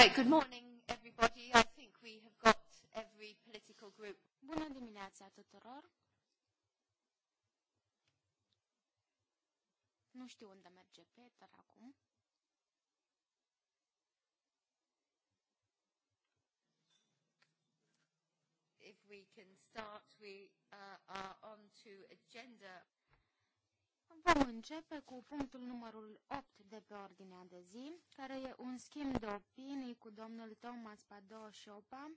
Right, good morning everybody. I think we have got every political group. Bună dimineața tuturor. Nu știu unde merge Peter acum. If we can start, we uh, are on to agenda. Vom începe cu punctul numărul 8 de pe ordinea de zi, care e un schimb de opinii cu domnul Thomas Pado Șopa,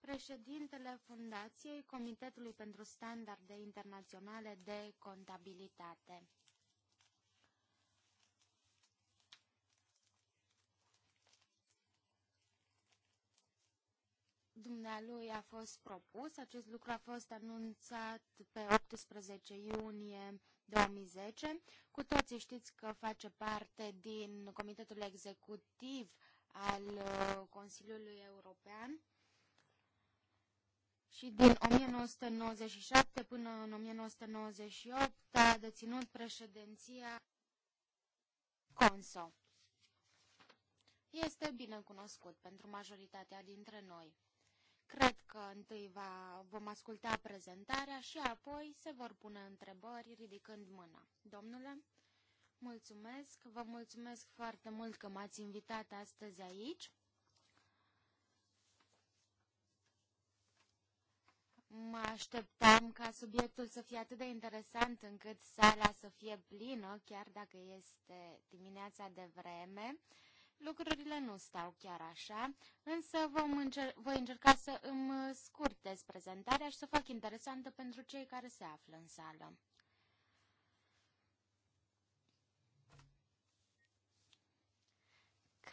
președintele Fundației Comitetului pentru Standarde Internaționale de Contabilitate. dumnealui a fost propus. Acest lucru a fost anunțat pe 18 iunie 2010. Cu toții știți că face parte din Comitetul Executiv al uh, Consiliului European și din 1997 până în 1998 a deținut președinția CONSO. Este bine cunoscut pentru majoritatea dintre noi. Cred că întâi va, vom asculta prezentarea și apoi se vor pune întrebări ridicând mâna. Domnule, mulțumesc, vă mulțumesc foarte mult că m-ați invitat astăzi aici. Mă așteptam ca subiectul să fie atât de interesant încât sala să fie plină, chiar dacă este dimineața de vreme. Uh, Lucrurile nu stau chiar așa, însă vom încer- voi încerca să îmi scurtez prezentarea și să fac interesantă pentru cei care se află în sală.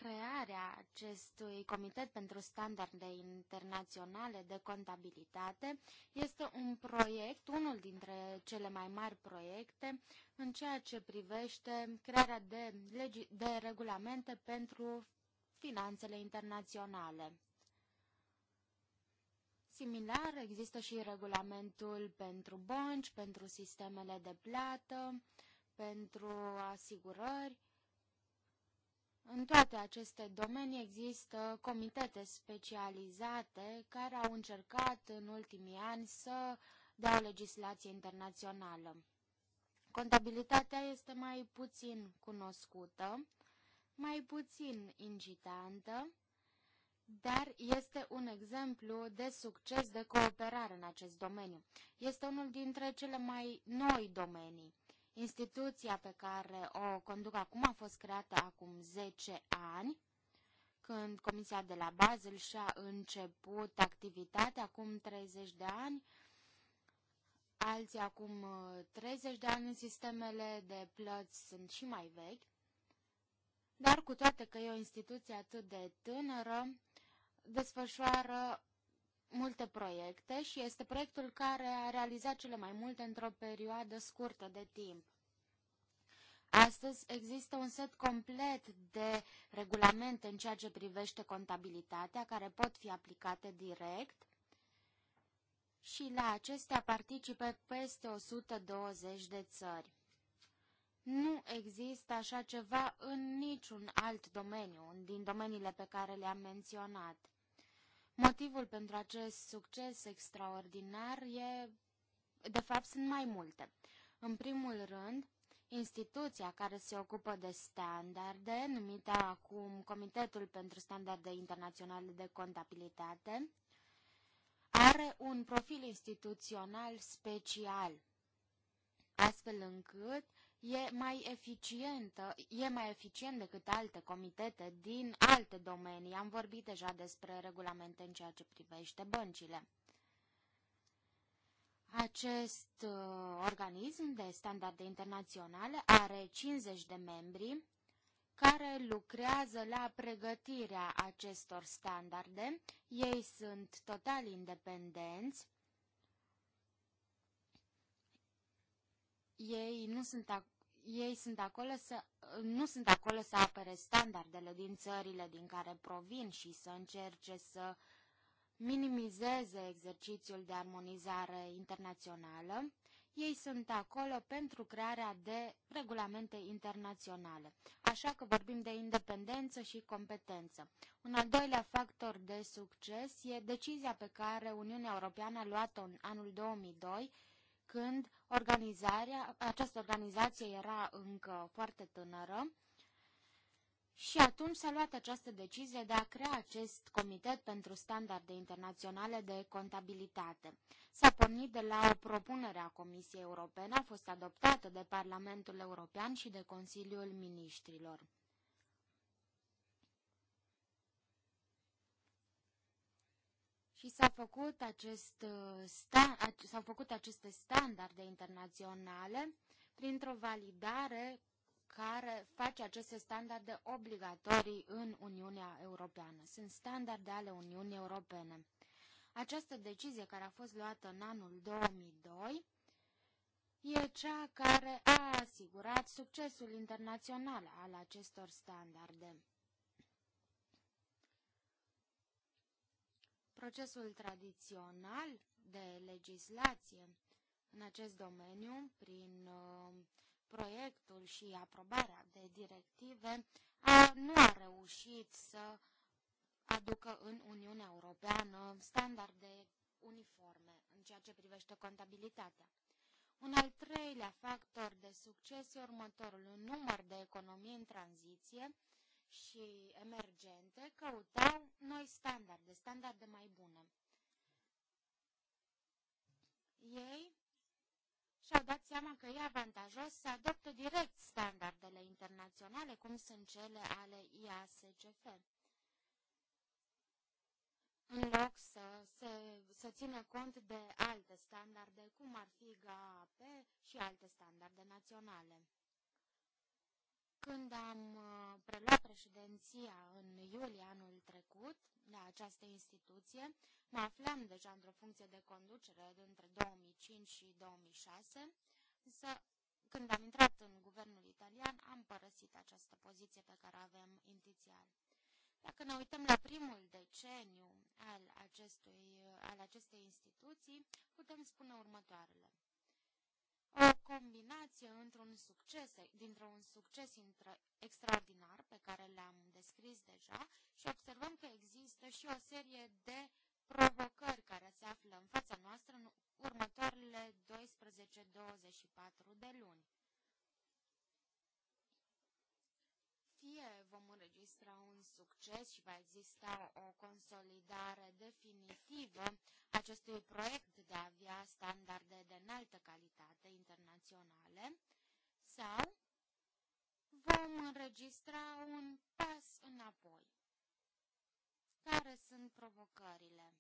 crearea acestui Comitet pentru Standarde Internaționale de Contabilitate este un proiect, unul dintre cele mai mari proiecte în ceea ce privește crearea de, legi, de regulamente pentru finanțele internaționale. Similar, există și regulamentul pentru bănci, pentru sistemele de plată, pentru asigurări în toate aceste domenii există comitete specializate care au încercat în ultimii ani să dea o legislație internațională. Contabilitatea este mai puțin cunoscută, mai puțin incitantă, dar este un exemplu de succes de cooperare în acest domeniu. Este unul dintre cele mai noi domenii Instituția pe care o conduc acum a fost creată acum 10 ani, când Comisia de la Basel și-a început activitatea acum 30 de ani, alții acum 30 uh, de ani în sistemele de plăți sunt și mai vechi, dar cu toate că e o instituție atât de tânără, desfășoară multe proiecte și este proiectul care a realizat cele mai multe într-o perioadă scurtă de timp. Astăzi există un set complet de regulamente în ceea ce privește contabilitatea care pot fi aplicate direct și la acestea participă peste 120 de țări. Nu există așa ceva în niciun alt domeniu din domeniile pe care le-am menționat. Motivul pentru acest succes extraordinar e, de fapt, sunt mai multe. În primul rând, instituția care se ocupă de standarde, numită acum Comitetul pentru Standarde Internaționale de Contabilitate, are un profil instituțional special, astfel încât e mai eficientă, e mai eficient decât alte comitete din alte domenii. Am vorbit deja despre regulamente în ceea ce privește băncile. Acest uh, organism de standarde internaționale are 50 de membri care lucrează la pregătirea acestor standarde. Ei sunt total independenți. Ei nu sunt ei sunt acolo să, nu sunt acolo să apere standardele din țările din care provin și să încerce să minimizeze exercițiul de armonizare internațională. Ei sunt acolo pentru crearea de regulamente internaționale. Așa că vorbim de independență și competență. Un al doilea factor de succes e decizia pe care Uniunea Europeană a luat-o în anul 2002 când organizarea, această organizație era încă foarte tânără și atunci s-a luat această decizie de a crea acest comitet pentru standarde internaționale de contabilitate. S-a pornit de la o propunere a Comisiei Europene, a fost adoptată de Parlamentul European și de Consiliul Ministrilor. și s-a făcut acest uh, s-au făcut aceste standarde internaționale printr-o validare care face aceste standarde obligatorii în Uniunea Europeană. Sunt standarde ale Uniunii Europene. Această decizie care a fost luată în anul 2002 e cea care a asigurat succesul internațional al acestor standarde. Procesul tradițional de legislație în acest domeniu, prin uh, proiectul și aprobarea de directive, a, nu a reușit să aducă în Uniunea Europeană standarde uniforme în ceea ce privește contabilitatea. Un al treilea factor de succes e următorul, un număr de economii în tranziție și emergente căutau noi standarde, standarde mai bune. Ei și-au dat seama că e avantajos să adopte direct standardele internaționale, cum sunt cele ale IASCF. În loc să, se, să țină cont de alte standarde, cum ar fi GAP și alte standarde naționale. Când am uh, preluat președinția în iulie anul trecut la această instituție, mă aflam deja într-o funcție de conducere între 2005 și 2006, însă când am intrat în guvernul italian, am părăsit această poziție pe care avem inițial. Dacă ne uităm la primul deceniu al, acestui, al acestei instituții, putem spune următoarele combinație într-un succes, dintr-un succes extraordinar pe care le-am descris deja și observăm că există și o serie de provocări care se află în fața noastră în următoarele 12-24 de luni. Fie vom înregistra un succes și va exista o consolidare definitivă acestui proiect de a avea standarde de înaltă calitate internaționale sau vom înregistra un pas înapoi. Care sunt provocările?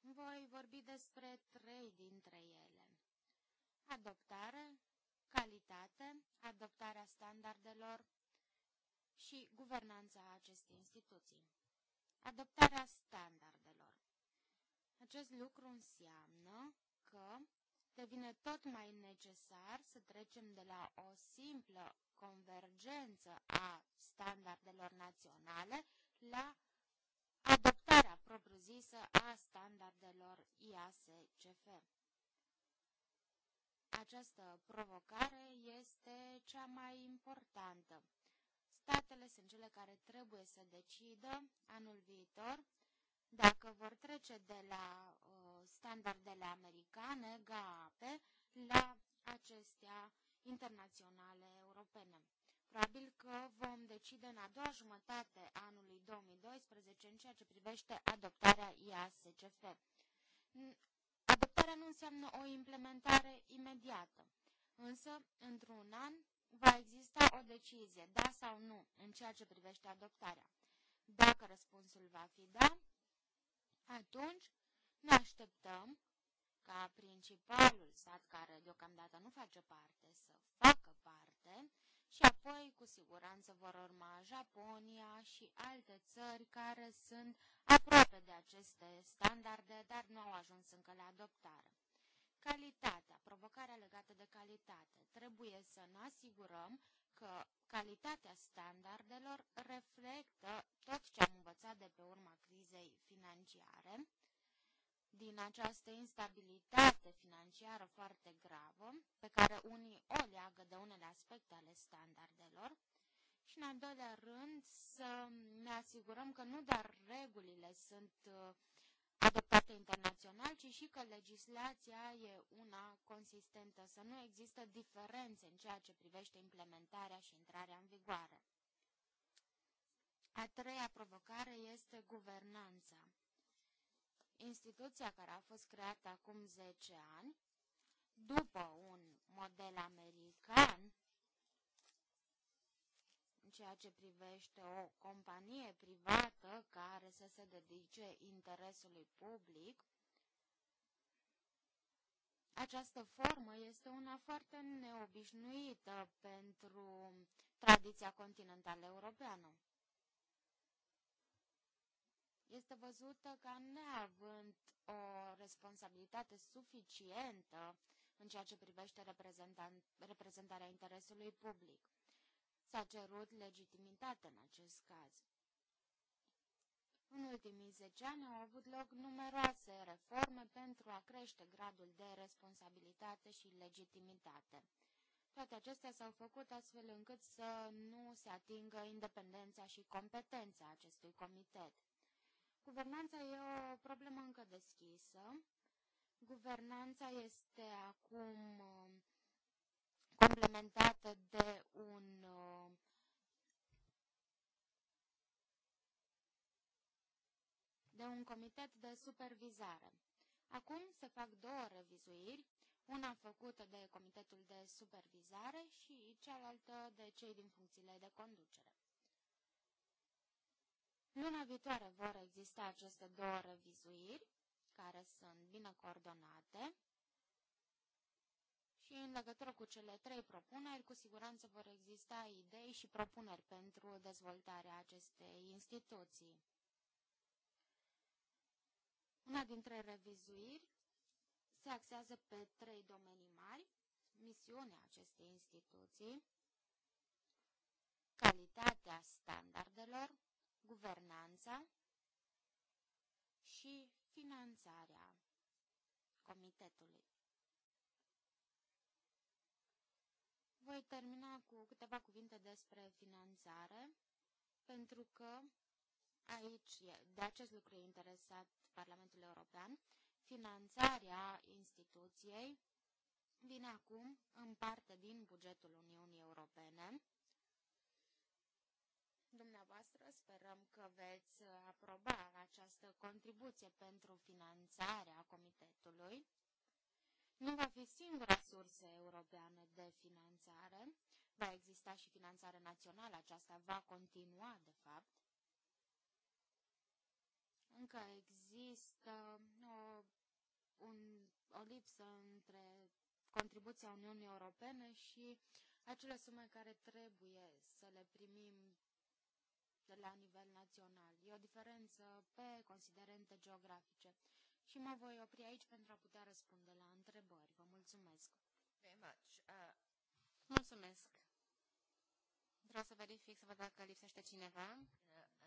Voi vorbi despre trei dintre ele. Adoptare, calitate, adoptarea standardelor și guvernanța acestei instituții adoptarea standardelor. Acest lucru înseamnă că devine tot mai necesar să trecem de la o simplă convergență a standardelor naționale la adoptarea propriu-zisă a standardelor IASCF. Această provocare este cea mai importantă Statele sunt cele care trebuie să decidă anul viitor dacă vor trece de la uh, standardele americane, GAP, la acestea internaționale europene. Probabil că vom decide în a doua jumătate anului 2012 în ceea ce privește adoptarea IASCF. Adoptarea nu înseamnă o implementare imediată, însă într-un an va exista o decizie, da sau nu, în ceea ce privește adoptarea. Dacă răspunsul va fi da, atunci ne așteptăm ca principalul stat care deocamdată nu face parte să facă parte și apoi cu siguranță vor urma Japonia și alte țări care sunt aproape de aceste standarde, dar nu au ajuns încă la adoptare. Calitatea, provocarea legată de calitate. Trebuie să ne asigurăm că calitatea standardelor reflectă tot ce am învățat de pe urma crizei financiare, din această instabilitate financiară foarte gravă, pe care unii o leagă de unele aspecte ale standardelor, și în al doilea rând să ne asigurăm că nu doar regulile sunt uh, adoptate internațional, ci și că legislația e una consistentă, să nu există diferențe în ceea ce privește implementarea și intrarea în vigoare. A treia provocare este guvernanța. Instituția care a fost creată acum 10 ani, după un model american, ceea ce privește o companie privată care să se dedice interesului public, această formă este una foarte neobișnuită pentru tradiția continentală europeană. Este văzută ca neavând o responsabilitate suficientă în ceea ce privește reprezentarea interesului public. S-a cerut legitimitate în acest caz. În ultimii 10 ani au avut loc numeroase reforme pentru a crește gradul de responsabilitate și legitimitate. Toate acestea s-au făcut astfel încât să nu se atingă independența și competența acestui comitet. Guvernanța e o problemă încă deschisă. Guvernanța este acum uh, complementată de un uh, de un comitet de supervizare. Acum se fac două revizuiri, una făcută de comitetul de supervizare și cealaltă de cei din funcțiile de conducere. Luna viitoare vor exista aceste două revizuiri, care sunt bine coordonate, și în legătură cu cele trei propuneri, cu siguranță vor exista idei și propuneri pentru dezvoltarea acestei instituții. Una dintre revizuiri se axează pe trei domenii mari, misiunea acestei instituții, calitatea standardelor, guvernanța și finanțarea comitetului. Voi termina cu câteva cuvinte despre finanțare, pentru că Aici, de acest lucru e interesat Parlamentul European. Finanțarea instituției vine acum în parte din bugetul Uniunii Europene. Dumneavoastră sperăm că veți aproba această contribuție pentru finanțarea comitetului. Nu va fi singura sursă europeană de finanțare, va exista și finanțare națională, aceasta va continua, de fapt încă există o, uh, un, o lipsă între contribuția Uniunii Europene și acele sume care trebuie să le primim de la nivel național. E o diferență pe considerente geografice. Și mă voi opri aici pentru a putea răspunde la întrebări. Vă mulțumesc. Very much. Uh, mulțumesc. Vreau să verific să văd dacă lipsește cineva. Uh,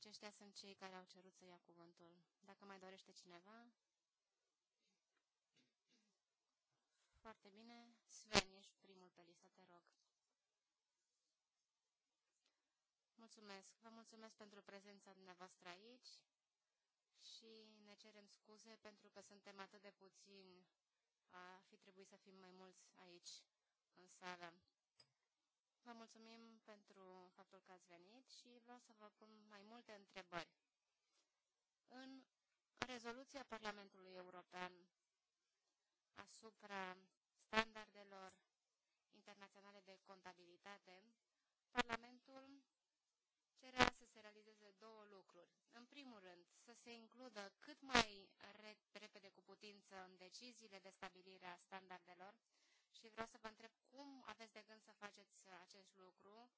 aceștia sunt cei care au cerut să ia cuvântul. Dacă mai dorește cineva... Foarte bine. Sven, ești primul pe listă, te rog. Mulțumesc. Vă mulțumesc pentru prezența dumneavoastră aici și ne cerem scuze pentru că suntem atât de puțini. Ar fi trebuit să fim mai mulți aici, în sală. Vă mulțumim pentru faptul că ați venit și vreau să vă pun mai multe întrebări. În rezoluția Parlamentului European asupra standardelor internaționale de contabilitate, Parlamentul cerea să se realizeze două lucruri. În primul rând, să se includă cât mai repede cu putință în deciziile de stabilire a standardelor și vreau să vă întreb cum aveți de gând să faceți acest lucru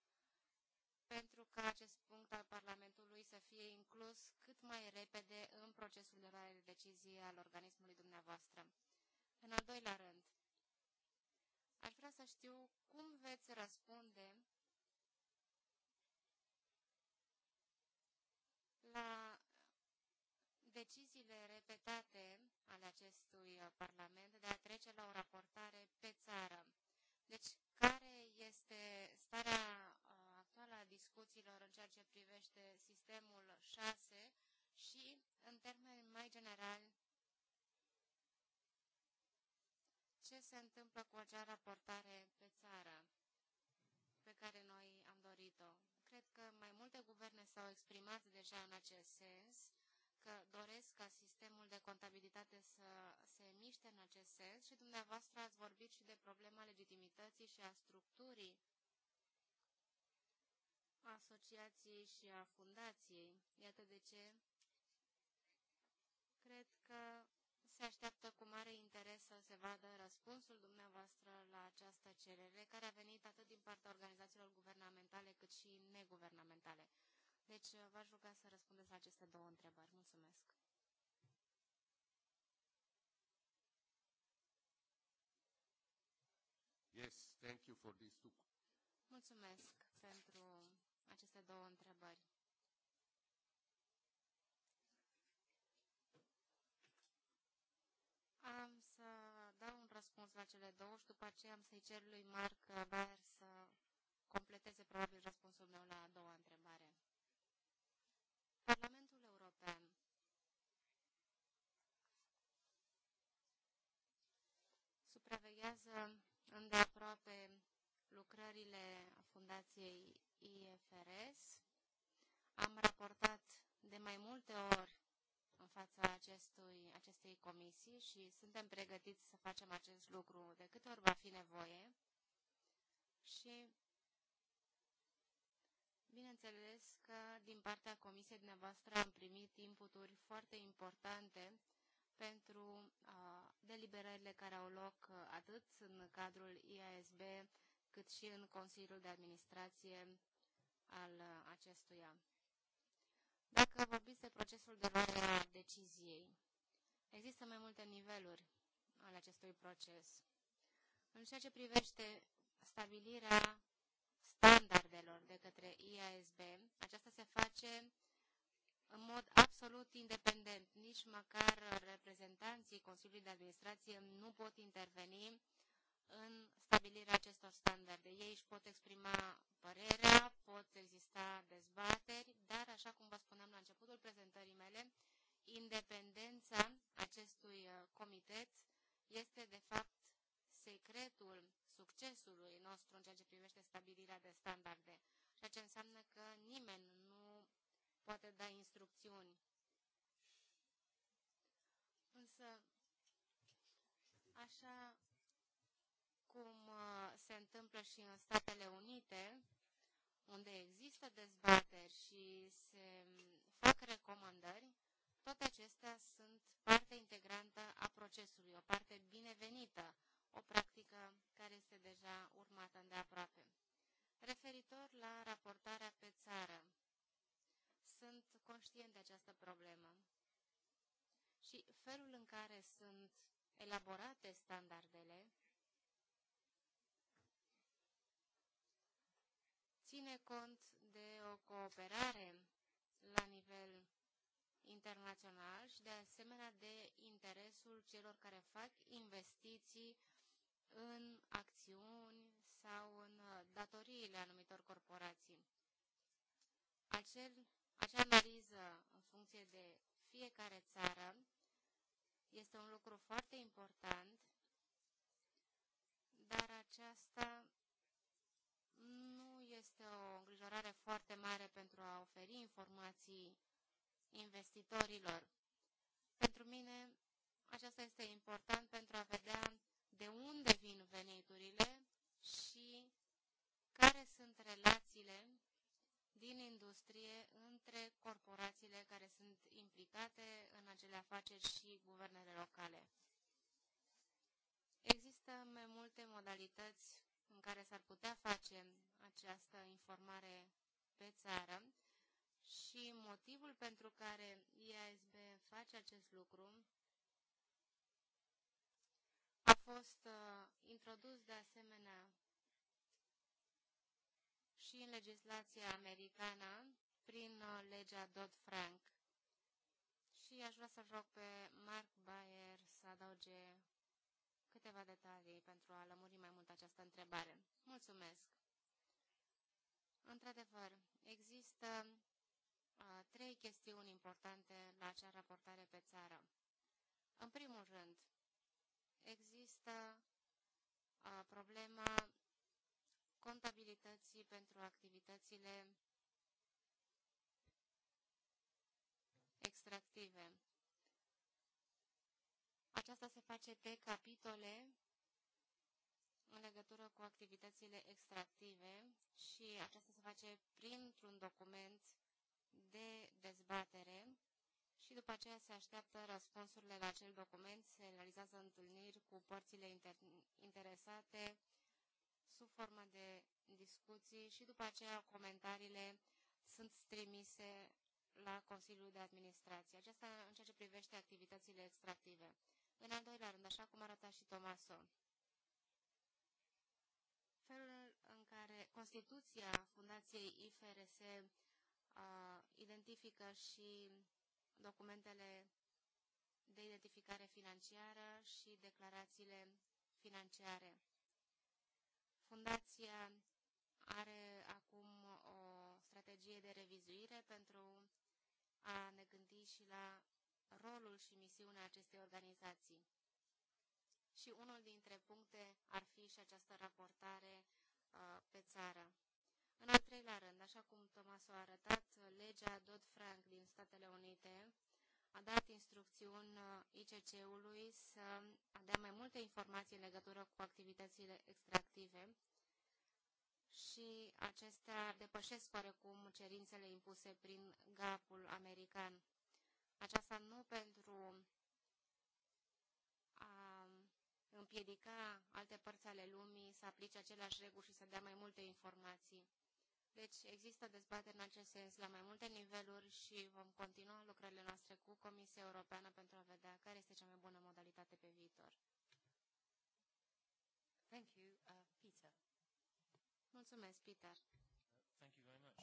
pentru ca acest punct al Parlamentului să fie inclus cât mai repede în procesul de luare de decizie al organismului dumneavoastră. În al doilea rând, aș vrea să știu cum veți răspunde la deciziile repetate ale acestui uh, Parlament de a trece la o raportare pe țară. Deci, care este starea uh, actuală a discuțiilor în ceea ce privește sistemul 6 și, în termeni mai generali, ce se întâmplă cu acea raportare pe țară pe care noi am dorit-o? Cred că mai multe guverne s-au exprimat deja în acest sens că doresc ca sistemul de contabilitate să se miște în acest sens și dumneavoastră ați vorbit și de problema legitimității și a structurii asociației și a fundației. Iată de ce cred că se așteaptă cu mare interes să se vadă răspunsul dumneavoastră la această cerere, care a venit atât din partea organizațiilor guvernamentale cât și neguvernamentale. Deci uh, v-aș ruga să răspundeți la aceste două întrebări. Mulțumesc! Yes, thank you for these two. Mulțumesc pentru aceste două întrebări. Am să dau un răspuns la cele două și după aceea am să-i cer lui Marc Baer să completeze probabil răspunsul meu la a doua întrebare. Parlamentul European supraveghează îndeaproape lucrările Fundației IFRS. Am raportat de mai multe ori în fața acestui, acestei comisii și suntem pregătiți să facem acest lucru de câte ori va fi nevoie și Bineînțeles că din partea comisiei dumneavoastră am primit inputuri foarte importante pentru uh, deliberările care au loc atât în cadrul IASB cât și în Consiliul de Administrație al acestuia. Dacă vorbiți de procesul de luare a deciziei, există mai multe niveluri ale acestui proces. În ceea ce privește stabilirea standardelor de către IASB, aceasta se face în mod absolut independent. Nici măcar reprezentanții Consiliului de Administrație nu pot interveni în stabilirea acestor standarde. Ei își pot exprima părerea, pot exista dezbateri, dar, așa cum vă spuneam la începutul prezentării mele, independența acestui uh, comitet este, de fapt, secretul succesului nostru în ceea ce privește stabilirea de standarde, ceea ce înseamnă că nimeni nu poate da instrucțiuni. Însă, așa cum uh, se întâmplă și în Statele Unite, unde există dezbateri și se mm, fac recomandări, toate acestea sunt parte integrantă a procesului, o parte binevenită o practică care este deja urmată îndeaproape. Referitor la raportarea pe țară, sunt conștient de această problemă și felul în care sunt elaborate standardele ține cont de o cooperare la nivel internațional și de asemenea de interesul celor care fac investiții în acțiuni sau în uh, datoriile anumitor corporații. Acel, acea analiză în funcție de fiecare țară este un lucru foarte important, dar aceasta nu este o îngrijorare foarte mare pentru a oferi informații investitorilor. Pentru mine, aceasta este important pentru a vedea de unde vin veniturile și care sunt relațiile din industrie între corporațiile care sunt implicate în acele afaceri și guvernele locale. Există mai multe modalități în care s-ar putea face această informare pe țară și motivul pentru care IASB face acest lucru a fost uh, introdus de asemenea și în legislația americană prin uh, legea Dodd-Frank. Și aș vrea să rog pe Mark Bayer să adauge câteva detalii pentru a lămuri mai mult această întrebare. Mulțumesc! Într-adevăr, există uh, trei chestiuni importante la acea raportare pe țară. În primul rând, există a, problema contabilității pentru activitățile extractive. Aceasta se face pe capitole în legătură cu activitățile extractive și aceasta se face printr-un document de dezbatere și după aceea se așteaptă răspunsurile la acel document, se realizează întâlniri cu părțile inter- interesate sub formă de discuții și după aceea comentariile sunt trimise la Consiliul de Administrație. Aceasta în ceea ce privește activitățile extractive. În al doilea rând, așa cum arăta și Tomaso, felul în care Constituția Fundației IFRS uh, identifică și documentele de identificare financiară și declarațiile financiare. Fundația are acum o strategie de revizuire pentru a ne gândi și la rolul și misiunea acestei organizații. Și unul dintre puncte ar fi și această raportare uh, pe țară. În al treilea rând, așa cum Thomas a arătat, legea Dodd-Frank din Statele Unite a dat instrucțiuni uh, ICC-ului să dea mai multe informații în legătură cu activitățile extractive și acestea depășesc oarecum cerințele impuse prin GAP-ul american. Aceasta nu pentru a împiedica alte părți ale lumii să aplice aceleași reguli și să dea mai multe informații. Deci există dezbateri în acest sens la mai multe niveluri și vom continua lucrările noastre cu Comisia Europeană pentru a vedea care este cea mai bună modalitate pe viitor. Thank you, uh, Peter. Mulțumesc, Peter. Thank you very much.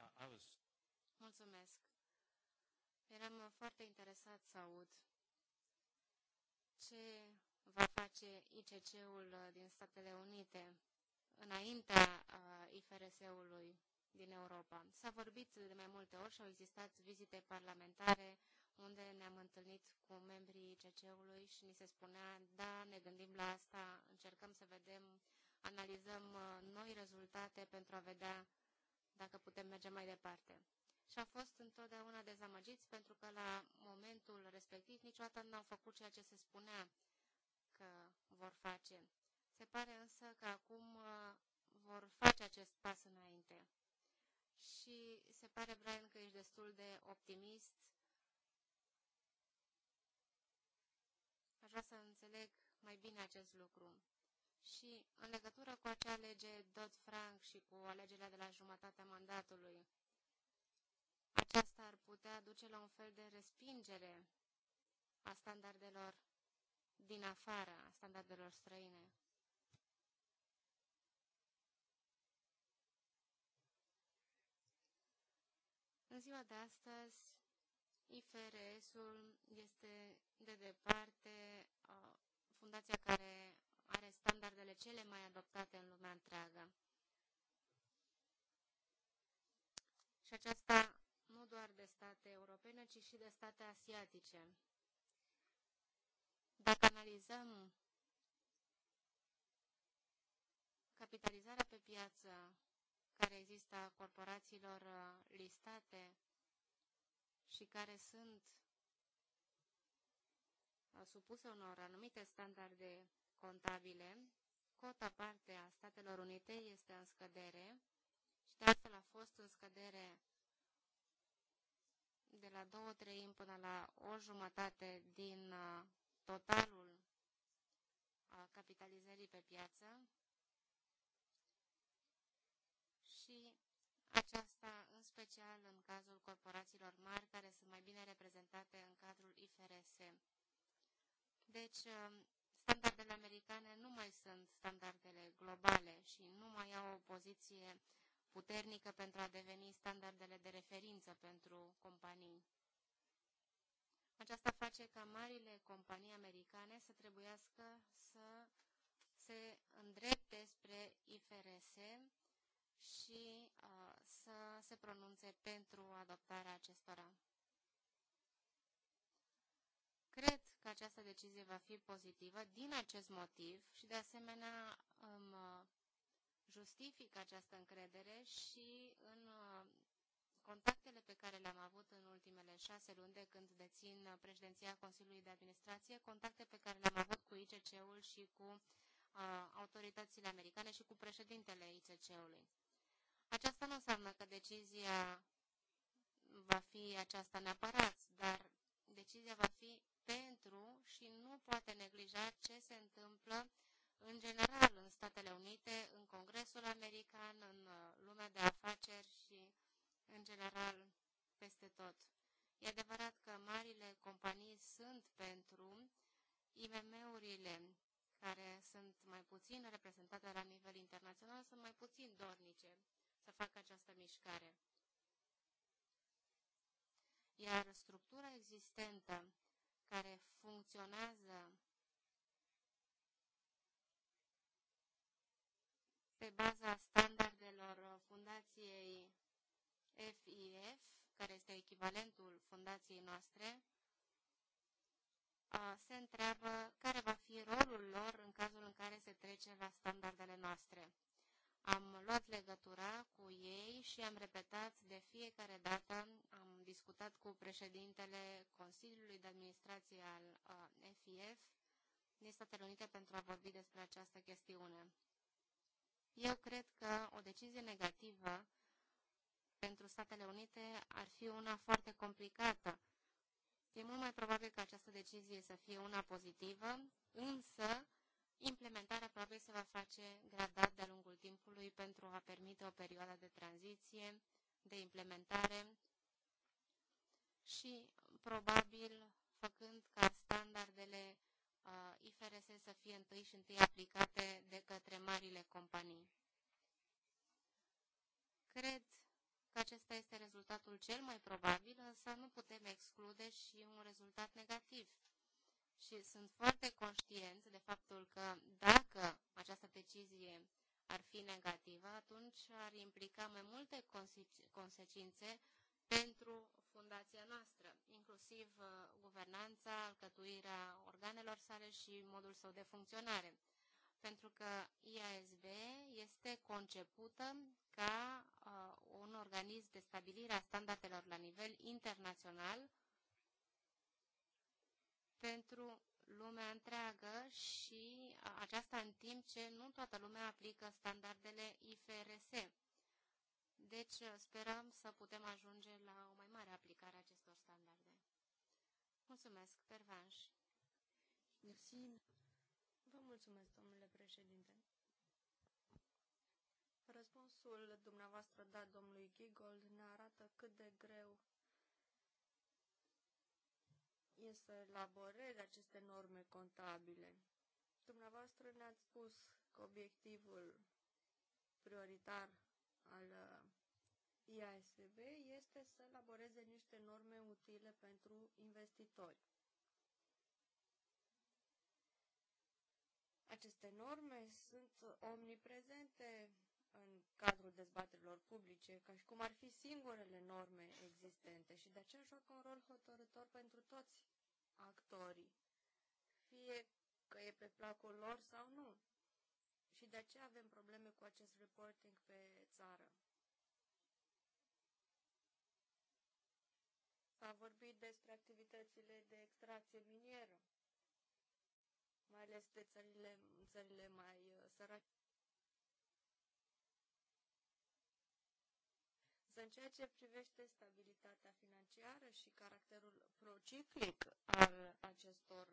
Uh, I was... Mulțumesc. Eram foarte interesat să aud ce va face ICC-ul din Statele Unite înaintea IFRS-ului din Europa. S-a vorbit de mai multe ori și au existat vizite parlamentare unde ne-am întâlnit cu membrii cc ului și ni se spunea, da, ne gândim la asta, încercăm să vedem, analizăm noi rezultate pentru a vedea dacă putem merge mai departe. Și au fost întotdeauna dezamăgiți pentru că la momentul respectiv niciodată n-au făcut ceea ce se spunea că vor face. Se pare însă că acum uh, vor face acest pas înainte. Și se pare, Brian, că ești destul de optimist. Aș vrea să înțeleg mai bine acest lucru. Și în legătură cu acea lege Dodd-Frank și cu alegerea de la jumătatea mandatului, aceasta ar putea duce la un fel de respingere a standardelor din afara, a standardelor străine. În ziua de astăzi, IFRS-ul este de departe fundația care are standardele cele mai adoptate în lumea întreagă. Și aceasta nu doar de state europene, ci și de state asiatice. Dacă analizăm capitalizarea pe piață care există a corporațiilor uh, listate și care sunt uh, supuse unor anumite standarde contabile, cota parte a Statelor Unite este în scădere și de altfel a fost în scădere de la două treimi până la o jumătate din uh, totalul capitalizării pe piață, special în cazul corporațiilor mari care sunt mai bine reprezentate în cadrul IFRS. Deci, ă, standardele americane nu mai sunt standardele globale și nu mai au o poziție puternică pentru a deveni standardele de referință pentru companii. Aceasta face ca marile companii americane să trebuiască să se îndrepte spre IFRS și uh, să se pronunțe pentru adoptarea acestora. Cred că această decizie va fi pozitivă din acest motiv și de asemenea îmi uh, justific această încredere și în uh, contactele pe care le-am avut în ultimele șase luni de când dețin președinția Consiliului de Administrație, contacte pe care le-am avut cu ICC-ul și cu autoritățile americane și cu președintele ICC-ului. Aceasta nu înseamnă că decizia va fi aceasta neapărat, dar decizia va fi pentru și nu poate neglija ce se întâmplă în general în Statele Unite, în Congresul American, în uh, lumea de afaceri și în general peste tot. E adevărat că marile companii sunt pentru IMM-urile care sunt mai puțin reprezentate la nivel internațional, sunt mai puțin dornice să facă această mișcare. Iar structura existentă care funcționează pe baza standardelor fundației FIF, care este echivalentul fundației noastre, se întreabă care va fi rolul lor în cazul în care se trece la standardele noastre. Am luat legătura cu ei și am repetat de fiecare dată, am discutat cu președintele Consiliului de Administrație al FIF uh, din Statele Unite pentru a vorbi despre această chestiune. Eu cred că o decizie negativă pentru Statele Unite ar fi una foarte complicată. E mult mai probabil ca această decizie să fie una pozitivă, însă Implementarea probabil se va face gradat de-a lungul timpului pentru a permite o perioadă de tranziție, de implementare și probabil făcând ca standardele uh, IFRS să fie întâi și întâi aplicate de către marile companii. Cred că acesta este rezultatul cel mai probabil, însă nu putem exclude și un rezultat negativ – și sunt foarte conștienți de faptul că dacă această decizie ar fi negativă, atunci ar implica mai multe consecințe pentru fundația noastră, inclusiv uh, guvernanța, alcătuirea organelor sale și modul său de funcționare. Pentru că IASB este concepută ca uh, un organism de stabilire a standardelor la nivel internațional pentru lumea întreagă și aceasta în timp ce nu toată lumea aplică standardele IFRS. Deci uh, sperăm să putem ajunge la o mai mare aplicare a acestor standarde. Mulțumesc, Pervanș. Merci. Vă mulțumesc, domnule președinte. Răspunsul dumneavoastră dat domnului Gigold ne arată cât de greu e să elaboreze aceste norme contabile. Dumneavoastră ne-ați spus că obiectivul prioritar al uh, IASB este să elaboreze niște norme utile pentru investitori. Aceste norme sunt omniprezente în cadrul dezbaterilor publice, ca și cum ar fi singurele norme existente și de aceea joacă un rol hotărător pentru toți actorii, fie că e pe placul lor sau nu. Și de aceea avem probleme cu acest reporting pe țară. S-a vorbit despre activitățile de extracție minieră, mai ales pe țările, țările mai uh, sărace. Însă în ceea ce privește stabilitatea financiară și caracterul prociclic al acestor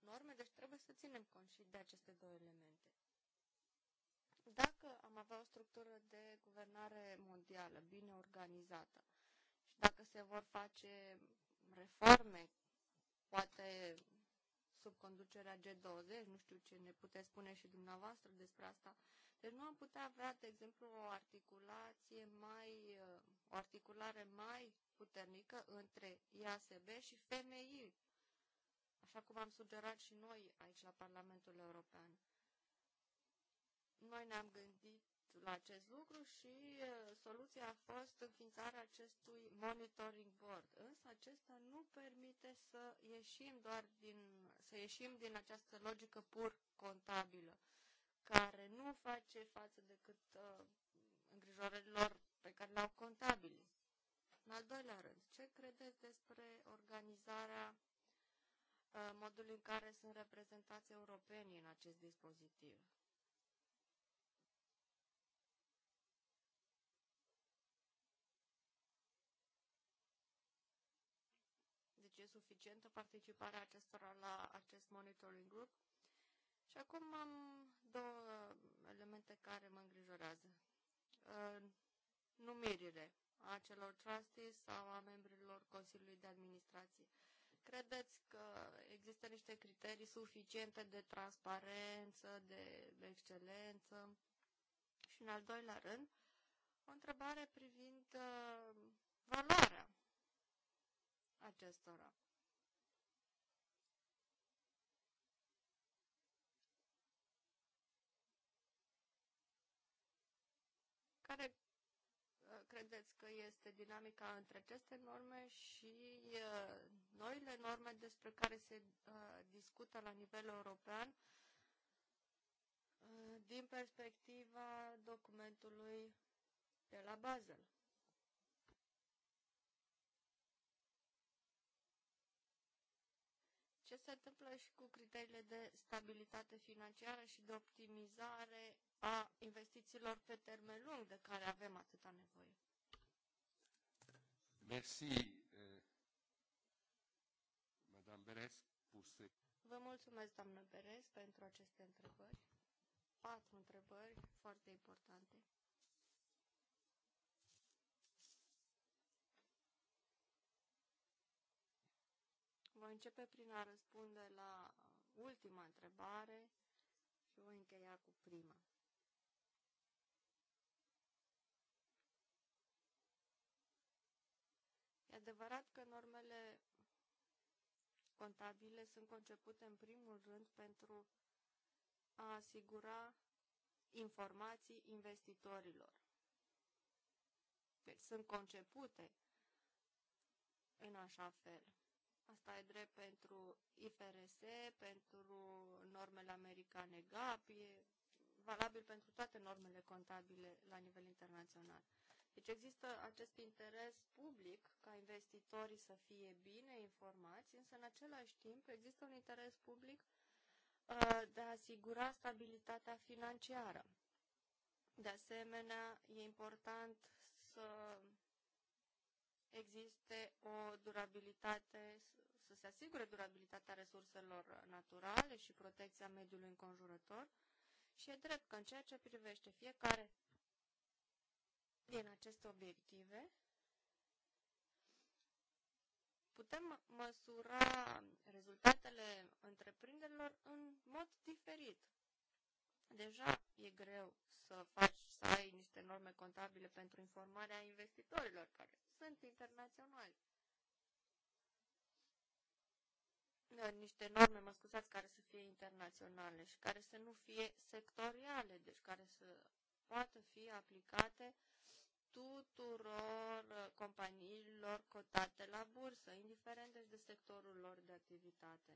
norme, deci trebuie să ținem cont și de aceste două elemente. Dacă am avea o structură de guvernare mondială bine organizată și dacă se vor face reforme, poate sub conducerea G20, nu știu ce ne puteți spune și dumneavoastră despre asta, deci nu am putea avea, de exemplu, o articulație mai, o articulare mai puternică între IASB și FMI, așa cum am sugerat și noi aici la Parlamentul European. Noi ne-am gândit la acest lucru și soluția a fost înființarea acestui monitoring board. Însă acesta nu permite să ieșim doar din, să ieșim din această logică pur contabilă care nu face față decât uh, îngrijorărilor pe care le-au contabile. În al doilea rând, ce credeți despre organizarea uh, modului în care sunt reprezentați europenii în acest dispozitiv? Deci e suficientă participarea acestora la acest monitoring group? Și acum am două elemente care mă îngrijorează. Numirile a celor trustees sau a membrilor Consiliului de Administrație. Credeți că există niște criterii suficiente de transparență, de excelență? Și în al doilea rând, o întrebare privind uh, valoarea acestora. credeți că este dinamica între aceste norme și uh, noile norme despre care se uh, discută la nivel european uh, din perspectiva documentului de la Basel? Ce se întâmplă și cu criteriile de stabilitate financiară și de optimizare a investițiilor pe termen lung de care avem atâta nevoie. Merci, euh, Madame Beres, pour ce... Vă mulțumesc, doamnă Beres, pentru aceste întrebări. Patru întrebări foarte importante. Voi începe prin a răspunde la ultima întrebare și voi încheia cu prima. adevărat că normele contabile sunt concepute în primul rând pentru a asigura informații investitorilor. Deci sunt concepute în așa fel. Asta e drept pentru IFRS, pentru normele americane GAP, e valabil pentru toate normele contabile la nivel internațional. Deci există acest interes public ca investitorii să fie bine informați, însă în același timp există un interes public uh, de a asigura stabilitatea financiară. De asemenea, e important să existe o durabilitate, să se asigure durabilitatea resurselor naturale și protecția mediului înconjurător. Și e drept că în ceea ce privește fiecare din aceste obiective, putem măsura rezultatele întreprinderilor în mod diferit. Deja e greu să faci, să ai niște norme contabile pentru informarea investitorilor care sunt internaționali. Da, niște norme, mă scuzați, care să fie internaționale și care să nu fie sectoriale, deci care să poată fi aplicate tuturor uh, companiilor cotate la bursă, indiferent deci de sectorul lor de activitate.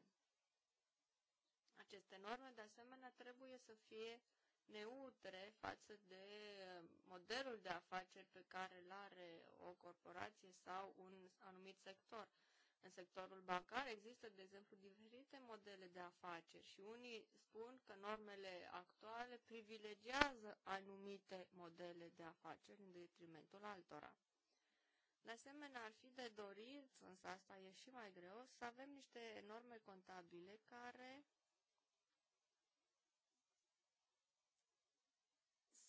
Aceste norme, de asemenea, trebuie să fie neutre față de uh, modelul de afaceri pe care îl are o corporație sau un anumit sector. În sectorul bancar există, de exemplu, diferite modele de afaceri și unii spun că normele actuale privilegiază anumite modele de afaceri în detrimentul altora. De asemenea, ar fi de dorit, însă asta e și mai greu, să avem niște norme contabile care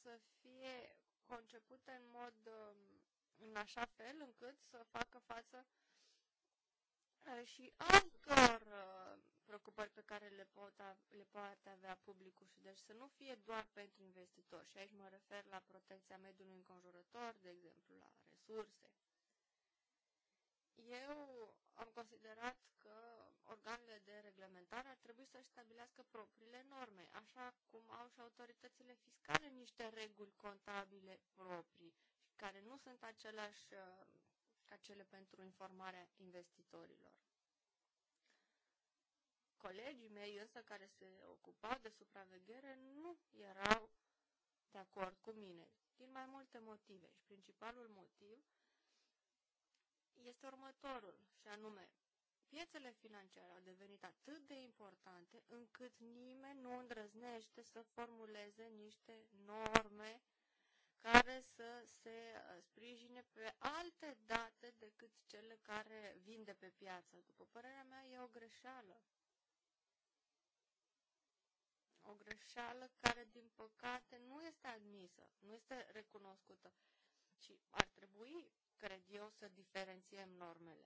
să fie concepute în mod um, în așa fel încât să facă față Uh, și altor uh, preocupări pe care le, pot, le poate avea publicul și deci să nu fie doar pentru investitori. Și aici mă refer la protecția mediului înconjurător, de exemplu, la resurse. Eu am considerat că organele de reglementare ar trebui să-și stabilească propriile norme, așa cum au și autoritățile fiscale niște reguli contabile proprii, care nu sunt aceleași uh, ca cele pentru informarea investitorilor. Colegii mei însă care se ocupau de supraveghere nu erau de acord cu mine, din mai multe motive. Și principalul motiv este următorul, și anume, piețele financiare au devenit atât de importante încât nimeni nu îndrăznește să formuleze niște norme care să se uh, sprijine pe alte date decât cele care vin de pe piață. După părerea mea, e o greșeală. O greșeală care, din păcate, nu este admisă, nu este recunoscută. Și ar trebui, cred eu, să diferențiem normele.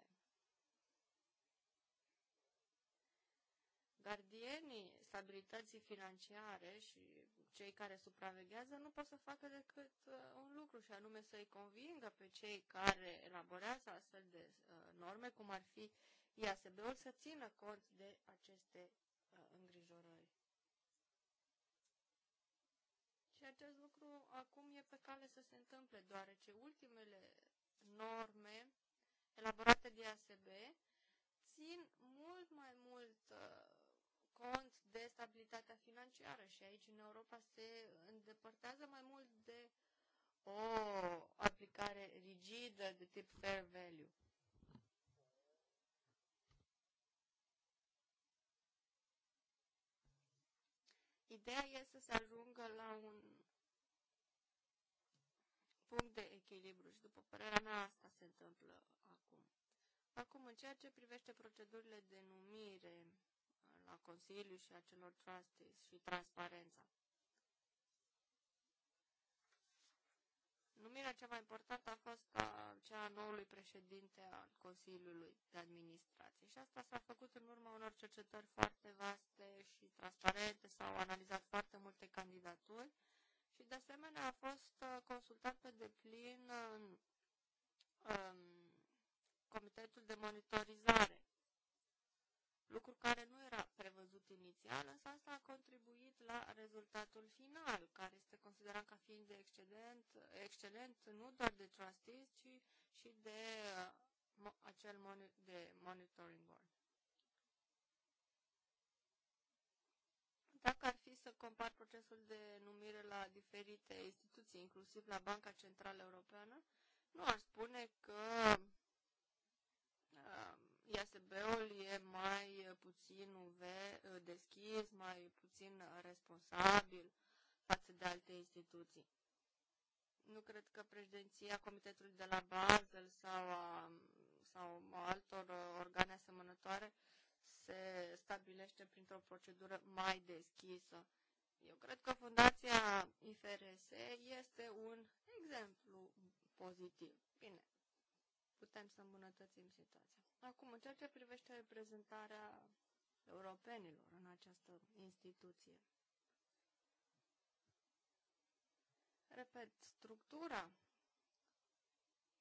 Gardienii stabilității financiare și cei care supraveghează nu pot să facă decât uh, un lucru și anume să-i convingă pe cei care elaborează astfel de uh, norme, cum ar fi IASB-ul, să țină cont de aceste uh, îngrijorări. Și acest lucru acum e pe cale să se întâmple, deoarece ultimele norme elaborate de ASB țin mult mai mult uh, cont de stabilitatea financiară și aici în Europa se îndepărtează mai mult de o aplicare rigidă de tip fair value. Ideea este să se ajungă la un punct de echilibru și după părerea mea asta se întâmplă acum. Acum, în ceea ce privește procedurile de numire la Consiliu și a celor trustees și transparența. Numirea cea mai importantă a fost a, cea a noului președinte al Consiliului de Administrație și asta s-a făcut în urma unor cercetări foarte vaste și transparente, s-au analizat foarte multe candidaturi și de asemenea a fost uh, consultat pe deplin în, în, um, în Comitetul de Monitorizare lucru care nu era prevăzut inițial, însă asta a contribuit la rezultatul final, care este considerat ca fiind de excelent excelent nu doar de trustees, ci și de uh, acel moni, de monitoring board. Dacă ar fi să compar procesul de numire la diferite instituții, inclusiv la Banca Centrală Europeană, nu aș spune că isb ul e mai puțin UV uh, deschis, mai puțin responsabil față de alte instituții. Nu cred că președinția Comitetului de la Basel sau a, sau altor uh, organe asemănătoare se stabilește printr-o procedură mai deschisă. Eu cred că Fundația IFRS este un exemplu pozitiv. Bine, putem să îmbunătățim situația. Acum, în ceea ce privește reprezentarea europenilor în această instituție, repet, structura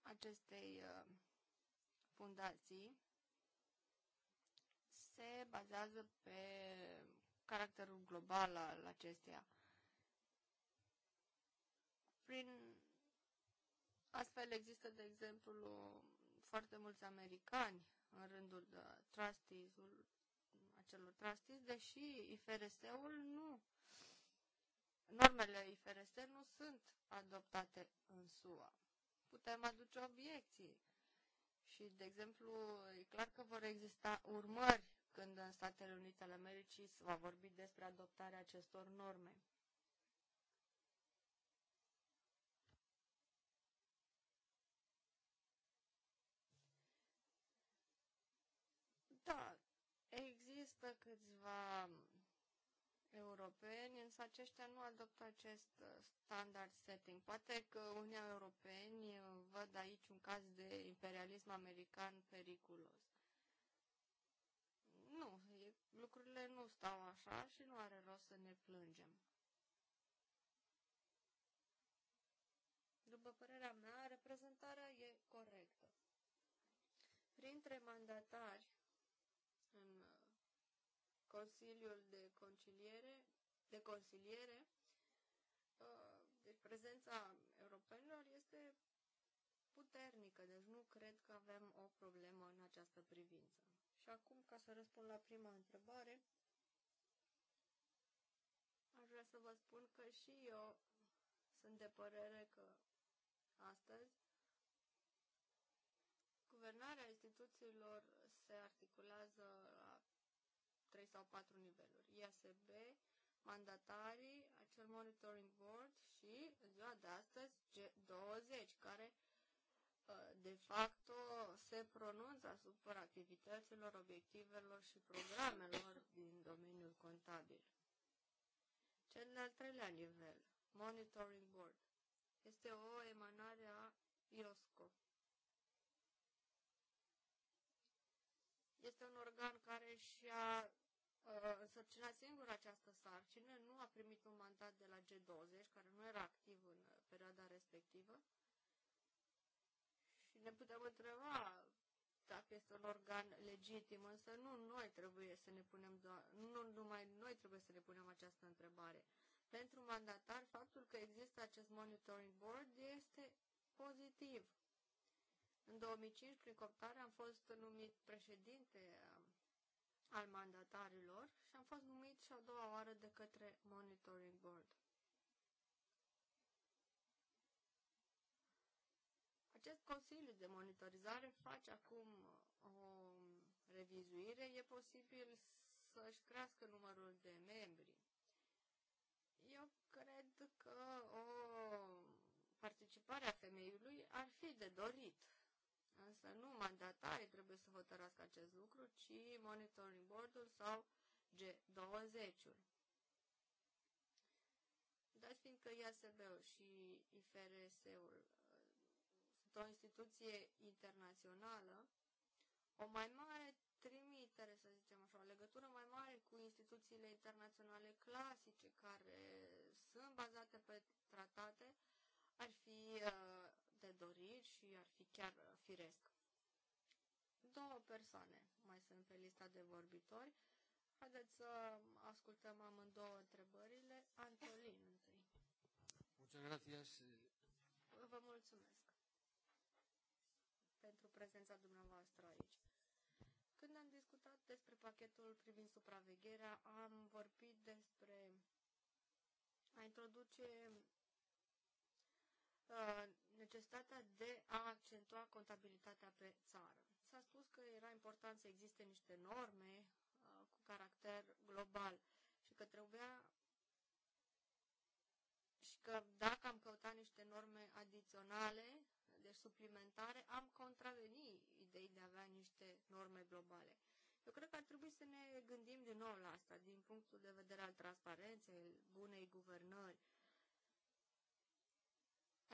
acestei uh, fundații se bazează pe caracterul global al acesteia. Prin astfel există, de exemplu, foarte mulți americani în rândul de trustees acelor trustees, deși IFRS-ul nu normele IFRS nu sunt adoptate în SUA. Putem aduce obiecții și, de exemplu, e clar că vor exista urmări când în Statele Unite ale Americii va vorbi despre adoptarea acestor norme. Există câțiva europeni, însă aceștia nu adoptă acest uh, standard setting. Poate că unii europeni uh, văd aici un caz de imperialism american periculos. Nu, e, lucrurile nu stau așa și nu are rost să ne plângem. După părerea mea, reprezentarea e corectă. Printre mandatari Consiliul de Conciliere, de Consiliere, uh, deci prezența europenilor este puternică, deci nu cred că avem o problemă în această privință. Și acum, ca să răspund la prima întrebare, aș vrea să vă spun că și eu sunt de părere că astăzi guvernarea instituțiilor se articulează 3 sau 4 niveluri. IASB, mandatarii, acel monitoring board și ziua de astăzi G20, care uh, de facto se pronunță asupra activităților, obiectivelor și programelor din domeniul contabil. Cel de-al treilea nivel, Monitoring Board, este o emanare a IOSCO. Este un organ care și-a Uh, însărcina singură această sarcină, nu a primit un mandat de la G20, care nu era activ în uh, perioada respectivă. Și ne putem întreba dacă este un organ legitim, însă nu noi trebuie să ne punem doar, nu numai noi trebuie să ne punem această întrebare. Pentru mandatar, faptul că există acest monitoring board este pozitiv. În 2005, prin coptare, am fost numit președinte al mandatarilor și am fost numit și a doua oară de către Monitoring Board. Acest Consiliu de Monitorizare face acum uh, o revizuire. E posibil să-și crească numărul de membri. Eu cred că o participare a femeiului ar fi de dorit Însă nu mandatarii trebuie să hotărască acest lucru, ci monitoring board-ul sau G20-ul. Dar fiindcă IASB-ul și IFRS-ul uh, sunt o instituție internațională, o mai mare trimitere, să zicem așa, o legătură mai mare cu instituțiile internaționale clasice care sunt bazate pe tratate, ar fi uh, dori și ar fi chiar firesc. Două persoane mai sunt pe lista de vorbitori. Haideți să ascultăm amândouă întrebările. Antolin întâi. Muchas Vă mulțumesc pentru prezența dumneavoastră aici. Când am discutat despre pachetul privind supravegherea, am vorbit despre a introduce uh, necesitatea de a accentua contabilitatea pe țară. S-a spus că era important să existe niște norme uh, cu caracter global și că trebuia și că dacă am căutat niște norme adiționale, deci suplimentare, am contravenit idei de a avea niște norme globale. Eu cred că ar trebui să ne gândim din nou la asta, din punctul de vedere al transparenței, bunei guvernări,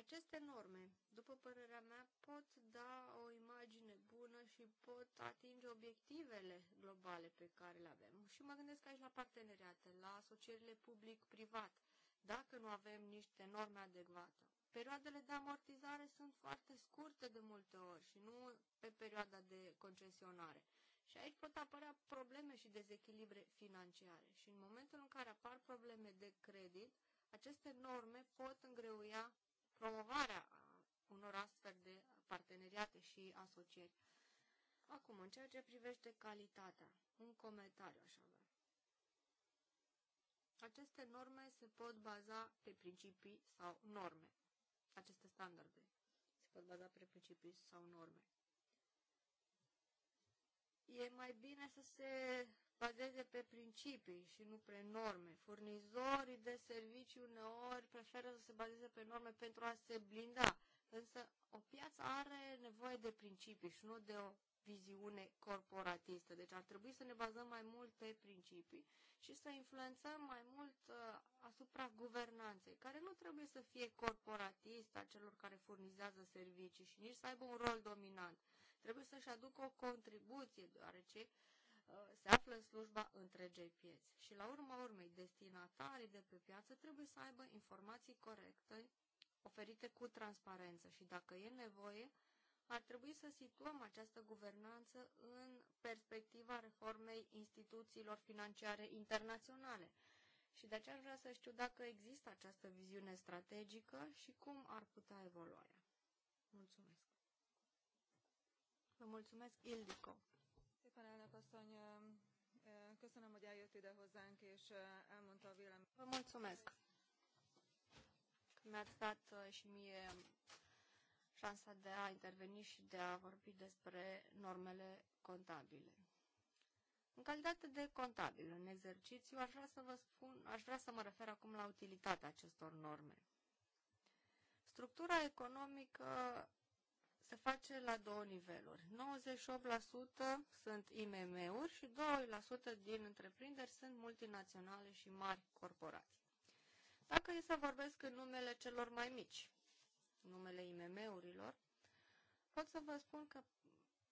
aceste norme, după părerea mea, pot da o imagine bună și pot atinge obiectivele globale pe care le avem. Și mă gândesc aici la parteneriate, la asocierile public-privat, dacă nu avem niște norme adecvate. Perioadele de amortizare sunt foarte scurte de multe ori și nu pe perioada de concesionare. Și aici pot apărea probleme și dezechilibre financiare. Și în momentul în care apar probleme de credit, aceste norme pot îngreuia promovarea unor astfel de parteneriate și asocieri. Acum, în ceea ce privește calitatea, un comentariu aș avea. Aceste norme se pot baza pe principii sau norme. Aceste standarde se pot baza pe principii sau norme. E mai bine să se bazeze pe principii și nu pe norme. Furnizorii de servicii uneori preferă să se bazeze pe norme pentru a se blinda, însă o piață are nevoie de principii și nu de o viziune corporatistă. Deci ar trebui să ne bazăm mai mult pe principii și să influențăm mai mult uh, asupra guvernanței, care nu trebuie să fie corporatistă a celor care furnizează servicii și nici să aibă un rol dominant. Trebuie să-și aducă o contribuție, deoarece Uh, se află în slujba întregei pieți. Și la urma urmei, destinatarii de pe piață trebuie să aibă informații corecte oferite cu transparență și dacă e nevoie, ar trebui să situăm această guvernanță în perspectiva reformei instituțiilor financiare internaționale. Și de aceea vrea să știu dacă există această viziune strategică și cum ar putea evolua ea. Mulțumesc. Vă mulțumesc, Ildico elnök asszony! Köszönöm, hogy eljött ide hozzánk, és elmondta a véleményét. Vă mulțumesc! Mi-ați dat uh, și mie um, șansa de a interveni și de a vorbi despre normele contabile. În calitate de contabil în exercițiu, aș vrea să vă spun, aș vrea să mă refer acum la utilitatea acestor norme. Structura economică se face la două niveluri. 98% sunt IMM-uri și 2% din întreprinderi sunt multinaționale și mari corporații. Dacă e să vorbesc în numele celor mai mici, numele IMM-urilor, pot să vă spun că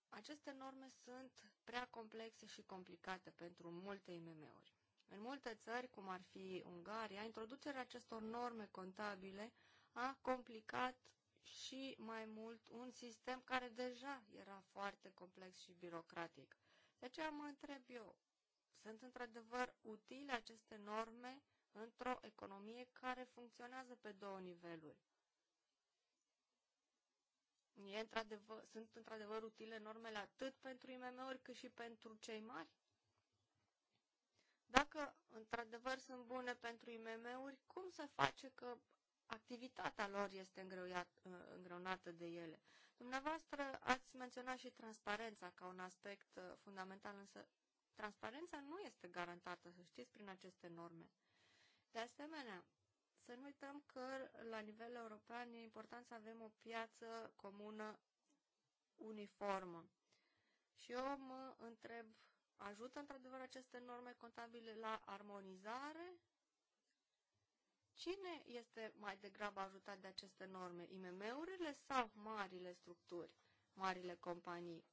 aceste norme sunt prea complexe și complicate pentru multe IMM-uri. În multe țări, cum ar fi Ungaria, introducerea acestor norme contabile a complicat și mai mult un sistem care deja era foarte complex și birocratic. De aceea mă întreb eu, sunt într-adevăr utile aceste norme într-o economie care funcționează pe două niveluri? E într-adevăr, sunt într-adevăr utile normele atât pentru IMM-uri cât și pentru cei mari? Dacă într-adevăr sunt bune pentru IMM-uri, cum se face că activitatea lor este uh, îngreunată de ele. Dumneavoastră ați menționat și transparența ca un aspect uh, fundamental, însă transparența nu este garantată, să știți, prin aceste norme. De asemenea, să nu uităm că la nivel european e important să avem o piață comună uniformă. Și eu mă întreb, ajută într-adevăr aceste norme contabile la armonizare Cine este mai degrabă ajutat de aceste norme, IMM-urile sau marile structuri, marile companii?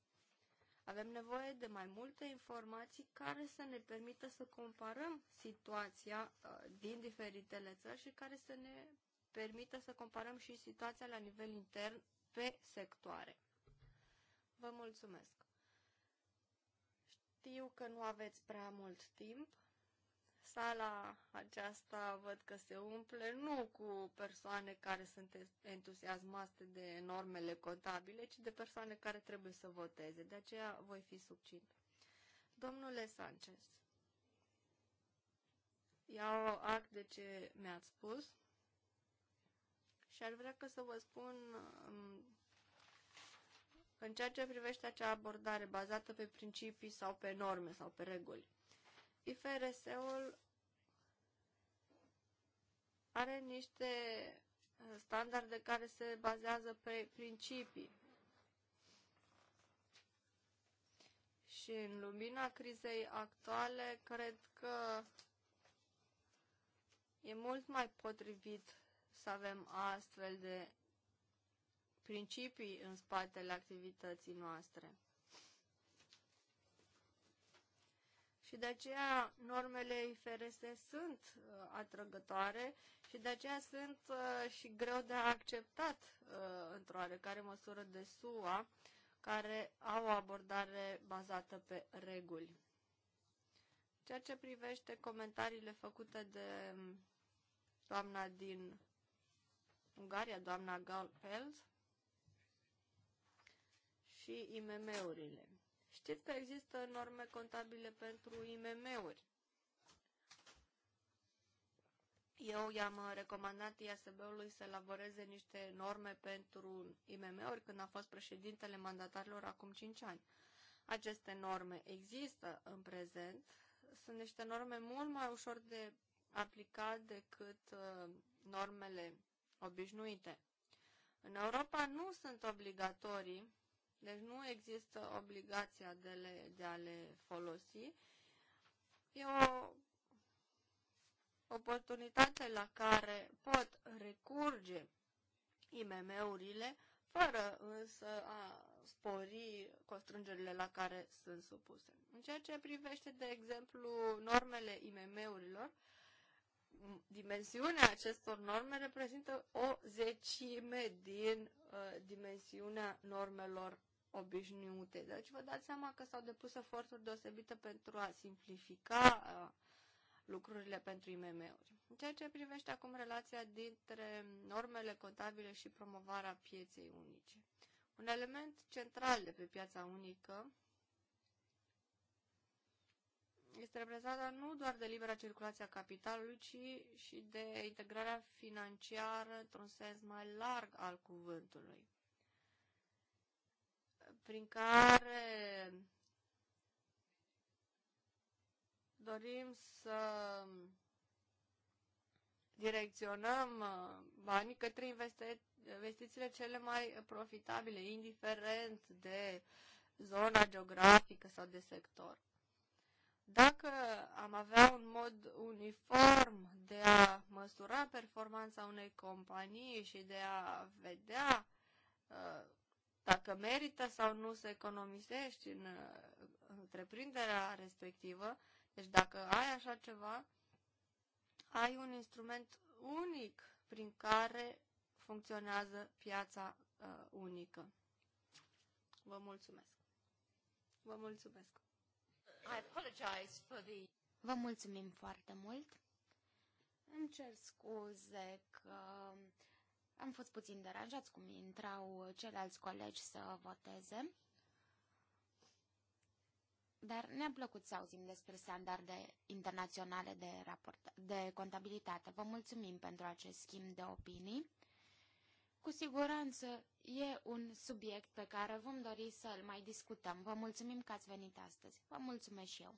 Avem nevoie de mai multe informații care să ne permită să comparăm situația uh, din diferitele țări și care să ne permită să comparăm și situația la nivel intern pe sectoare. Vă mulțumesc! Știu că nu aveți prea mult timp, Sala aceasta văd că se umple nu cu persoane care sunt entuziasmate de normele contabile, ci de persoane care trebuie să voteze. De aceea voi fi subțint. Domnule Sanchez, iau act de ce mi-ați spus și ar vrea că să vă spun um, în ceea ce privește acea abordare bazată pe principii sau pe norme sau pe reguli. IFRS-ul are niște uh, standarde care se bazează pe principii. Și în lumina crizei actuale, cred că e mult mai potrivit să avem astfel de principii în spatele activității noastre. și de aceea normele IFRS sunt uh, atrăgătoare și de aceea sunt uh, și greu de acceptat uh, într-o oarecare măsură de SUA, care au o abordare bazată pe reguli. Ceea ce privește comentariile făcute de mm, doamna din Ungaria, doamna Galpels, și IMM-urile. Știți că există norme contabile pentru IMM-uri. Eu i-am recomandat ISB-ului să elaboreze niște norme pentru IMM-uri când a fost președintele mandatarilor acum 5 ani. Aceste norme există în prezent, sunt niște norme mult mai ușor de aplicat decât uh, normele obișnuite. În Europa nu sunt obligatorii deci nu există obligația de, le, de a le folosi. E o oportunitate la care pot recurge IMM-urile, fără însă a spori constrângerile la care sunt supuse. În ceea ce privește, de exemplu, normele IMM-urilor, dimensiunea acestor norme reprezintă o zecime din uh, dimensiunea normelor obișnuite. Deci vă dați seama că s-au depus eforturi deosebite pentru a simplifica uh, lucrurile pentru IMM-uri. În ceea ce privește acum relația dintre normele contabile și promovarea pieței unice. Un element central de pe piața unică este reprezentată nu doar de libera circulație a capitalului, ci și de integrarea financiară într-un sens mai larg al cuvântului prin care dorim să direcționăm uh, banii către investițiile cele mai profitabile, indiferent de zona geografică sau de sector. Dacă am avea un mod uniform de a măsura performanța unei companii și de a vedea uh, dacă merită sau nu să economisești în uh, întreprinderea respectivă. Deci dacă ai așa ceva, ai un instrument unic prin care funcționează piața uh, unică. Vă mulțumesc. Vă mulțumesc. I apologize for the... Vă mulțumim foarte mult. Îmi cer scuze că am fost puțin deranjați cum intrau ceilalți colegi să voteze, dar ne-a plăcut să auzim despre standarde internaționale de, raport, de contabilitate. Vă mulțumim pentru acest schimb de opinii. Cu siguranță e un subiect pe care vom dori să-l mai discutăm. Vă mulțumim că ați venit astăzi. Vă mulțumesc și eu.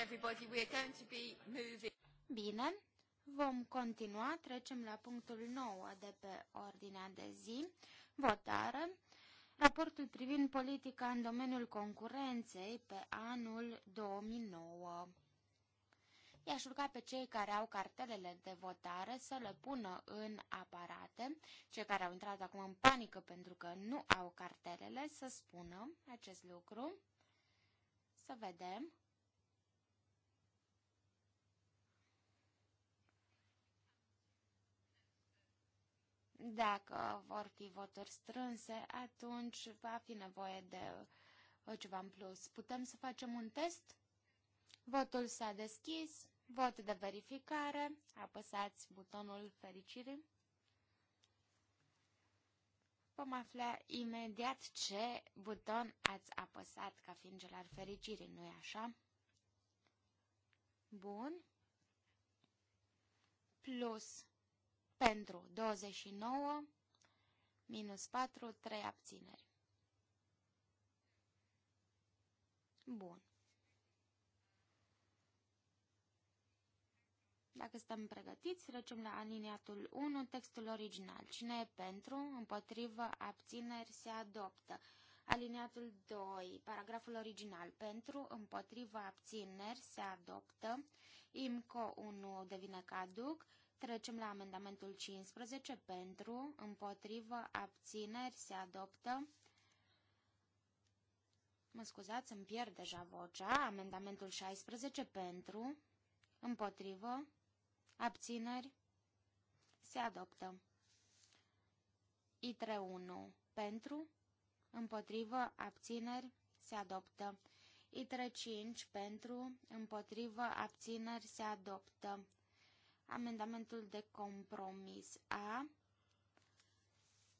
everybody. We are going to be moving. Bine, vom continua. Trecem la punctul 9 de pe ordinea de zi. Votare. Raportul privind politica în domeniul concurenței pe anul 2009. I-aș ruga pe cei care au cartelele de votare să le pună în aparate. Cei care au intrat acum în panică pentru că nu au cartelele să spună acest lucru. Să vedem. Dacă vor fi voturi strânse, atunci va fi nevoie de uh, ceva în plus. Putem să facem un test? Votul s-a deschis. Vot de verificare. Apăsați butonul fericirii. Vom afla imediat ce buton ați apăsat ca fiind cel al fericirii, nu-i așa? Bun. Plus pentru 29, minus 4, 3 abțineri. Bun. Dacă stăm pregătiți, trecem la aliniatul 1, textul original. Cine e pentru, împotrivă, abțineri, se adoptă. Aliniatul 2, paragraful original. Pentru, împotrivă, abțineri, se adoptă. IMCO 1 devine caduc. Trecem la amendamentul 15 pentru, împotrivă, abțineri, se adoptă. Mă scuzați, îmi pierd deja vocea. Amendamentul 16 pentru, împotrivă, abțineri, se adoptă. I31 pentru, împotrivă, abțineri, se adoptă. I35 pentru, împotrivă, abțineri, se adoptă. Amendamentul de compromis A.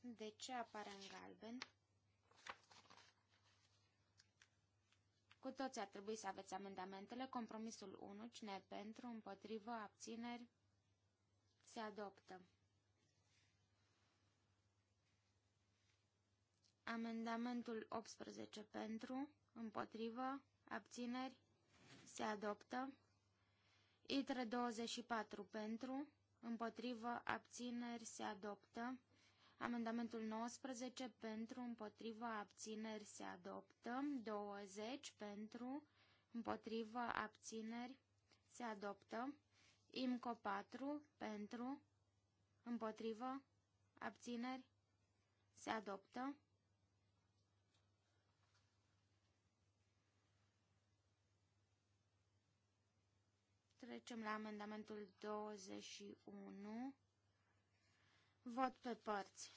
De ce apare în galben? Cu toți ar trebui să aveți amendamentele. Compromisul 1, cine e pentru, împotrivă, abțineri, se adoptă. Amendamentul 18 pentru, împotrivă, abțineri, se adoptă. ITRE 24 pentru, împotrivă, abțineri se adoptă. Amendamentul 19 pentru, împotrivă, abțineri se adoptă. 20 pentru, împotrivă, abțineri se adoptă. IMCO 4 pentru, împotrivă, abțineri se adoptă. Trecem la amendamentul 21. Vot pe părți.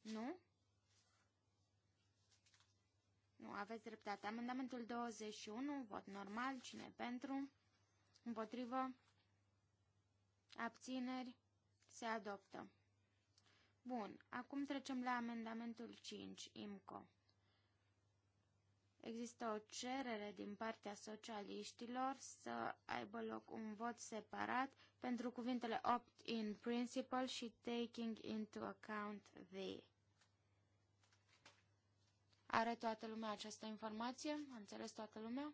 Nu? Nu, aveți dreptate. Amendamentul 21, vot normal, cine pentru, împotrivă, abțineri, se adoptă. Bun, acum trecem la amendamentul 5, IMCO. Există o cerere din partea socialiștilor să aibă loc un vot separat pentru cuvintele opt-in principle și taking into account the. Are toată lumea această informație? A înțeles toată lumea?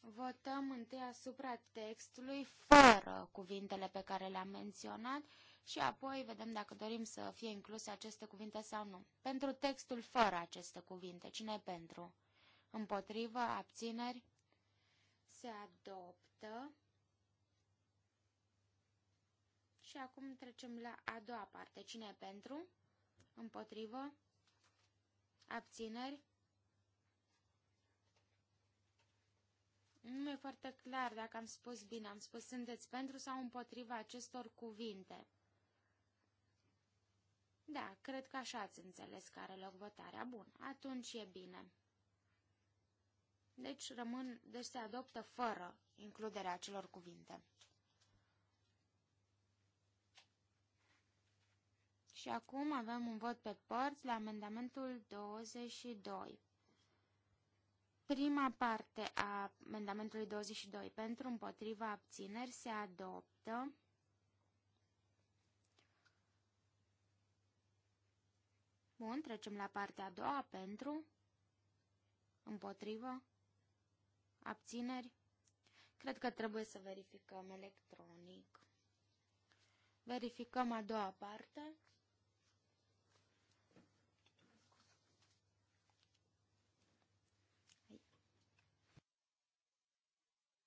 Votăm întâi asupra textului fără cuvintele pe care le-am menționat și apoi vedem dacă dorim să fie incluse aceste cuvinte sau nu. Pentru textul fără aceste cuvinte, cine e pentru? Împotrivă, abțineri, se adoptă. Și acum trecem la a doua parte. Cine e pentru? Împotrivă, abțineri. Nu e foarte clar dacă am spus bine, am spus sunteți pentru sau împotriva acestor cuvinte. Da, cred că așa ați înțeles că are loc votarea. Bun, atunci e bine. Deci, rămân, deci se adoptă fără includerea acelor cuvinte. Și acum avem un vot pe părți la amendamentul 22. Prima parte a amendamentului 22 pentru împotriva abțineri se adoptă. Bun, trecem la partea a doua, pentru, împotrivă, abțineri. Cred că trebuie să verificăm electronic. Verificăm a doua parte.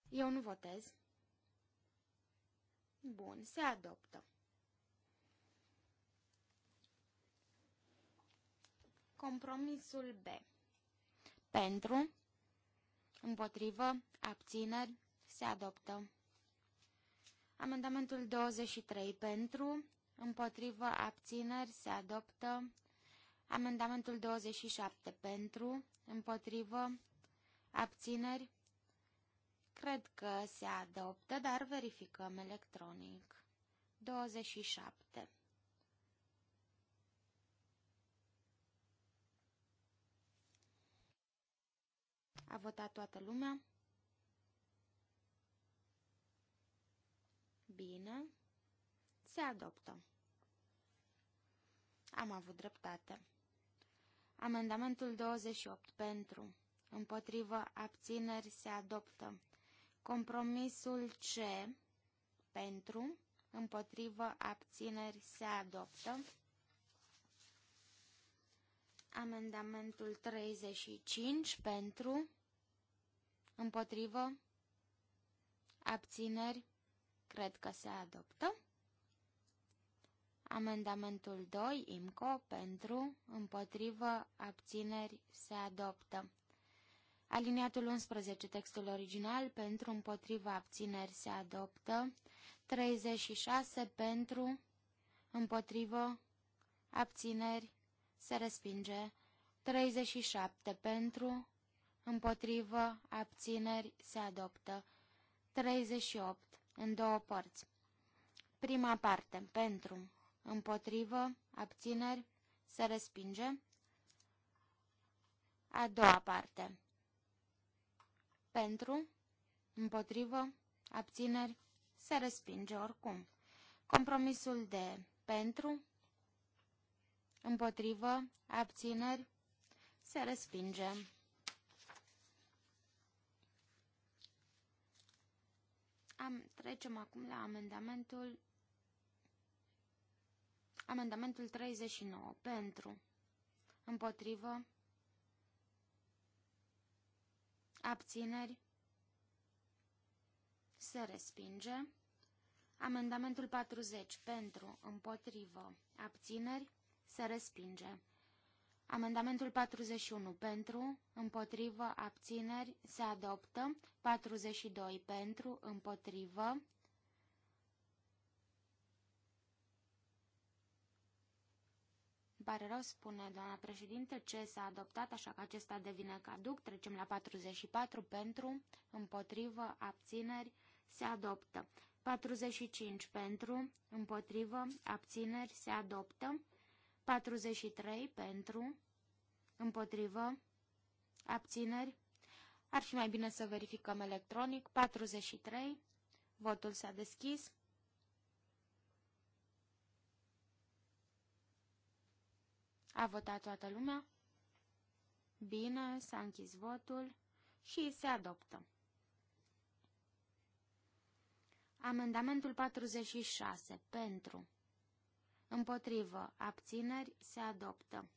Eu nu votez. Bun, se adoptă. Compromisul B. Pentru, împotrivă, abțineri, se adoptă. Amendamentul 23 pentru, împotrivă, abțineri, se adoptă. Amendamentul 27 pentru, împotrivă, abțineri, cred că se adoptă, dar verificăm electronic. 27. A votat toată lumea? Bine. Se adoptă. Am avut dreptate. Amendamentul 28 pentru. Împotrivă abțineri se adoptă. Compromisul C pentru. Împotrivă abțineri se adoptă. Amendamentul 35 pentru. Împotrivă? Abțineri? Cred că se adoptă. Amendamentul 2, IMCO, pentru, împotrivă, abțineri, se adoptă. Aliniatul 11, textul original, pentru, împotrivă, abțineri, se adoptă. 36, pentru, împotrivă, abțineri, se respinge. 37, pentru, împotrivă, abțineri, se adoptă. 38. În două părți. Prima parte, pentru, împotrivă, abțineri, se respinge. A doua parte, pentru, împotrivă, abțineri, se respinge oricum. Compromisul de pentru, împotrivă, abțineri, se respinge. Am, trecem acum la amendamentul amendamentul 39 pentru împotrivă abțineri se respinge amendamentul 40 pentru împotrivă abțineri se respinge Amendamentul 41 pentru, împotrivă, abțineri, se adoptă. 42 pentru, împotrivă. Pare rău, spune doamna președinte, ce s-a adoptat, așa că acesta devine caduc. Trecem la 44 pentru, împotrivă, abțineri, se adoptă. 45 pentru, împotrivă, abțineri, se adoptă. 43 pentru, împotrivă, abțineri. Ar fi mai bine să verificăm electronic. 43, votul s-a deschis. A votat toată lumea? Bine, s-a închis votul și se adoptă. Amendamentul 46. Pentru. Împotrivă. Abțineri. Se adoptă.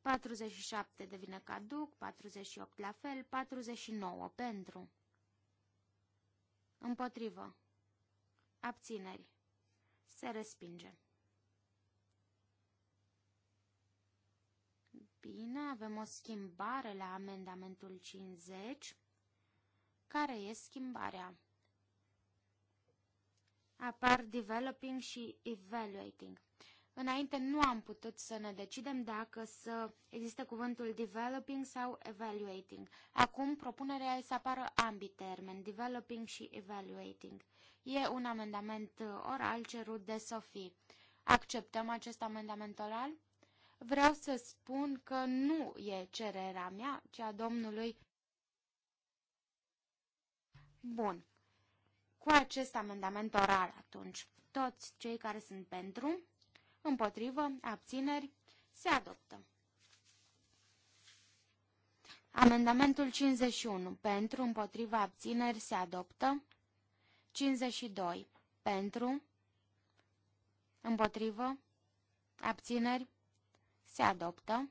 47 devine caduc, 48 la fel, 49 pentru. Împotrivă. Abțineri. Se respinge. Bine, avem o schimbare la amendamentul 50. Care e schimbarea? apar developing și evaluating. Înainte nu am putut să ne decidem dacă să existe cuvântul developing sau evaluating. Acum propunerea e să apară ambii termeni, developing și evaluating. E un amendament uh, oral cerut de Sophie. Acceptăm acest amendament oral? Vreau să spun că nu e cererea mea, ci a domnului. Bun cu acest amendament oral atunci. Toți cei care sunt pentru, împotrivă, abțineri, se adoptă. Amendamentul 51. Pentru, împotriva, abțineri, se adoptă. 52. Pentru, împotrivă, abțineri, se adoptă.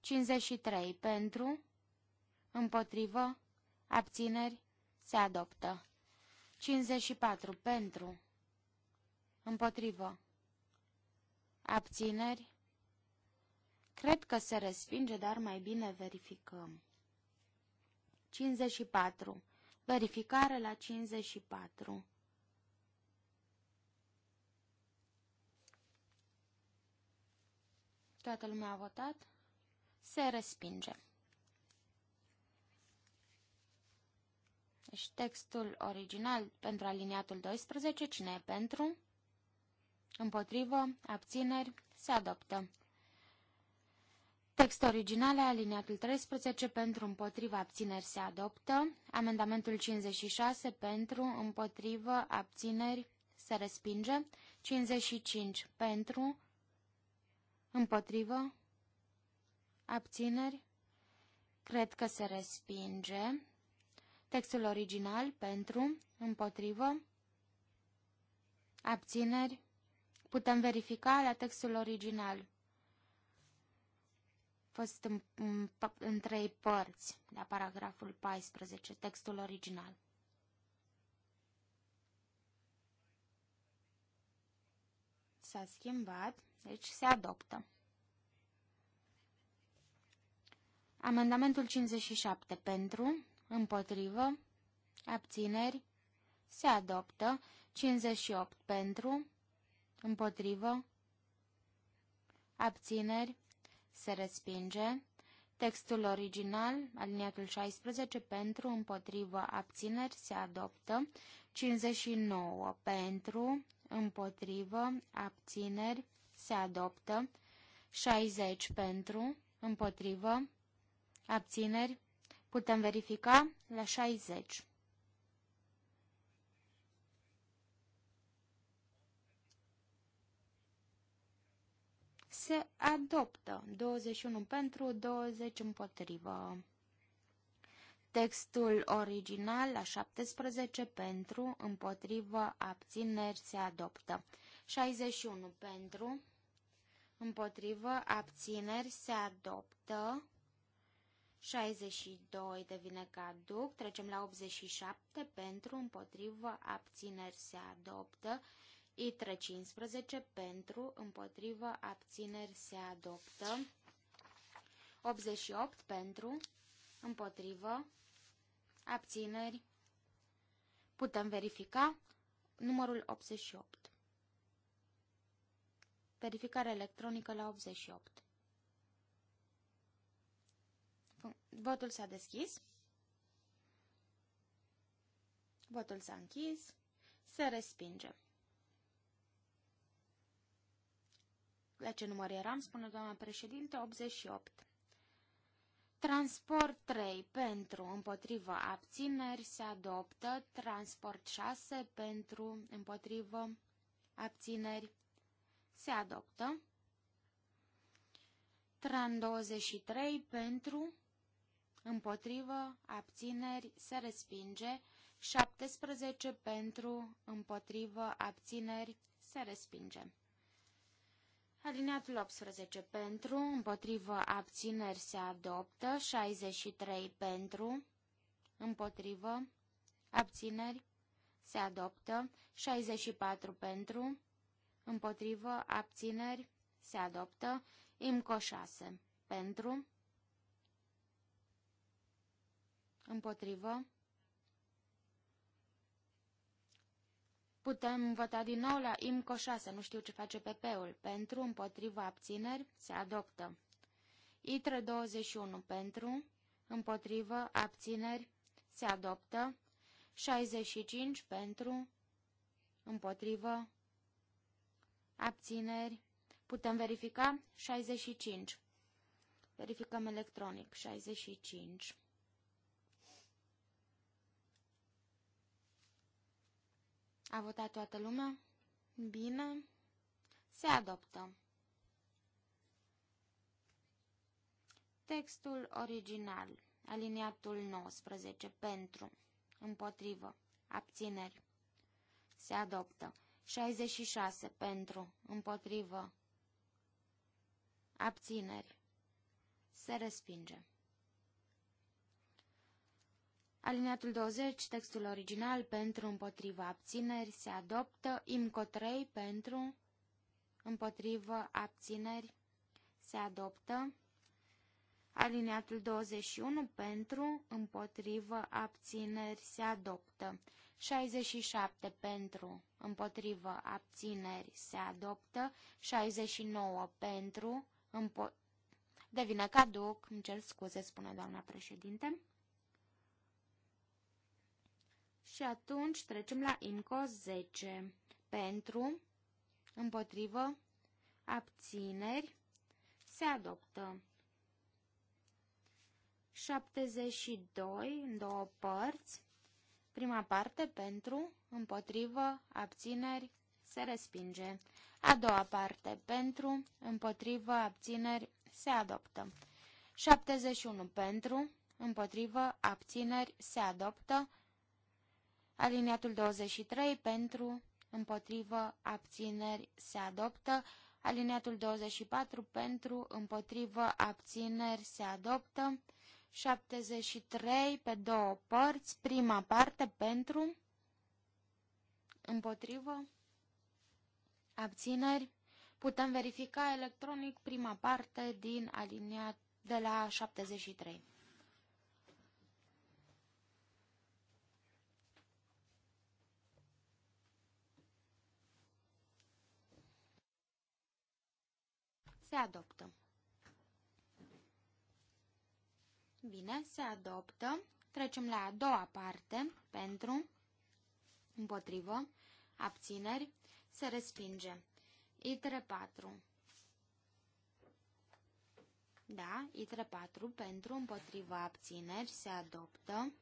53. Pentru, împotrivă, abțineri, se adoptă. 54 pentru. Împotrivă. Abțineri. Cred că se respinge, dar mai bine verificăm. 54. Verificare la 54. Toată lumea a votat? Se respinge. Deci textul original pentru aliniatul 12, cine e pentru? Împotrivă, abțineri, se adoptă. Text original, aliniatul 13, pentru împotriva abțineri se adoptă. Amendamentul 56, pentru împotrivă abțineri se respinge. 55, pentru împotrivă abțineri, cred că se respinge. Textul original pentru, împotrivă, abțineri. Putem verifica la textul original. Fost în, în, în trei părți, la paragraful 14, textul original. S-a schimbat, deci se adoptă. Amendamentul 57 pentru, împotrivă, abțineri, se adoptă, 58 pentru, împotrivă, abțineri, se respinge, textul original, aliniatul 16, pentru, împotrivă, abțineri, se adoptă, 59 pentru, împotrivă, abțineri, se adoptă, 60 pentru, împotrivă, abțineri, Putem verifica la 60. Se adoptă 21 pentru, 20 împotrivă. Textul original la 17 pentru, împotrivă, abțineri se adoptă. 61 pentru, împotrivă, abțineri se adoptă. 62 devine caduc, trecem la 87 pentru, împotrivă, abțineri se adoptă, I315 pentru, împotrivă, abțineri se adoptă, 88 pentru, împotrivă, abțineri, putem verifica numărul 88. Verificare electronică la 88. Votul s-a deschis. Votul s-a închis. Se respinge. La ce număr eram, spune doamna președinte, 88. Transport 3 pentru împotrivă abțineri se adoptă. Transport 6 pentru împotrivă abțineri se adoptă. Tran 23 pentru împotrivă, abțineri, se respinge, 17 pentru, împotrivă, abțineri, se respinge. Alineatul 18 pentru, împotrivă, abțineri, se adoptă, 63 pentru, împotrivă, abțineri, se adoptă, 64 pentru, împotrivă, abțineri, se adoptă, IMCO 6 pentru, Împotrivă. Putem vota din nou la IMCO 6, nu știu ce face PP-ul. Pentru, împotriva, abțineri, se adoptă. ITRE 21, pentru, împotrivă, abțineri, se adoptă. 65, pentru, împotrivă, abțineri. Putem verifica 65. Verificăm electronic 65. A votat toată lumea? Bine. Se adoptă. Textul original, aliniatul 19, pentru, împotrivă, abțineri. Se adoptă. 66, pentru, împotrivă, abțineri. Se respinge. Alineatul 20, textul original pentru împotriva abțineri se adoptă. IMCO 3 pentru împotriva abțineri se adoptă. Alineatul 21 pentru împotriva abțineri se adoptă. 67 pentru împotriva abțineri se adoptă. 69 pentru împotriva Devine caduc, îmi cer scuze, spune doamna președinte. Și atunci trecem la IMCO 10. Pentru, împotrivă, abțineri, se adoptă. 72 în două părți. Prima parte pentru, împotrivă, abțineri, se respinge. A doua parte pentru, împotrivă, abțineri, se adoptă. 71 pentru, împotrivă, abțineri, se adoptă. Aliniatul 23 pentru, împotrivă, abțineri se adoptă. Aliniatul 24 pentru, împotrivă, abțineri se adoptă. 73 pe două părți, prima parte pentru, împotrivă, abțineri. Putem verifica electronic prima parte din aliniat de la 73. Se adoptă. Bine, se adoptă. Trecem la a doua parte. Pentru, împotrivă, abțineri, se respinge. ITRE 4. Da, ITRE 4 pentru, împotriva, abțineri, se adoptă.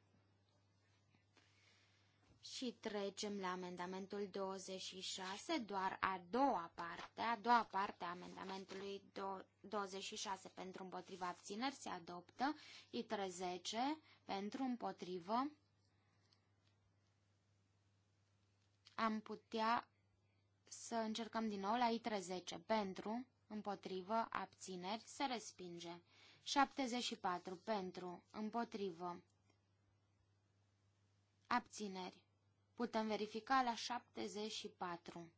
Și trecem la amendamentul 26, doar a doua parte, a doua parte a amendamentului 26 pentru împotriva abțineri se adoptă, I30 pentru împotrivă. Am putea să încercăm din nou la I30 pentru împotrivă abțineri se respinge. 74 pentru împotrivă abțineri Putem verifica la 74.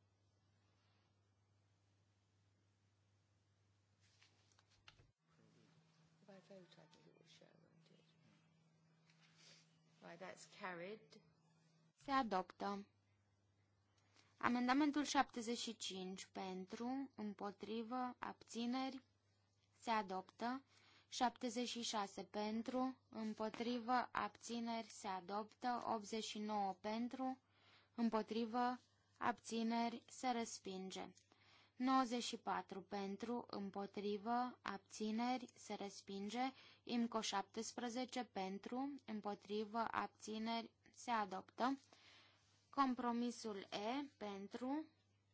Se adoptă. Amendamentul 75 pentru, împotrivă, abțineri, se adoptă. 76 pentru, împotrivă, abțineri se adoptă, 89 pentru, împotrivă, abțineri se respinge. 94 pentru, împotrivă, abțineri se respinge, IMCO 17 pentru, împotrivă, abțineri se adoptă, compromisul E pentru,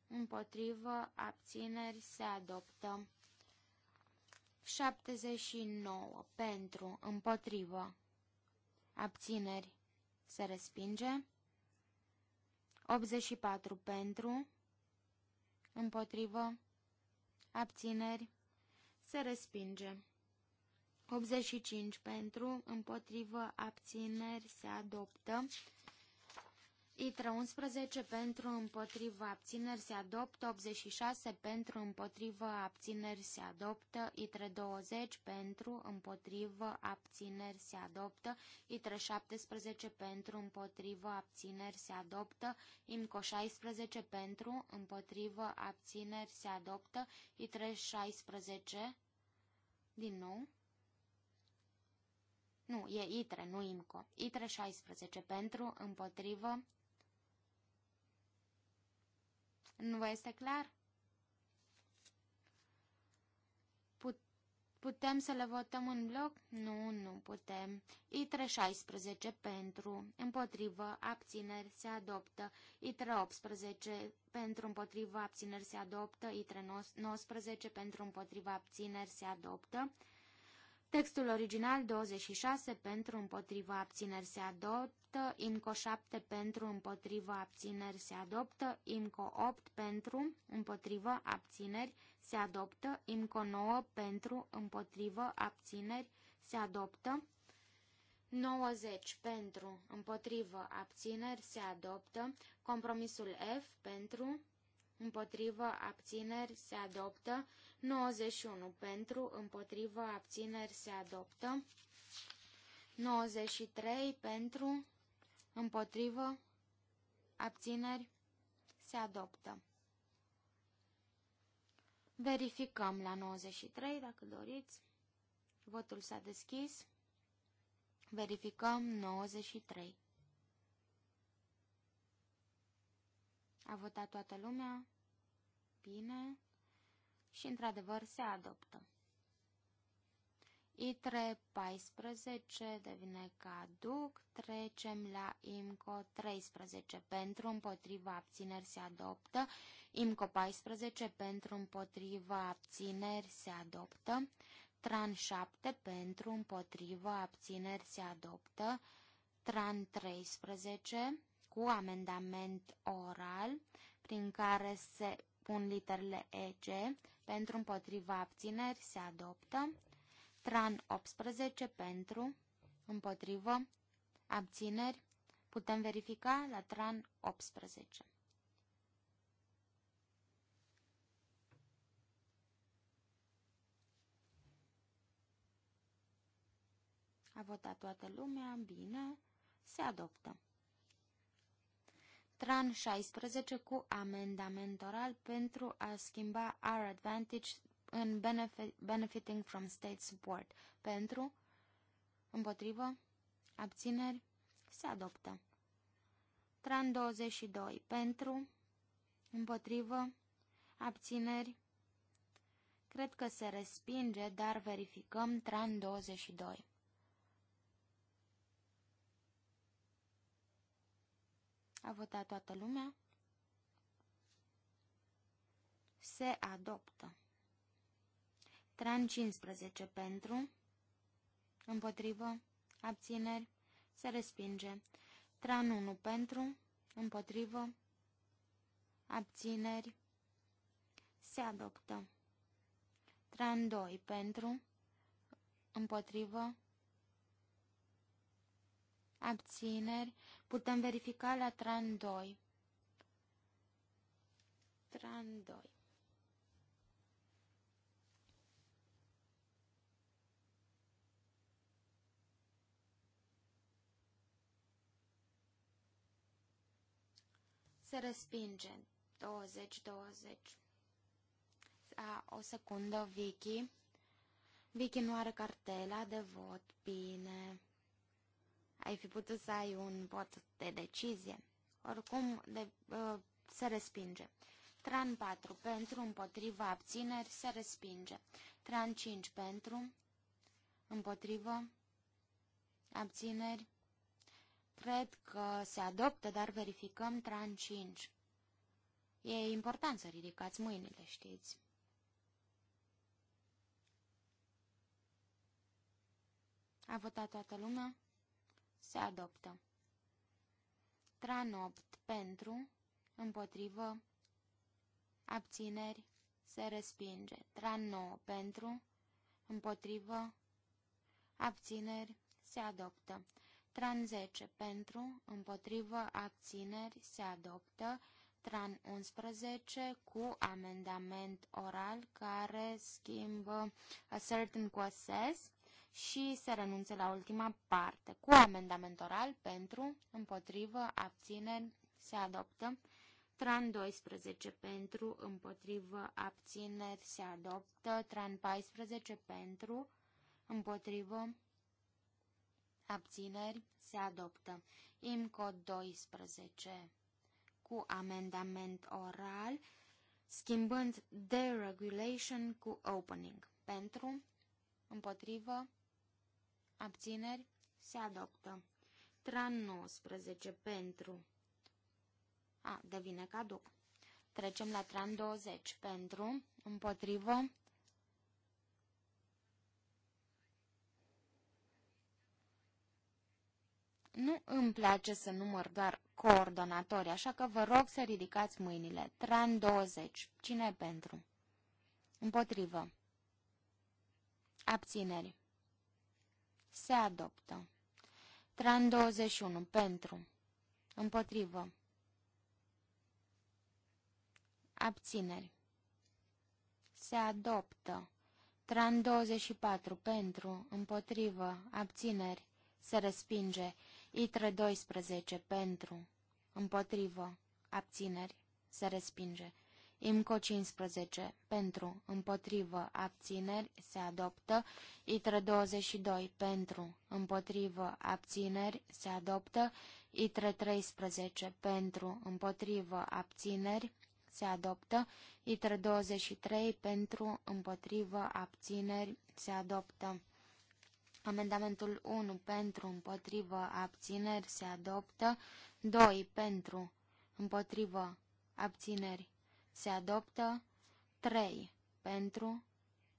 împotrivă, abțineri se adoptă. 79 pentru, împotrivă, abțineri, se respinge. 84 pentru, împotrivă, abțineri, se respinge. 85 pentru, împotrivă, abțineri, se adoptă. ITRA 11 pentru împotriva abțineri se adoptă, 86 pentru împotriva abțineri se adoptă, ITRA 20 pentru împotriva abțineri se adoptă, ITRA 17 pentru împotriva abțineri se adoptă, IMCO 16 pentru împotriva abțineri se adoptă, ITRA 16 din nou. Nu, e ITRE, nu IMCO. ITRE 16 pentru, împotrivă, nu vă este clar? Putem să le votăm în bloc? Nu, nu putem. ITRE 16 pentru, împotrivă, abțineri se adoptă. ITRE 18 pentru, împotrivă, abțineri se adoptă. ITRE 19 pentru, împotrivă, abțineri se adoptă. Textul original 26 pentru împotriva abțineri se adoptă, IMCO 7 pentru împotriva abțineri se adoptă, IMCO 8 pentru împotriva abțineri se adoptă, IMCO 9 pentru împotriva abțineri se adoptă, 90 pentru împotriva abțineri se adoptă, compromisul F pentru împotriva abțineri se adoptă, 91 pentru, împotrivă, abțineri se adoptă. 93 pentru, împotrivă, abțineri se adoptă. Verificăm la 93 dacă doriți. Votul s-a deschis. Verificăm 93. A votat toată lumea? Bine și într-adevăr se adoptă. ITRE 14 devine caduc, trecem la IMCO 13 pentru împotriva abțineri se adoptă, IMCO 14 pentru împotriva abțineri se adoptă, TRAN 7 pentru împotriva abțineri se adoptă, TRAN 13 cu amendament oral prin care se pun literele EG pentru împotriva abțineri se adoptă. Tran 18 pentru împotrivă abțineri. Putem verifica la Tran 18. A votat toată lumea, bine, se adoptă. TRAN 16 cu amendament oral pentru a schimba our advantage în benefit, benefiting from state support. Pentru, împotrivă, abțineri, se adoptă. Tran 22. Pentru, împotrivă, abțineri. Cred că se respinge, dar verificăm Tran 22. A votat toată lumea? Se adoptă. Tran 15 pentru, împotrivă, abțineri, se respinge. Tran 1 pentru, împotrivă, abțineri, se adoptă. Tran 2 pentru, împotrivă, abțineri, Putem verifica la tran 2. Tran 2. Se respinge. 20, 20. A, o secundă, Vicky. Vicky nu are cartela de vot. Bine ai fi putut să ai un vot de decizie. Oricum, de, uh, se respinge. Tran 4 pentru, împotriva, abțineri, se respinge. Tran 5 pentru, împotrivă, abțineri. Cred că se adoptă, dar verificăm tran 5. E important să ridicați mâinile, știți. A votat toată lumea? Se adoptă. Tran 8 pentru, împotrivă, abțineri, se respinge. Tran 9 pentru, împotrivă, abțineri, se adoptă. Tran 10 pentru, împotrivă, abțineri, se adoptă. Tran 11 cu amendament oral care schimbă certain cu assess și se renunțe la ultima parte. Cu amendament oral pentru, împotrivă, abțineri, se adoptă. Tran 12 pentru, împotrivă, abțineri, se adoptă. Tran 14 pentru, împotrivă, abțineri, se adoptă. IMCO 12 cu amendament oral, schimbând deregulation cu opening. Pentru, împotrivă, Abțineri? Se adoptă. Tran 19 pentru. A, devine caduc. Trecem la tran 20 pentru, împotrivă. Nu îmi place să număr doar coordonatori, așa că vă rog să ridicați mâinile. Tran 20. Cine pentru? Împotrivă. Abțineri. Se adoptă. Tran 21. Pentru. Împotrivă. Abțineri. Se adoptă. Tran 24. Pentru. Împotrivă. Abțineri. Se respinge. Itre 12. Pentru. Împotrivă. Abțineri. Se respinge. IMCO 15 pentru, împotrivă, abțineri, se adoptă. ITRE 22 pentru, împotrivă, abțineri, se adoptă. ITRE 13 pentru, împotrivă, abțineri, se adoptă. ITRE 23 pentru, împotrivă, abțineri, se adoptă. Amendamentul 1 pentru, împotrivă, abțineri, se adoptă. 2 pentru, împotrivă, abțineri, se adoptă 3 pentru,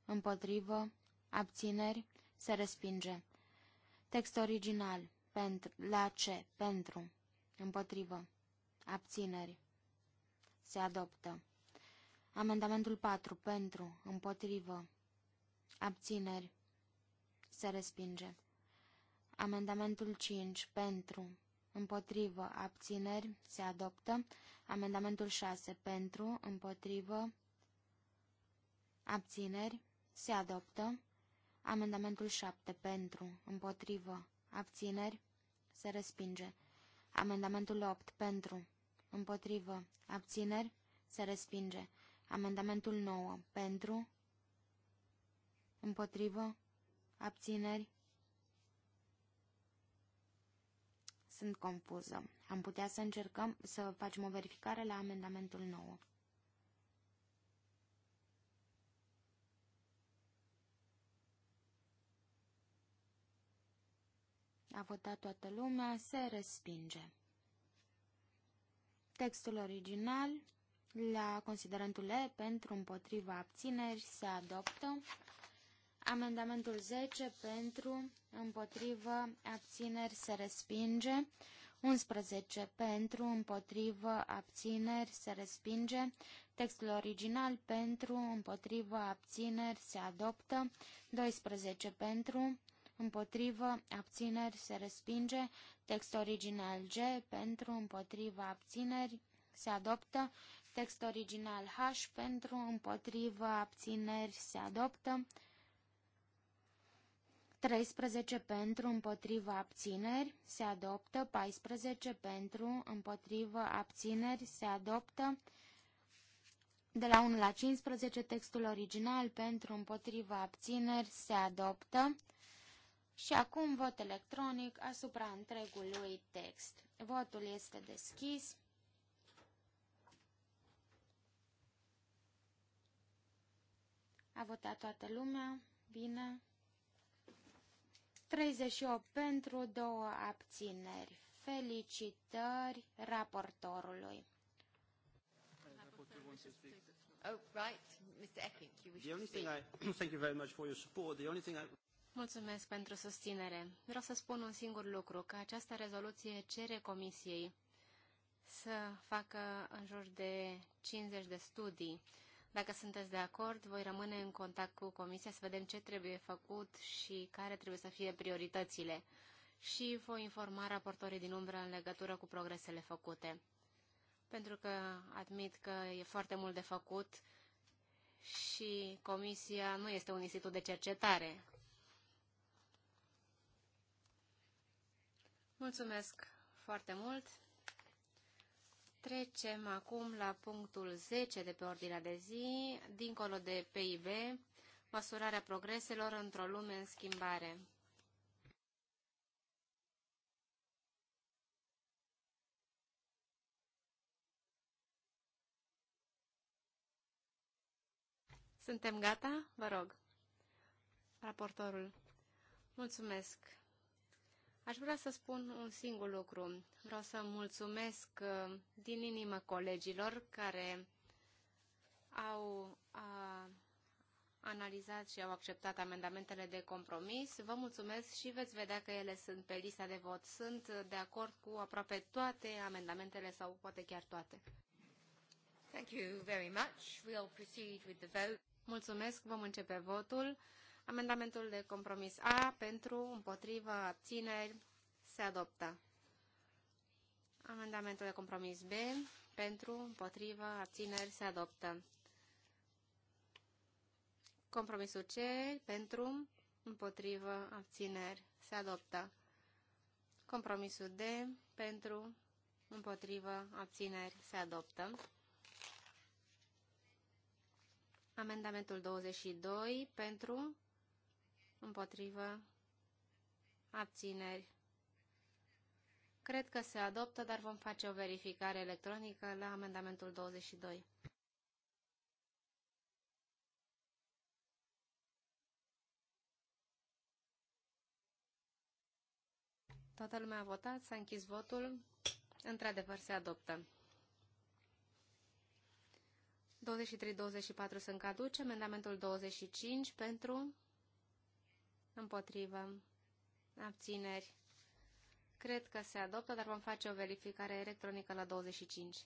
împotrivă, abțineri, se respinge. Text original, pentru, la ce, pentru, împotrivă, abțineri, se adoptă. Amendamentul 4, pentru, împotrivă, abțineri, se respinge. Amendamentul 5, pentru, împotrivă, abțineri, se adoptă. Amendamentul 6 pentru, împotrivă, abțineri, se adoptă. Amendamentul 7 pentru, împotrivă, abțineri, se respinge. Amendamentul 8 pentru, împotrivă, abțineri, se respinge. Amendamentul 9 pentru, împotrivă, abțineri, Sunt confuză. Am putea să încercăm să facem o verificare la amendamentul 9. A votat toată lumea, se respinge. Textul original la considerentul E pentru împotriva abțineri se adoptă. Amendamentul 10 pentru, împotrivă, abțineri se respinge. 11 pentru, împotrivă, abțineri se respinge. Textul original pentru, împotrivă, abțineri se adoptă. 12 pentru, împotrivă, abțineri se respinge. Text original G pentru, împotrivă, abțineri se adoptă. Text original H pentru, împotrivă, abțineri se adoptă. 13 pentru, împotriva abțineri, se adoptă. 14 pentru, împotriva abțineri, se adoptă. De la 1 la 15, textul original pentru, împotriva abțineri, se adoptă. Și acum vot electronic asupra întregului text. Votul este deschis. A votat toată lumea. Bine. 38 pentru, două abțineri. Felicitări raportorului. Oh, right. Mr. Epping, you wish The only thing I thank you very much for your support. The only thing I Mulțumesc pentru susținere. Vreau să spun un singur lucru, că această rezoluție cere comisiei să facă în jur de 50 de studii dacă sunteți de acord, voi rămâne în contact cu Comisia să vedem ce trebuie făcut și care trebuie să fie prioritățile și voi informa raportorii din umbră în legătură cu progresele făcute. Pentru că admit că e foarte mult de făcut și Comisia nu este un institut de cercetare. Mulțumesc foarte mult! Trecem acum la punctul 10 de pe ordinea de zi, dincolo de PIB, măsurarea progreselor într-o lume în schimbare. Suntem gata? Vă rog. Raportorul. Mulțumesc, Aș vrea să spun un singur lucru. Vreau să mulțumesc uh, din inimă colegilor care au a, analizat și au acceptat amendamentele de compromis. Vă mulțumesc și veți vedea că ele sunt pe lista de vot. Sunt de acord cu aproape toate amendamentele sau poate chiar toate. Thank you very much. We'll proceed with the vote. Mulțumesc, vom începe votul. Amendamentul de compromis A pentru, împotrivă, abțineri, se adoptă. Amendamentul de compromis B pentru, împotrivă, abțineri, se adoptă. Compromisul C pentru, împotrivă, abțineri, se adoptă. Compromisul D pentru, împotrivă, abțineri, se adoptă. Amendamentul 22 pentru, împotrivă, abțineri. Cred că se adoptă, dar vom face o verificare electronică la amendamentul 22. Toată lumea a votat, s-a închis votul. Într-adevăr, se adoptă. 23-24 sunt caduce, amendamentul 25 pentru, împotrivă, abțineri. Cred că se adoptă, dar vom face o verificare electronică la 25.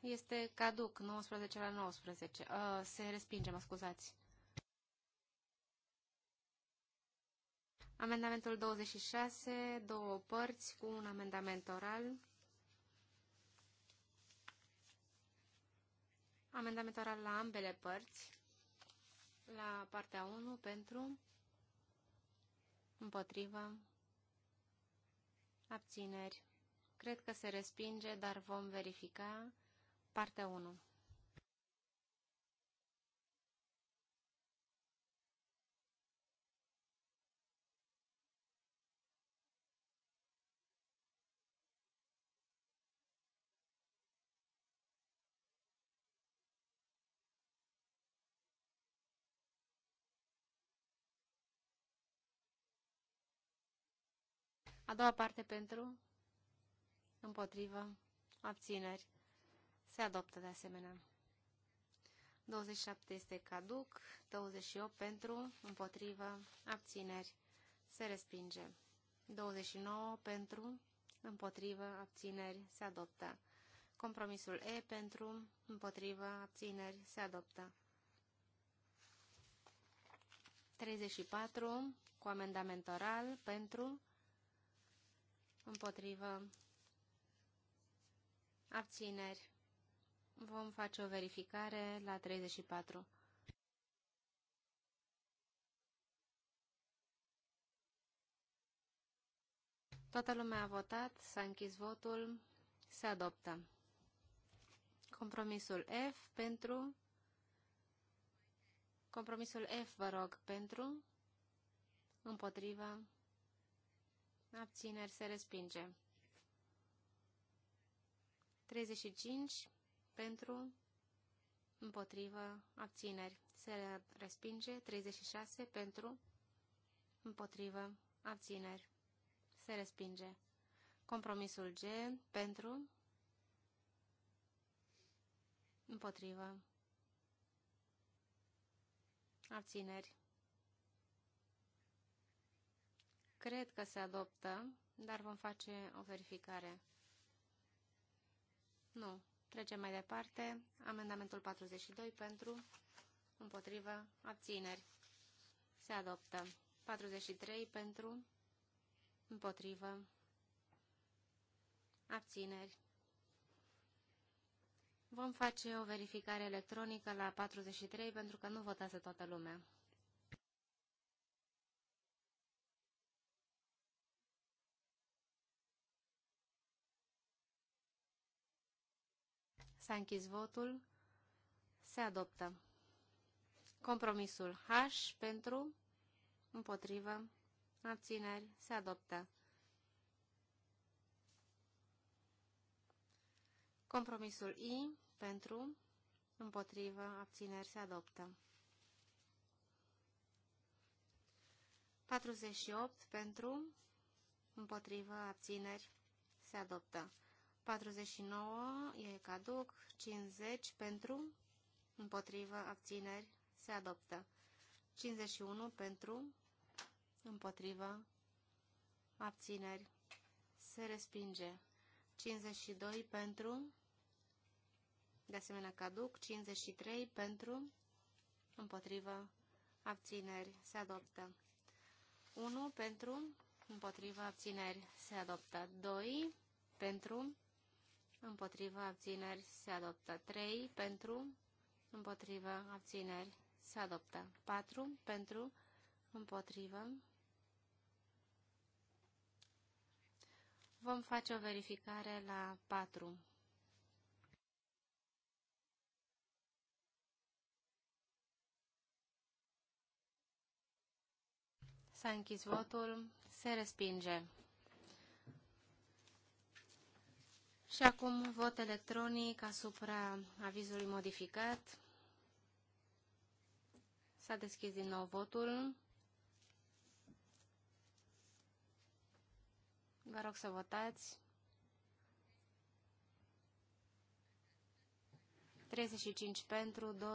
Este caduc, 19 la 19. Uh, se respinge, mă scuzați. Amendamentul 26, două părți cu un amendament oral. Amendament oral la ambele părți. La partea 1 pentru, împotriva, abțineri. Cred că se respinge, dar vom verifica. Partea 1. doua parte pentru, împotrivă, abțineri, se adoptă de asemenea. 27 este caduc, 28 pentru, împotrivă, abțineri, se respinge. 29 pentru, împotrivă, abțineri, se adoptă. Compromisul E pentru, împotrivă, abțineri, se adoptă. 34 cu amendament oral pentru, împotrivă, abțineri. Vom face o verificare la 34. Toată lumea a votat, s-a închis votul, se adoptă. Compromisul F pentru... Compromisul F, vă rog, pentru... Împotriva abțineri, se respinge. 35 pentru, împotrivă, abțineri, se respinge. 36 pentru, împotrivă, abțineri, se respinge. Compromisul G pentru, împotrivă, abțineri. Cred că se adoptă, dar vom face o verificare. Nu. Trecem mai departe. Amendamentul 42 pentru, împotrivă, abțineri. Se adoptă. 43 pentru, împotrivă, abțineri. Vom face o verificare electronică la 43 pentru că nu votase toată lumea. S-a închis votul. Se adoptă. Compromisul H pentru, împotrivă, abțineri, se adoptă. Compromisul I pentru, împotrivă, abțineri, se adoptă. 48 pentru, împotrivă, abțineri, se adoptă. 49 e caduc, 50 pentru, împotrivă, abțineri, se adoptă. 51 pentru, împotrivă, abțineri, se respinge. 52 pentru, de asemenea caduc, 53 pentru, împotrivă, abțineri, se adoptă. 1 pentru, împotrivă, abțineri, se adoptă. 2 pentru, împotriva abțineri se adoptă 3 pentru, împotriva abțineri se adoptă 4 pentru, împotriva. Vom face o verificare la 4. S-a închis votul, se respinge. Și acum vot electronic asupra avizului modificat. S-a deschis din nou votul. Vă rog să votați. 35 pentru, 2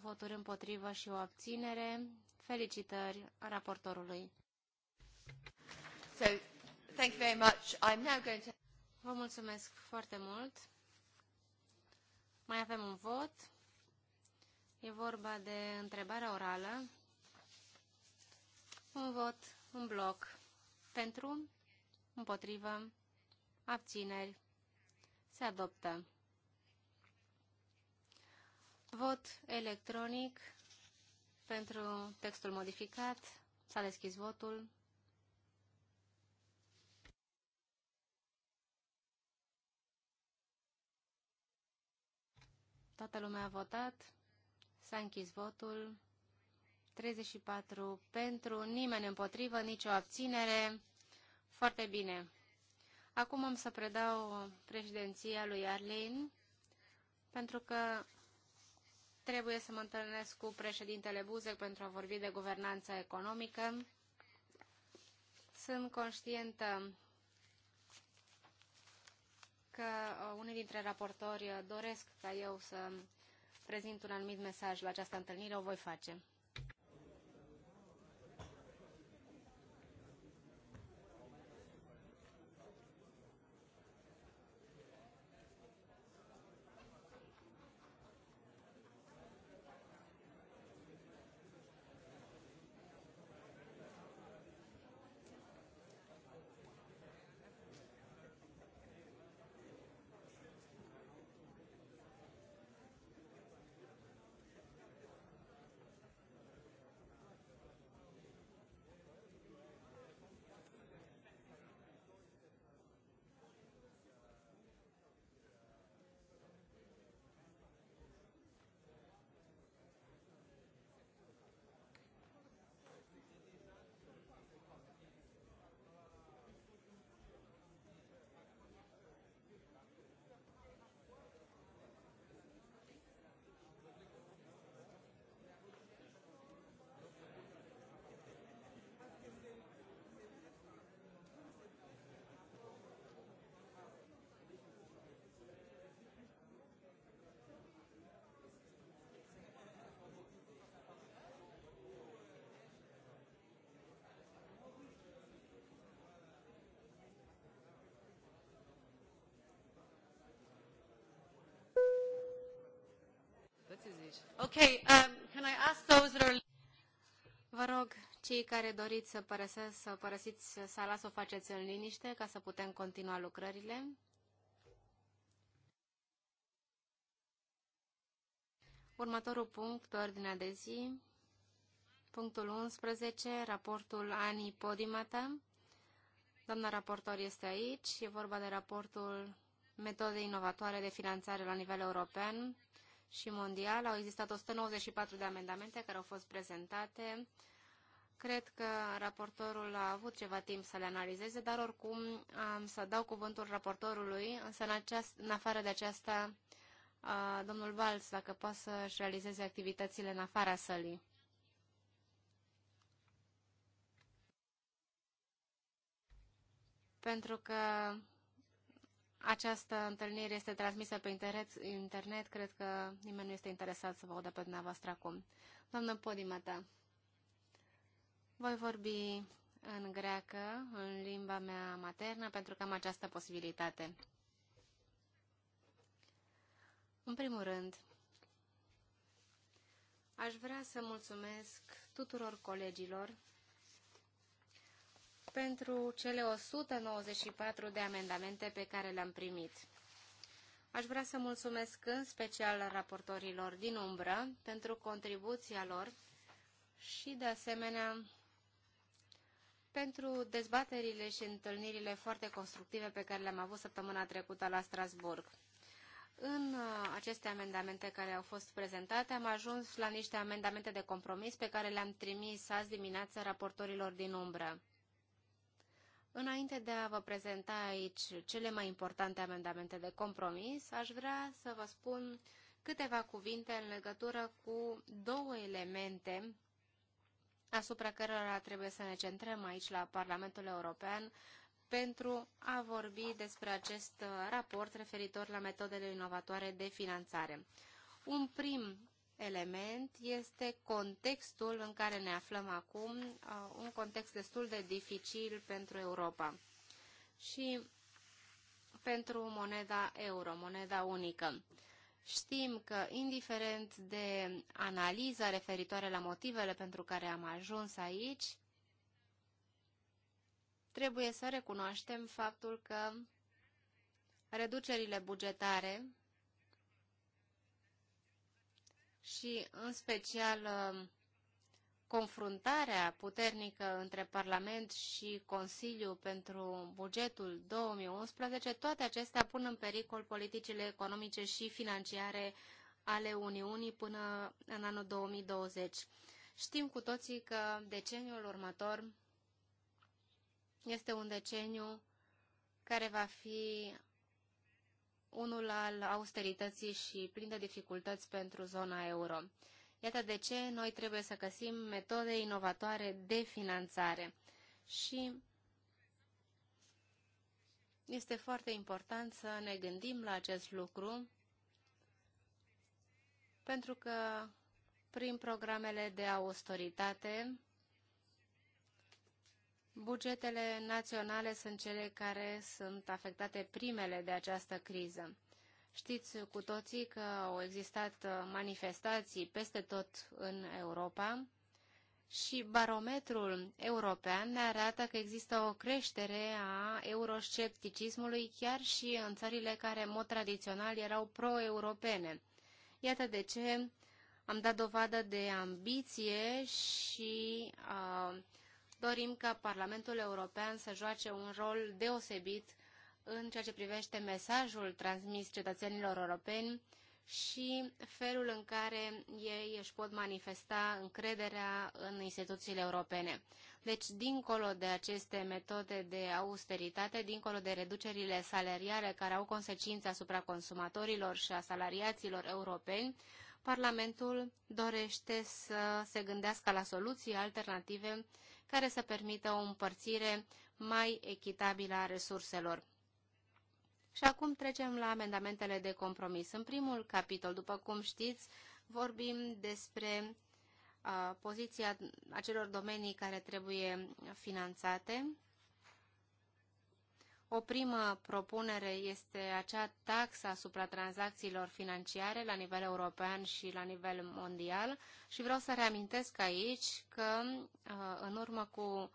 voturi împotrivă și o abținere. Felicitări raportorului. So, thank you very much. I'm now going to... Vă mulțumesc foarte mult. Mai avem un vot. E vorba de întrebarea orală. Un vot un bloc. Pentru, împotrivă, abțineri. Se adoptă. Vot electronic pentru textul modificat. S-a deschis votul. Toată lumea a votat. S-a închis votul. 34 pentru, nimeni împotrivă, nicio abținere. Foarte bine. Acum am să predau președinția lui Arlin, pentru că trebuie să mă întâlnesc cu președintele Buzek pentru a vorbi de guvernanța economică. Sunt conștientă că uh, unii dintre raportori uh, doresc ca eu să prezint un anumit mesaj la această întâlnire, o voi face. Um, can I ask those that are... Vă rog, cei care doriți să, părăsesc, să părăsiți sala, să o faceți în liniște ca să putem continua lucrările. Următorul punct pe ordinea de zi, punctul 11, raportul Ani Podimata. Doamna raportor este aici, e vorba de raportul metode inovatoare de finanțare la nivel european și mondial. Au existat 194 de amendamente care au fost prezentate. Cred că raportorul a avut ceva timp să le analizeze, dar oricum am să dau cuvântul raportorului, însă în, aceast, în afară de aceasta, domnul Valls, dacă poate să-și realizeze activitățile în afara sălii. Pentru că această întâlnire este transmisă pe internet, internet. Cred că nimeni nu este interesat să vă audă pe dumneavoastră acum. Doamnă Podimata, voi vorbi în greacă, în limba mea maternă, pentru că am această posibilitate. În primul rând, aș vrea să mulțumesc tuturor colegilor pentru cele 194 de amendamente pe care le-am primit. Aș vrea să mulțumesc în special raportorilor din umbră pentru contribuția lor și, de asemenea, pentru dezbaterile și întâlnirile foarte constructive pe care le-am avut săptămâna trecută la Strasburg. În uh, aceste amendamente care au fost prezentate, am ajuns la niște amendamente de compromis pe care le-am trimis azi dimineață raportorilor din umbră. Înainte de a vă prezenta aici cele mai importante amendamente de compromis, aș vrea să vă spun câteva cuvinte în legătură cu două elemente asupra cărora trebuie să ne centrăm aici la Parlamentul European pentru a vorbi despre acest raport referitor la metodele inovatoare de finanțare. Un prim element este contextul în care ne aflăm acum, uh, un context destul de dificil pentru Europa și pentru moneda euro, moneda unică. Știm că, indiferent de analiza referitoare la motivele pentru care am ajuns aici, trebuie să recunoaștem faptul că reducerile bugetare și în special ă, confruntarea puternică între Parlament și Consiliu pentru bugetul 2011, toate acestea pun în pericol politicile economice și financiare ale Uniunii până în anul 2020. Știm cu toții că deceniul următor este un deceniu care va fi unul al austerității și plin de dificultăți pentru zona euro. Iată de ce noi trebuie să găsim metode inovatoare de finanțare. Și este foarte important să ne gândim la acest lucru, pentru că prin programele de austeritate Bugetele naționale sunt cele care sunt afectate primele de această criză. Știți cu toții că au existat manifestații peste tot în Europa și barometrul european ne arată că există o creștere a euroscepticismului chiar și în țările care, în mod tradițional, erau pro-europene. Iată de ce am dat dovadă de ambiție și uh, dorim ca Parlamentul European să joace un rol deosebit în ceea ce privește mesajul transmis cetățenilor europeni și felul în care ei își pot manifesta încrederea în instituțiile europene. Deci, dincolo de aceste metode de austeritate, dincolo de reducerile salariale care au consecințe asupra consumatorilor și a salariaților europeni, Parlamentul dorește să se gândească la soluții alternative care să permită o împărțire mai echitabilă a resurselor. Și acum trecem la amendamentele de compromis. În primul capitol, după cum știți, vorbim despre uh, poziția acelor domenii care trebuie finanțate o primă propunere este acea taxă asupra tranzacțiilor financiare la nivel european și la nivel mondial și vreau să reamintesc aici că uh, în urmă cu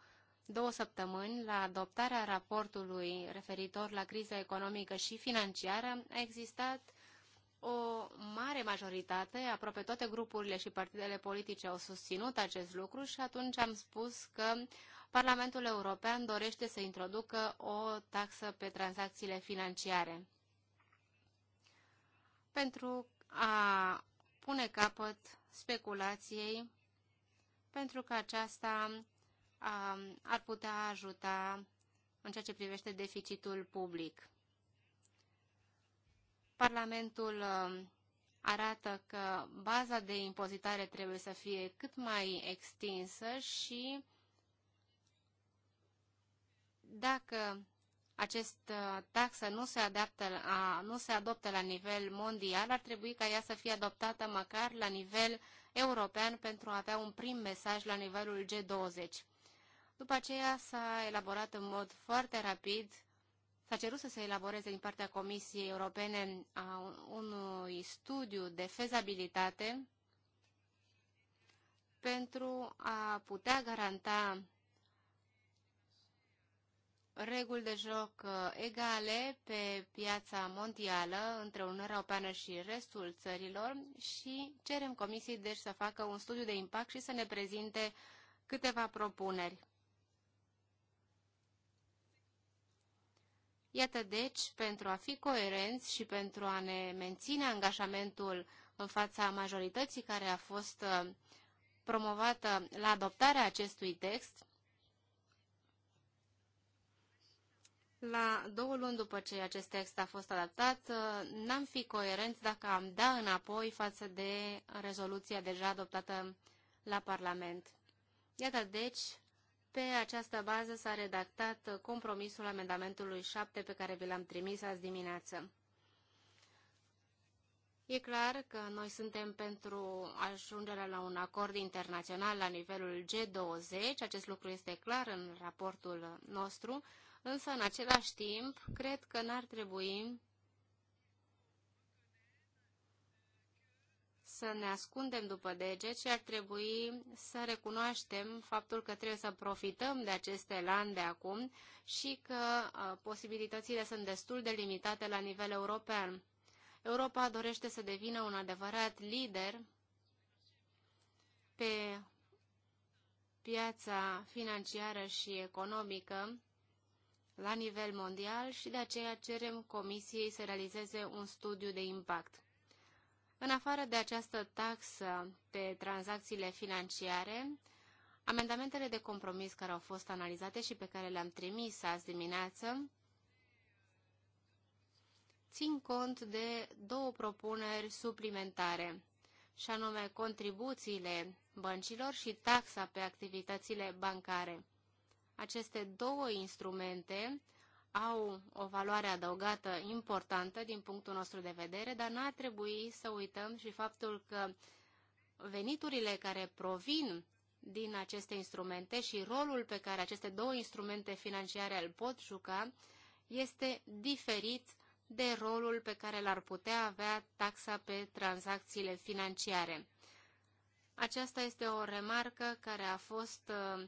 două săptămâni, la adoptarea raportului referitor la criza economică și financiară, a existat o mare majoritate, aproape toate grupurile și partidele politice au susținut acest lucru și atunci am spus că Parlamentul European dorește să introducă o taxă pe tranzacțiile financiare pentru a pune capăt speculației, pentru că aceasta ar putea ajuta în ceea ce privește deficitul public. Parlamentul um, arată că baza de impozitare trebuie să fie cât mai extinsă și dacă acest uh, taxă nu se, adaptă, a, nu se adoptă la nivel mondial, ar trebui ca ea să fie adoptată măcar la nivel european pentru a avea un prim mesaj la nivelul G20. După aceea s-a elaborat în mod foarte rapid, s-a cerut să se elaboreze din partea Comisiei Europene a unui studiu de fezabilitate pentru a putea garanta reguli de joc uh, egale pe piața mondială între Uniunea Europeană și restul țărilor și cerem Comisiei deci să facă un studiu de impact și să ne prezinte câteva propuneri. Iată deci, pentru a fi coerenți și pentru a ne menține angajamentul în fața majorității care a fost uh, promovată la adoptarea acestui text, la două luni după ce acest text a fost adaptat, uh, n-am fi coerent dacă am da înapoi față de rezoluția deja adoptată la Parlament. Iată, deci, pe această bază s-a redactat compromisul amendamentului 7 pe care vi l-am trimis azi dimineață. E clar că noi suntem pentru ajungerea la un acord internațional la nivelul G20, acest lucru este clar în raportul nostru, însă în același timp cred că n-ar trebui să ne ascundem după dege, ci ar trebui să recunoaștem faptul că trebuie să profităm de acest elan de acum și că a, posibilitățile sunt destul de limitate la nivel european. Europa dorește să devină un adevărat lider pe piața financiară și economică la nivel mondial și de aceea cerem Comisiei să realizeze un studiu de impact. În afară de această taxă pe tranzacțiile financiare, amendamentele de compromis care au fost analizate și pe care le-am trimis azi dimineață țin cont de două propuneri suplimentare, și anume contribuțiile băncilor și taxa pe activitățile bancare. Aceste două instrumente au o valoare adăugată importantă din punctul nostru de vedere, dar n-ar trebui să uităm și faptul că veniturile care provin din aceste instrumente și rolul pe care aceste două instrumente financiare îl pot juca este diferit de rolul pe care l-ar putea avea taxa pe tranzacțiile financiare. Aceasta este o remarcă care a fost uh,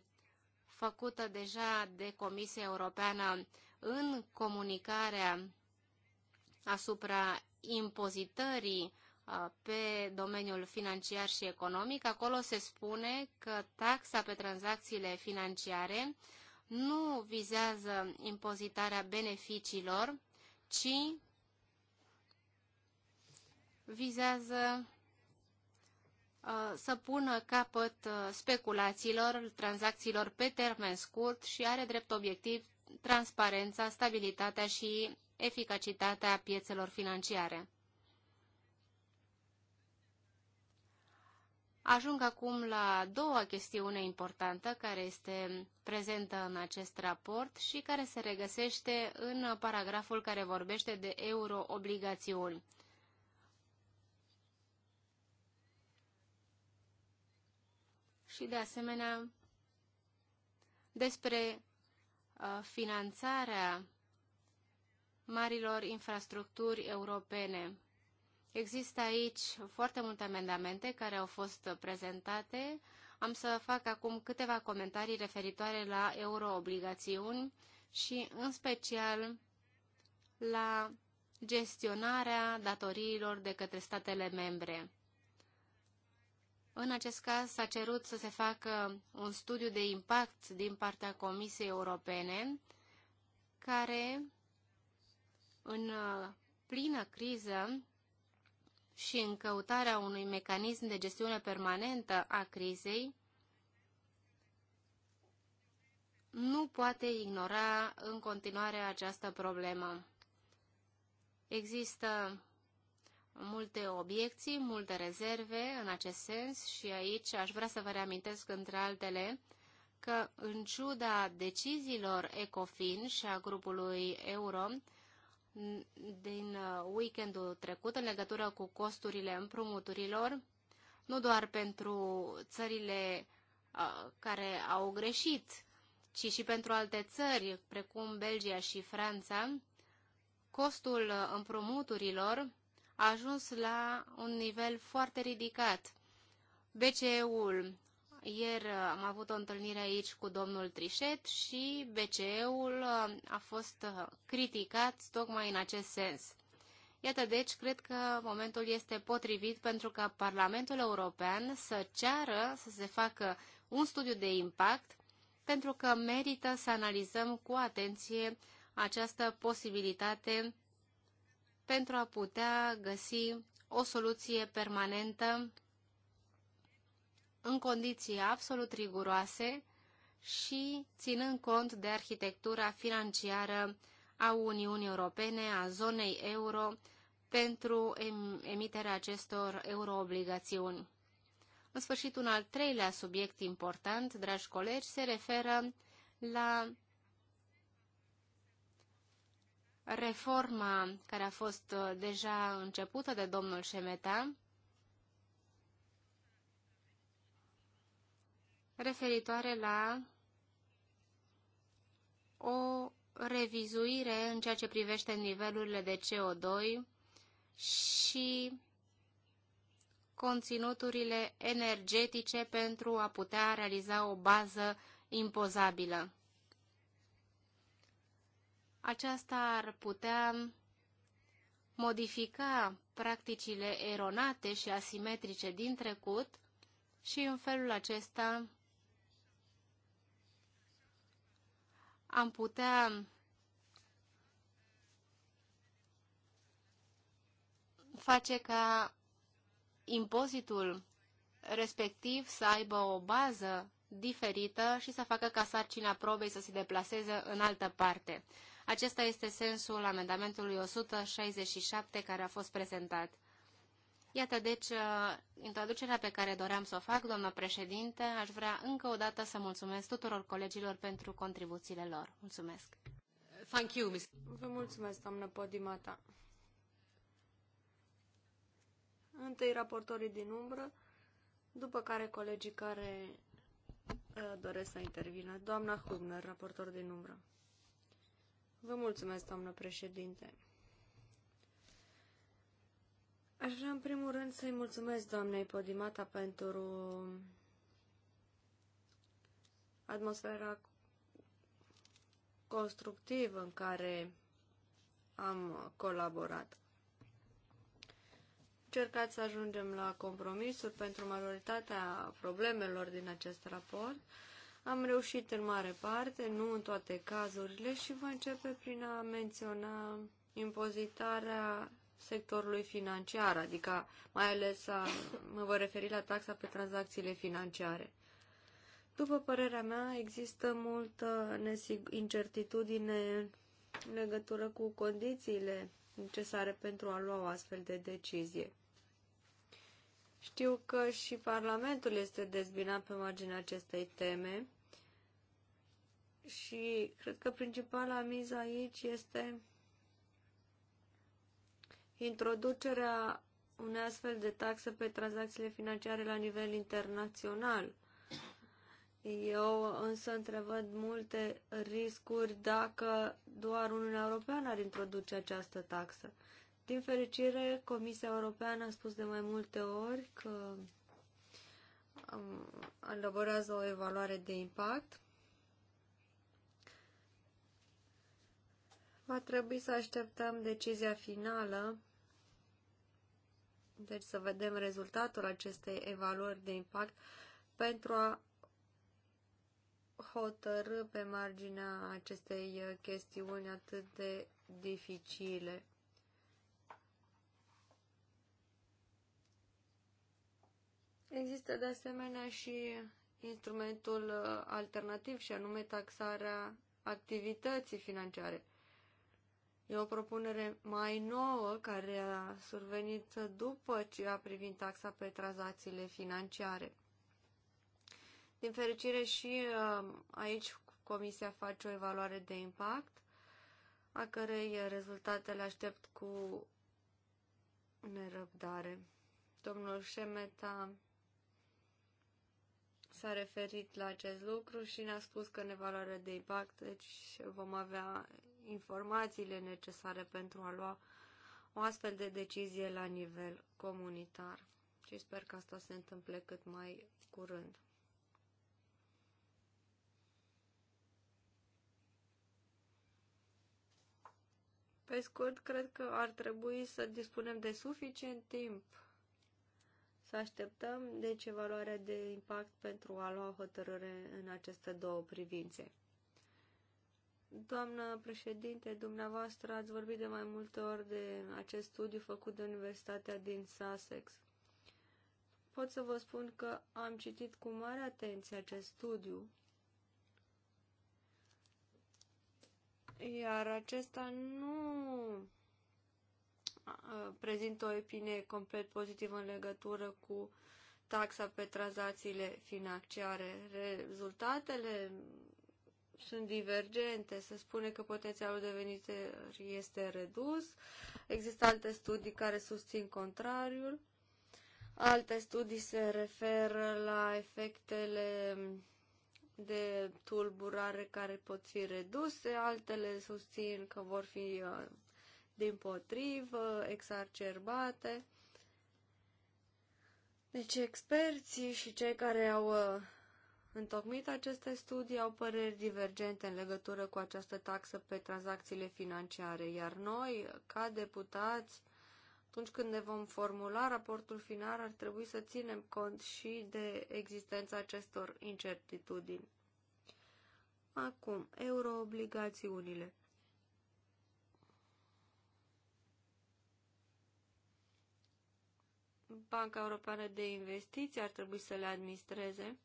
făcută deja de Comisia Europeană în comunicarea asupra impozitării uh, pe domeniul financiar și economic. Acolo se spune că taxa pe tranzacțiile financiare nu vizează impozitarea beneficiilor, ci vizează Uh, să pună capăt uh, speculațiilor, tranzacțiilor pe termen scurt și are drept obiectiv transparența, stabilitatea și eficacitatea piețelor financiare. Ajung acum la doua chestiune importantă care este prezentă în acest raport și care se regăsește în paragraful care vorbește de euroobligațiuni. și, de asemenea, despre uh, finanțarea marilor infrastructuri europene. Există aici foarte multe amendamente care au fost prezentate. Am să fac acum câteva comentarii referitoare la euroobligațiuni și, în special, la gestionarea datoriilor de către statele membre. În acest caz s-a cerut să se facă un studiu de impact din partea Comisiei Europene, care în uh, plină criză și în căutarea unui mecanism de gestiune permanentă a crizei, nu poate ignora în continuare această problemă. Există multe obiecții, multe rezerve în acest sens și aici aș vrea să vă reamintesc între altele că în ciuda deciziilor ECOFIN și a grupului Euro din uh, weekendul trecut în legătură cu costurile împrumuturilor, nu doar pentru țările uh, care au greșit, ci și pentru alte țări, precum Belgia și Franța, costul împrumuturilor a ajuns la un nivel foarte ridicat. BCE-ul, ieri uh, am avut o întâlnire aici cu domnul Trișet și BCE-ul uh, a fost uh, criticat tocmai în acest sens. Iată deci, cred că momentul este potrivit pentru ca Parlamentul European să ceară să se facă un studiu de impact pentru că merită să analizăm cu atenție această posibilitate pentru a putea găsi o soluție permanentă în condiții absolut riguroase și ținând cont de arhitectura financiară a Uniunii Europene, a zonei euro, pentru emiterea acestor euroobligațiuni. În sfârșit, un al treilea subiect important, dragi colegi, se referă la reforma care a fost uh, deja începută de domnul Șemeta, referitoare la o revizuire în ceea ce privește nivelurile de CO2 și conținuturile energetice pentru a putea realiza o bază impozabilă aceasta ar putea modifica practicile eronate și asimetrice din trecut și în felul acesta am putea face ca impozitul respectiv să aibă o bază diferită și să facă ca sarcina probei să se deplaseze în altă parte. Acesta este sensul amendamentului 167 care a fost prezentat. Iată, deci, uh, introducerea pe care doream să o fac, doamnă președinte, aș vrea încă o dată să mulțumesc tuturor colegilor pentru contribuțiile lor. Mulțumesc! Thank you, Ms. Vă mulțumesc, doamnă Podimata. Întâi raportorii din umbră, după care colegii care Uh, doresc să intervină. Doamna Hubner, raportor din umbră. Vă mulțumesc, doamnă președinte. Aș vrea, în primul rând, să-i mulțumesc doamnei Podimata pentru atmosfera constructivă în care am colaborat încercat să ajungem la compromisuri pentru majoritatea problemelor din acest raport. Am reușit în mare parte, nu în toate cazurile, și voi începe prin a menționa impozitarea sectorului financiar, adică mai ales a, mă voi referi la taxa pe tranzacțiile financiare. După părerea mea, există multă incertitudine în legătură cu condițiile necesare pentru a lua o astfel de decizie. Știu că și Parlamentul este dezbinat pe marginea acestei teme și cred că principala miză aici este introducerea unei astfel de taxă pe tranzacțiile financiare la nivel internațional. Eu însă întrevăd multe riscuri dacă doar Uniunea Europeană ar introduce această taxă. Din fericire, Comisia Europeană a spus de mai multe ori că um, elaborează o evaluare de impact. Va trebui să așteptăm decizia finală, deci să vedem rezultatul acestei evaluări de impact pentru a hotărâ pe marginea acestei uh, chestiuni atât de dificile. Există de asemenea și instrumentul uh, alternativ și anume taxarea activității financiare. E o propunere mai nouă care a survenit după ce a privit taxa pe tranzacțiile financiare. Din fericire și uh, aici Comisia face o evaluare de impact, a cărei rezultate le aștept cu nerăbdare. Domnul Șemeta s-a referit la acest lucru și ne-a spus că în evaluarea de impact deci vom avea informațiile necesare pentru a lua o astfel de decizie la nivel comunitar. Și sper că asta se întâmple cât mai curând. Pe scurt, cred că ar trebui să dispunem de suficient timp să așteptăm deci evaluarea de impact pentru a lua hotărâre în aceste două privințe. Doamnă președinte, dumneavoastră ați vorbit de mai multe ori de acest studiu făcut de Universitatea din Sussex. Pot să vă spun că am citit cu mare atenție acest studiu, iar acesta nu Uh, prezintă o opinie complet pozitivă în legătură cu taxa pe tranzacțiile financiare. Rezultatele sunt divergente. Se spune că potențialul de venit este redus. Există alte studii care susțin contrariul. Alte studii se referă la efectele de tulburare care pot fi reduse, altele susțin că vor fi uh, din potrivă, exacerbate. Deci experții și cei care au uh, întocmit aceste studii au păreri divergente în legătură cu această taxă pe tranzacțiile financiare, iar noi, ca deputați, atunci când ne vom formula raportul final, ar trebui să ținem cont și de existența acestor incertitudini. Acum, euroobligațiunile. Banca Europeană de Investiții ar trebui să le administreze.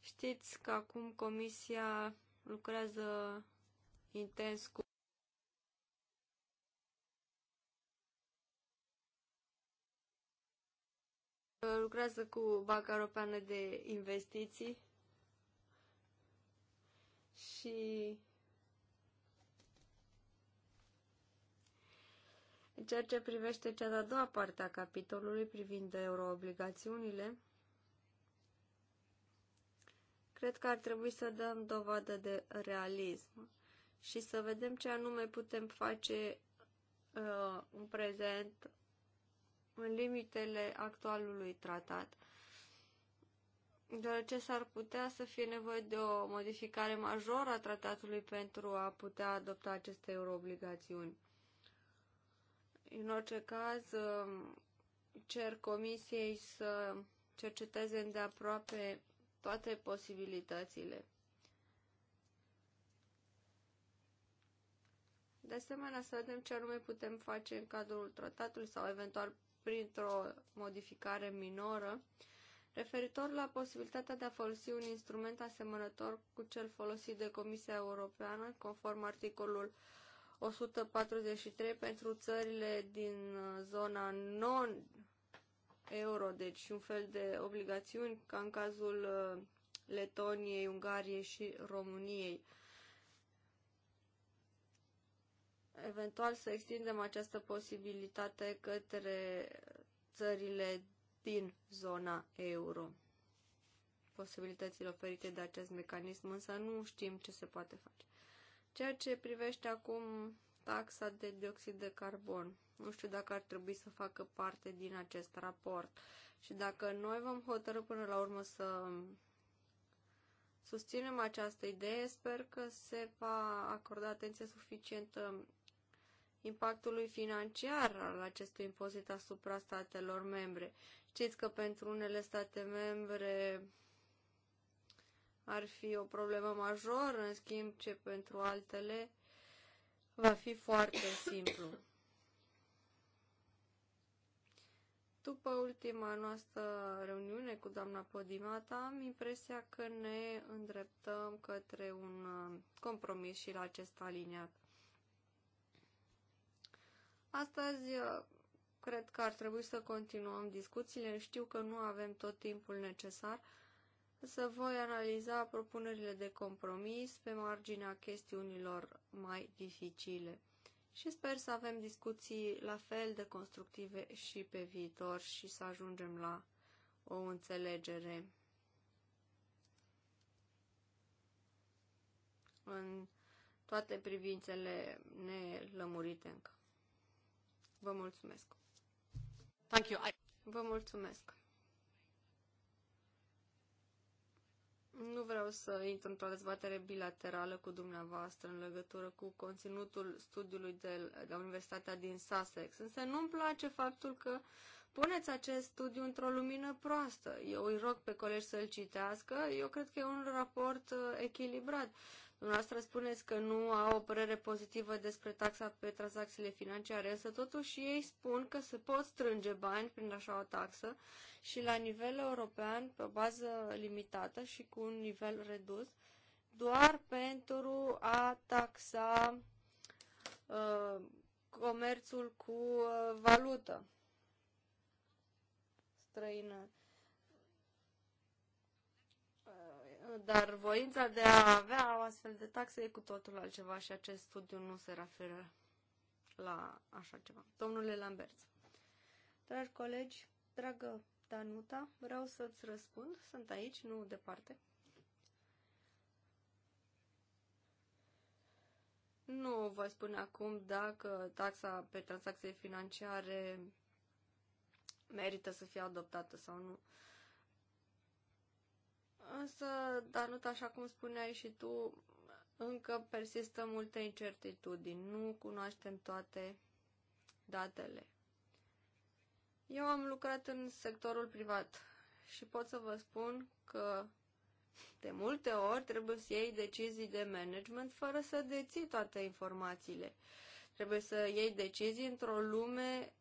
Știți că acum Comisia lucrează intens cu lucrează cu Banca Europeană de Investiții și În ceea ce privește cea de-a doua parte a capitolului privind euroobligațiunile, cred că ar trebui să dăm dovadă de realism și să vedem ce anume putem face uh, în prezent în limitele actualului tratat. Deoarece s-ar putea să fie nevoie de o modificare majoră a tratatului pentru a putea adopta aceste euroobligațiuni. În orice caz, um, cer comisiei să cerceteze îndeaproape toate posibilitățile. De asemenea, să vedem ce anume putem face în cadrul tratatului sau eventual printr-o modificare minoră, referitor la posibilitatea de a folosi un instrument asemănător cu cel folosit de Comisia Europeană, conform articolul 143 pentru țările din zona non-euro, deci un fel de obligațiuni, ca în cazul uh, Letoniei, Ungariei și României. Eventual să extindem această posibilitate către țările din zona euro. Posibilitățile oferite de acest mecanism, însă nu știm ce se poate face. Ceea ce privește acum taxa de dioxid de carbon. Nu știu dacă ar trebui să facă parte din acest raport și dacă noi vom hotărâ până la urmă să susținem această idee, sper că se va acorda atenție suficientă impactului financiar al acestui impozit asupra statelor membre. Știți că pentru unele state membre ar fi o problemă majoră, în schimb ce pentru altele va fi foarte simplu. După ultima noastră reuniune cu doamna Podimata, am impresia că ne îndreptăm către un uh, compromis și la acest aliniat. Astăzi, uh, cred că ar trebui să continuăm discuțiile. Știu că nu avem tot timpul necesar, să voi analiza propunerile de compromis pe marginea chestiunilor mai dificile și sper să avem discuții la fel de constructive și pe viitor și să ajungem la o înțelegere în toate privințele nelămurite încă. Vă mulțumesc! Thank you. I... Vă mulțumesc! Nu vreau să intru într-o dezbatere bilaterală cu dumneavoastră în legătură cu conținutul studiului de la Universitatea din Sussex, însă nu-mi place faptul că puneți acest studiu într-o lumină proastă. Eu îi rog pe colegi să-l citească, eu cred că e un raport uh, echilibrat. Uh, Dumneavoastră spuneți că nu au o părere pozitivă despre taxa pe tranzacțiile financiare, însă totuși ei spun că se pot strânge bani prin așa o taxă și la nivel european, pe o bază limitată și cu un nivel redus, doar pentru a taxa uh, comerțul cu uh, valută străină. dar voința de a avea o astfel de taxă e cu totul altceva și acest studiu nu se referă la așa ceva. Domnule Lambert, dragi colegi, dragă Danuta, vreau să-ți răspund. Sunt aici, nu departe. Nu vă spun acum dacă taxa pe tranzacție financiare merită să fie adoptată sau nu. Însă, nu așa cum spuneai și tu, încă persistă multe incertitudini. Nu cunoaștem toate datele. Eu am lucrat în sectorul privat și pot să vă spun că de multe ori trebuie să iei decizii de management fără să deții toate informațiile. Trebuie să iei decizii într-o lume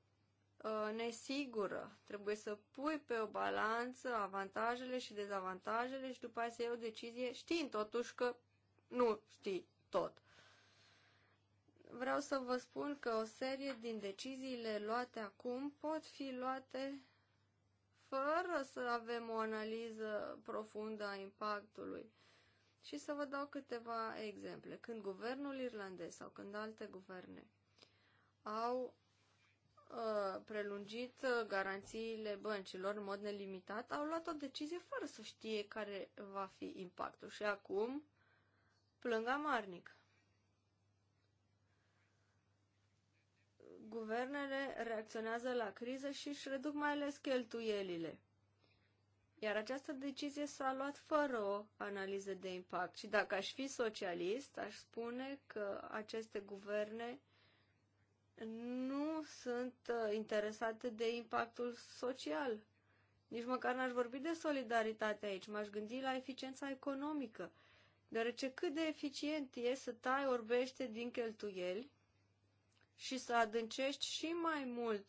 Uh, nesigură. Trebuie să pui pe o balanță avantajele și dezavantajele și după aceea să iei o decizie știind totuși că nu știi tot. Vreau să vă spun că o serie din deciziile luate acum pot fi luate fără să avem o analiză profundă a impactului. Și să vă dau câteva exemple. Când guvernul irlandez sau când alte guverne au Uh, prelungit uh, garanțiile băncilor în mod nelimitat, au luat o decizie fără să știe care va fi impactul și acum plâng amarnic. Guvernele reacționează la criză și își reduc mai ales cheltuielile. Iar această decizie s-a luat fără o analiză de impact. Și dacă aș fi socialist, aș spune că aceste guverne nu sunt uh, interesate de impactul social. Nici măcar n-aș vorbi de solidaritate aici, m-aș gândi la eficiența economică, deoarece cât de eficient e să tai orbește din cheltuieli și să adâncești și mai mult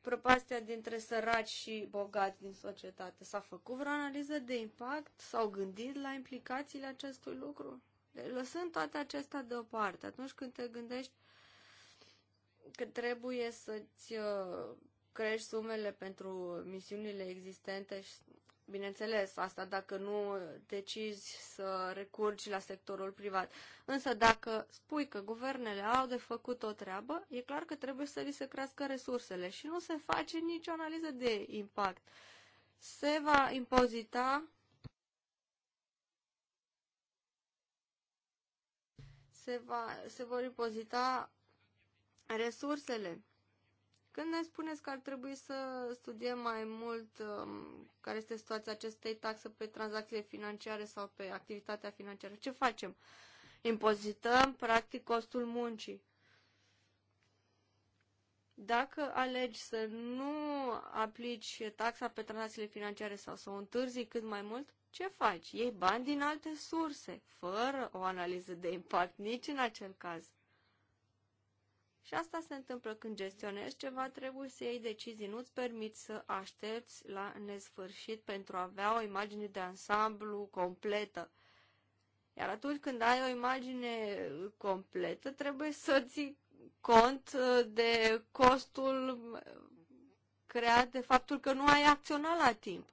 prăpastia dintre săraci și bogați din societate. S-a făcut vreo analiză de impact? S-au gândit la implicațiile acestui lucru? Deci, lăsând toate acestea deoparte, atunci când te gândești că trebuie să-ți uh, crești sumele pentru misiunile existente și, bineînțeles, asta dacă nu decizi să recurgi la sectorul privat. Însă dacă spui că guvernele au de făcut o treabă, e clar că trebuie să li se crească resursele și nu se face nicio analiză de impact. Se va impozita se, va, se vor impozita Resursele. Când ne spuneți că ar trebui să studiem mai mult um, care este situația acestei taxe pe tranzacțiile financiare sau pe activitatea financiară, ce facem? Impozităm, practic, costul muncii. Dacă alegi să nu aplici taxa pe tranzacțiile financiare sau să o întârzi cât mai mult, ce faci? Iei bani din alte surse, fără o analiză de impact, nici în acel caz. Și asta se întâmplă când gestionezi ceva, trebuie să iei decizii, nu-ți permiți să aștepți la nesfârșit pentru a avea o imagine de ansamblu completă. Iar atunci când ai o imagine completă, trebuie să ții cont uh, de costul uh, creat de faptul că nu ai acționat la timp.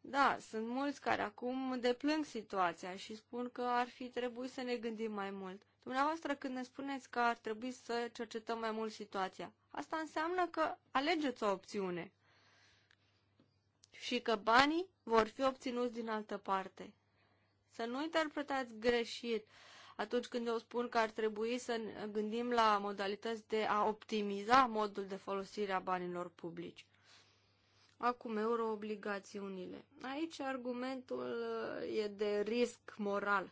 Da, sunt mulți care acum deplâng situația și spun că ar fi trebuit să ne gândim mai mult. Dumneavoastră când ne spuneți că ar trebui să cercetăm mai mult situația, asta înseamnă că alegeți o opțiune și că banii vor fi obținuți din altă parte. Să nu interpretați greșit atunci când eu spun că ar trebui să gândim la modalități de a optimiza modul de folosire a banilor publici. Acum, euroobligațiunile. Aici argumentul uh, e de risc moral.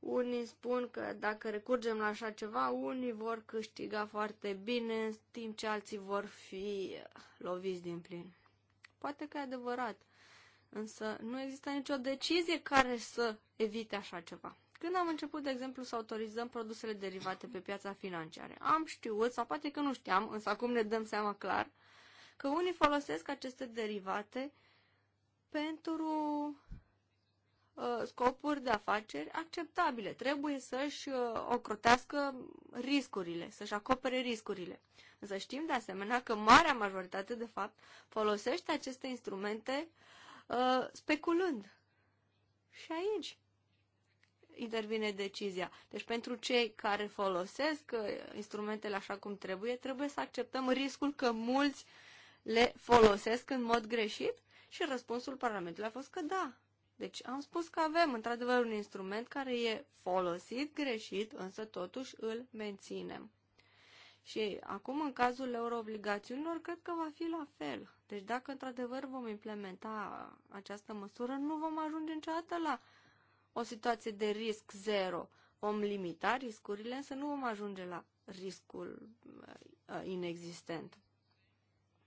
Unii spun că dacă recurgem la așa ceva, unii vor câștiga foarte bine, în timp ce alții vor fi loviți din plin. Poate că e adevărat, însă nu există nicio decizie care să evite așa ceva. Când am început, de exemplu, să autorizăm produsele derivate pe piața financiară, am știut, sau poate că nu știam, însă acum ne dăm seama clar, că unii folosesc aceste derivate pentru Uh, scopuri de afaceri acceptabile. Trebuie să-și uh, ocrotească riscurile, să-și acopere riscurile. Însă știm de asemenea că marea majoritate, de fapt, folosește aceste instrumente uh, speculând. Și aici intervine decizia. Deci pentru cei care folosesc uh, instrumentele așa cum trebuie, trebuie să acceptăm riscul că mulți le folosesc în mod greșit? Și răspunsul Parlamentului a fost că da, deci am spus că avem într-adevăr un instrument care e folosit greșit, însă totuși îl menținem. Și acum, în cazul euroobligațiunilor, cred că va fi la fel. Deci dacă într-adevăr vom implementa această măsură, nu vom ajunge niciodată la o situație de risc zero. Vom limita riscurile, însă nu vom ajunge la riscul uh, inexistent.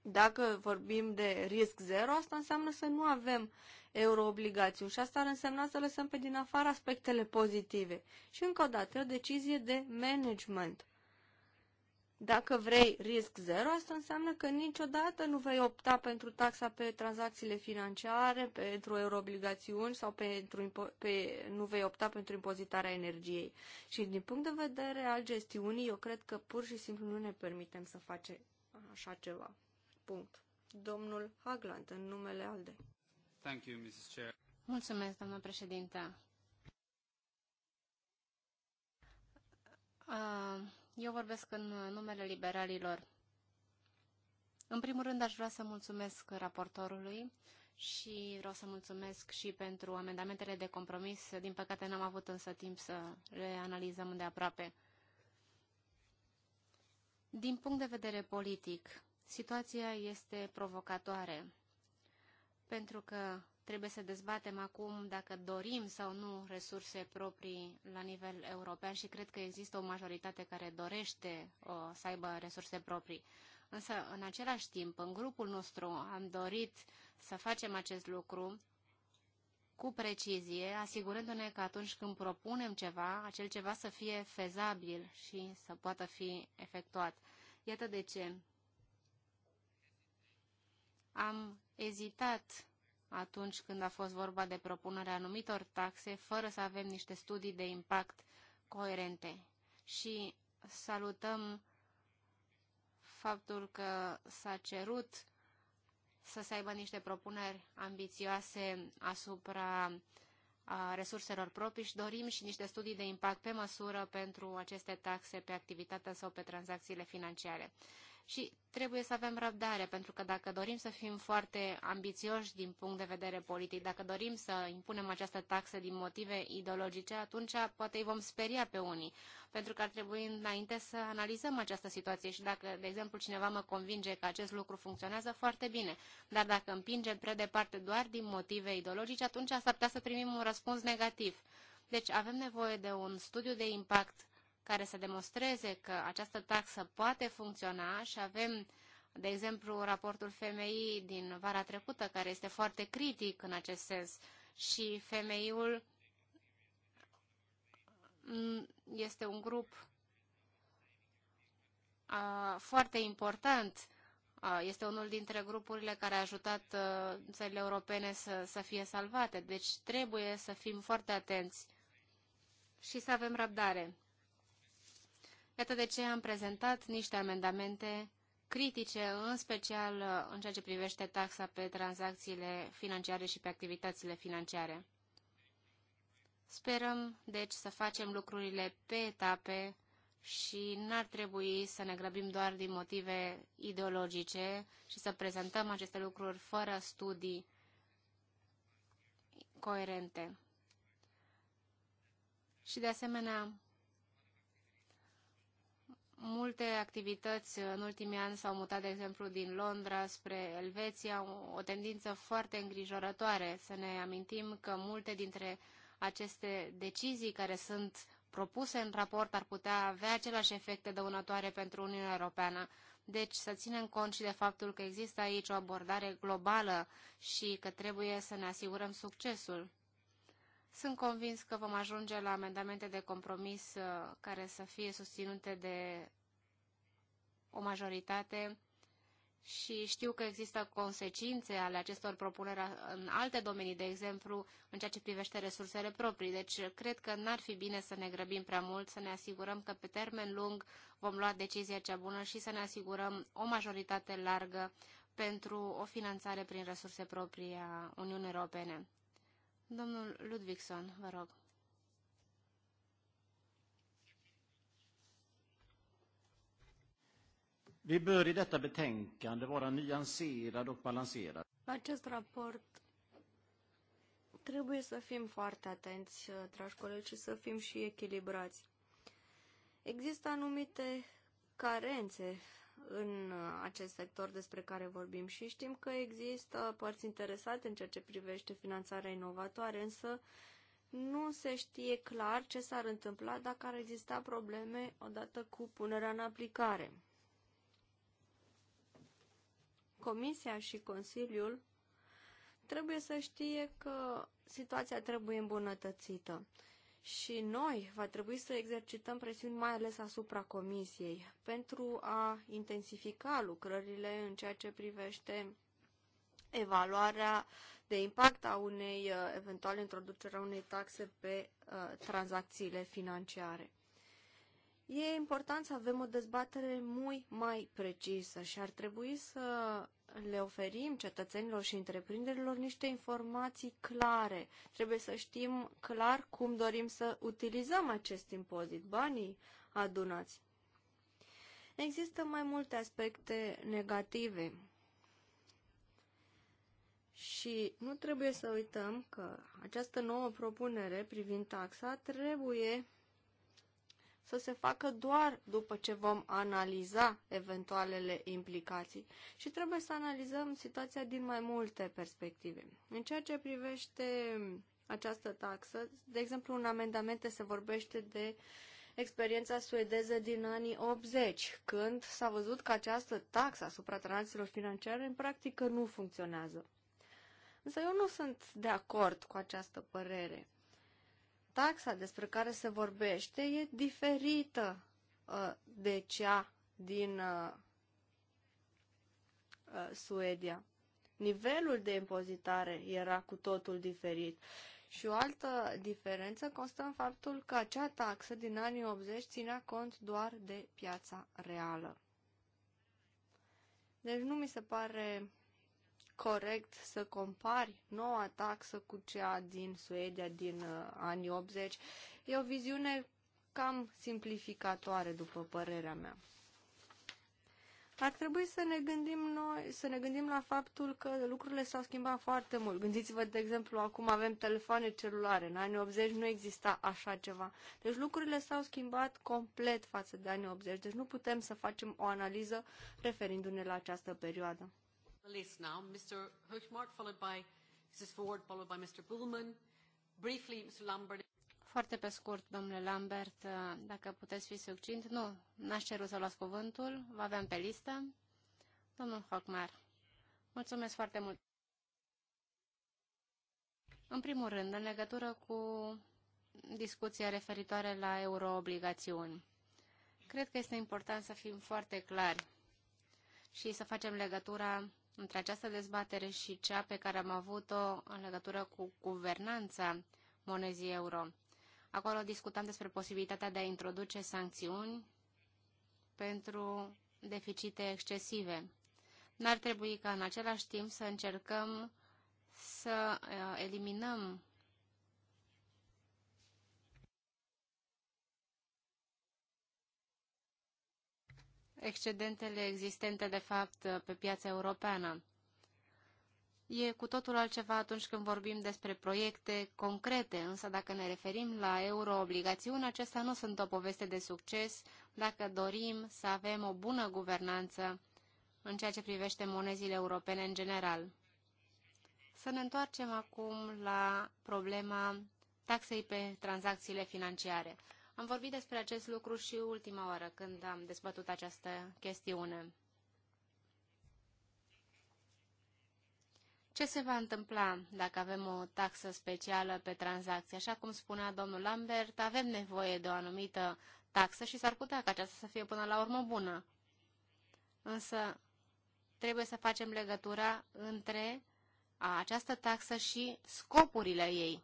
Dacă vorbim de risc zero, asta înseamnă să nu avem euroobligațiuni și asta ar însemna să lăsăm pe din afară aspectele pozitive. Și încă o dată, o decizie de management. Dacă vrei risc zero, asta înseamnă că niciodată nu vei opta pentru taxa pe tranzacțiile financiare, pentru euroobligațiuni sau pentru, pe, nu vei opta pentru impozitarea energiei. Și din punct de vedere al gestiunii, eu cred că pur și simplu nu ne permitem să facem așa ceva punct. Domnul Hagland, în numele ALDE. Thank you, Mrs. Chair. Mulțumesc, doamnă președinte. Eu vorbesc în numele liberalilor. În primul rând, aș vrea să mulțumesc raportorului și vreau să mulțumesc și pentru amendamentele de compromis. Din păcate, n-am avut însă timp să le analizăm de aproape. Din punct de vedere politic, Situația este provocatoare, pentru că trebuie să dezbatem acum dacă dorim sau nu resurse proprii la nivel european și cred că există o majoritate care dorește o, uh, să aibă resurse proprii. Însă, în același timp, în grupul nostru am dorit să facem acest lucru cu precizie, asigurându-ne că atunci când propunem ceva, acel ceva să fie fezabil și să poată fi efectuat. Iată de ce am ezitat atunci când a fost vorba de propunerea anumitor taxe, fără să avem niște studii de impact coerente. Și salutăm faptul că s-a cerut să se aibă niște propuneri ambițioase asupra a resurselor proprii și dorim și niște studii de impact pe măsură pentru aceste taxe pe activitatea sau pe tranzacțiile financiare și trebuie să avem răbdare, pentru că dacă dorim să fim foarte ambițioși din punct de vedere politic, dacă dorim să impunem această taxă din motive ideologice, atunci poate îi vom speria pe unii, pentru că ar trebui înainte să analizăm această situație și dacă, de exemplu, cineva mă convinge că acest lucru funcționează foarte bine, dar dacă împingem prea departe doar din motive ideologice, atunci s-ar putea să primim un răspuns negativ. Deci avem nevoie de un studiu de impact care să demonstreze că această taxă poate funcționa și avem, de exemplu, raportul FMI din vara trecută, care este foarte critic în acest sens și FMI-ul este un grup foarte important. este unul dintre grupurile care a ajutat țările europene să, să fie salvate. Deci trebuie să fim foarte atenți și să avem răbdare. Iată de ce am prezentat niște amendamente critice, în special uh, în ceea ce privește taxa pe tranzacțiile financiare și pe activitățile financiare. Sperăm, deci, să facem lucrurile pe etape și n-ar trebui să ne grăbim doar din motive ideologice și să prezentăm aceste lucruri fără studii coerente. Și, de asemenea, Multe activități în ultimii ani s-au mutat, de exemplu, din Londra spre Elveția, o tendință foarte îngrijorătoare. Să ne amintim că multe dintre aceste decizii care sunt propuse în raport ar putea avea același efecte dăunătoare pentru Uniunea Europeană. Deci să ținem cont și de faptul că există aici o abordare globală și că trebuie să ne asigurăm succesul. Sunt convins că vom ajunge la amendamente de compromis uh, care să fie susținute de o majoritate și știu că există consecințe ale acestor propuneri în alte domenii, de exemplu, în ceea ce privește resursele proprii. Deci, cred că n-ar fi bine să ne grăbim prea mult, să ne asigurăm că pe termen lung vom lua decizia cea bună și să ne asigurăm o majoritate largă pentru o finanțare prin resurse proprii a Uniunii Europene. Domnul Ludvigson, vă rog. Vi bör i detta betänkande vara nyanserad och balanserad. Acest raport trebuie să fim foarte atenți, dragi colegi, și să fim și echilibrați. Există anumite carențe în uh, acest sector despre care vorbim și știm că există părți interesate în ceea ce privește finanțarea inovatoare, însă nu se știe clar ce s-ar întâmpla dacă ar exista probleme odată cu punerea în aplicare. Comisia și Consiliul trebuie să știe că situația trebuie îmbunătățită și noi va trebui să exercităm presiuni mai ales asupra Comisiei pentru a intensifica lucrările în ceea ce privește evaluarea de impact a unei uh, eventuale introducerea unei taxe pe uh, tranzacțiile financiare. E important să avem o dezbatere mult mai precisă și ar trebui să le oferim cetățenilor și întreprinderilor niște informații clare. Trebuie să știm clar cum dorim să utilizăm acest impozit, banii adunați. Există mai multe aspecte negative și nu trebuie să uităm că această nouă propunere privind taxa trebuie să se facă doar după ce vom analiza eventualele implicații și trebuie să analizăm situația din mai multe perspective. În ceea ce privește această taxă, de exemplu, în amendamente se vorbește de experiența suedeză din anii 80, când s-a văzut că această taxă asupra tranzacțiilor financiare în practică nu funcționează. Însă eu nu sunt de acord cu această părere taxa despre care se vorbește e diferită uh, de cea din uh, uh, Suedia. Nivelul de impozitare era cu totul diferit. Și o altă diferență constă în faptul că acea taxă din anii 80 ținea cont doar de piața reală. Deci nu mi se pare corect să compari noua taxă cu cea din Suedia din uh, anii 80. E o viziune cam simplificatoare, după părerea mea. Ar trebui să ne gândim noi, să ne gândim la faptul că lucrurile s-au schimbat foarte mult. Gândiți-vă, de exemplu, acum avem telefoane celulare. În anii 80 nu exista așa ceva. Deci lucrurile s-au schimbat complet față de anii 80. Deci nu putem să facem o analiză referindu-ne la această perioadă. The list now, Mr. Höchmark, followed by Mrs. Ford, followed by Mr. Bullman. Briefly, Mr. Lambert. Foarte pe scurt, domnule Lambert, uh, dacă puteți fi succint. Nu, n-aș cerut să luați cuvântul, vă aveam pe listă. Domnul Hochmar, mulțumesc foarte mult. În primul rând, în legătură cu discuția referitoare la euroobligațiuni. Cred că este important să fim foarte clari și să facem legătura între această dezbatere și cea pe care am avut-o în legătură cu guvernanța monezii euro. Acolo discutam despre posibilitatea de a introduce sancțiuni pentru deficite excesive. N-ar trebui ca în același timp să încercăm să uh, eliminăm excedentele existente, de fapt, pe piața europeană. E cu totul altceva atunci când vorbim despre proiecte concrete, însă dacă ne referim la euroobligațiuni, acestea nu sunt o poveste de succes dacă dorim să avem o bună guvernanță în ceea ce privește monezile europene în general. Să ne întoarcem acum la problema taxei pe tranzacțiile financiare. Am vorbit despre acest lucru și ultima oară când am dezbătut această chestiune. Ce se va întâmpla dacă avem o taxă specială pe tranzacție? Așa cum spunea domnul Lambert, avem nevoie de o anumită taxă și s-ar putea ca aceasta să fie până la urmă bună. Însă trebuie să facem legătura între această taxă și scopurile ei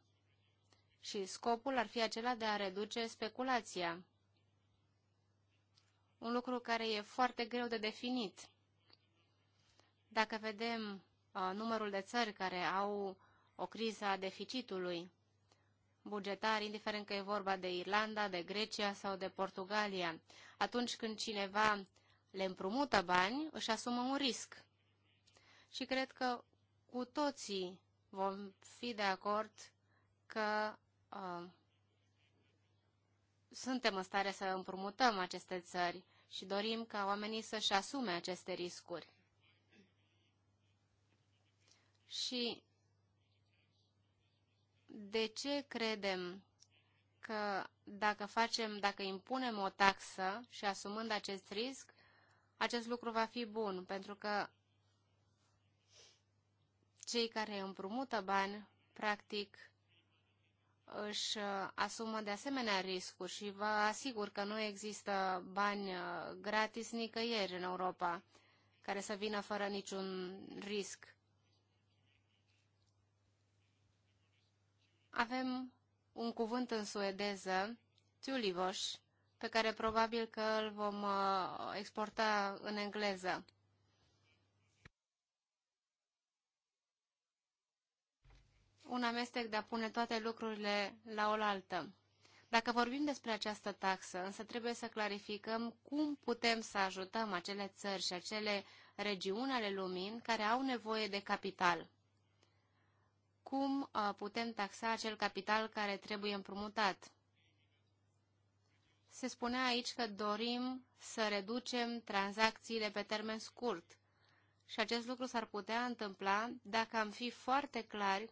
și scopul ar fi acela de a reduce speculația. Un lucru care e foarte greu de definit. Dacă vedem a, uh, numărul de țări care au o criză a deficitului bugetar, indiferent că e vorba de Irlanda, de Grecia sau de Portugalia, atunci când cineva le împrumută bani, își asumă un risc. Și cred că cu toții vom fi de acord că suntem în stare să împrumutăm aceste țări și dorim ca oamenii să-și asume aceste riscuri. Și de ce credem că dacă facem, dacă impunem o taxă și asumând acest risc, acest lucru va fi bun, pentru că cei care împrumută bani, practic, își uh, asumă de asemenea riscuri și vă asigur că nu există bani uh, gratis nicăieri în Europa care să vină fără niciun risc. Avem un cuvânt în suedeză, tulivoș, pe care probabil că îl vom uh, exporta în engleză. un amestec de a pune toate lucrurile la oaltă. Dacă vorbim despre această taxă, însă trebuie să clarificăm cum putem să ajutăm acele țări și acele regiuni ale lumii care au nevoie de capital. Cum uh, putem taxa acel capital care trebuie împrumutat? Se spunea aici că dorim să reducem tranzacțiile pe termen scurt și acest lucru s-ar putea întâmpla dacă am fi foarte clari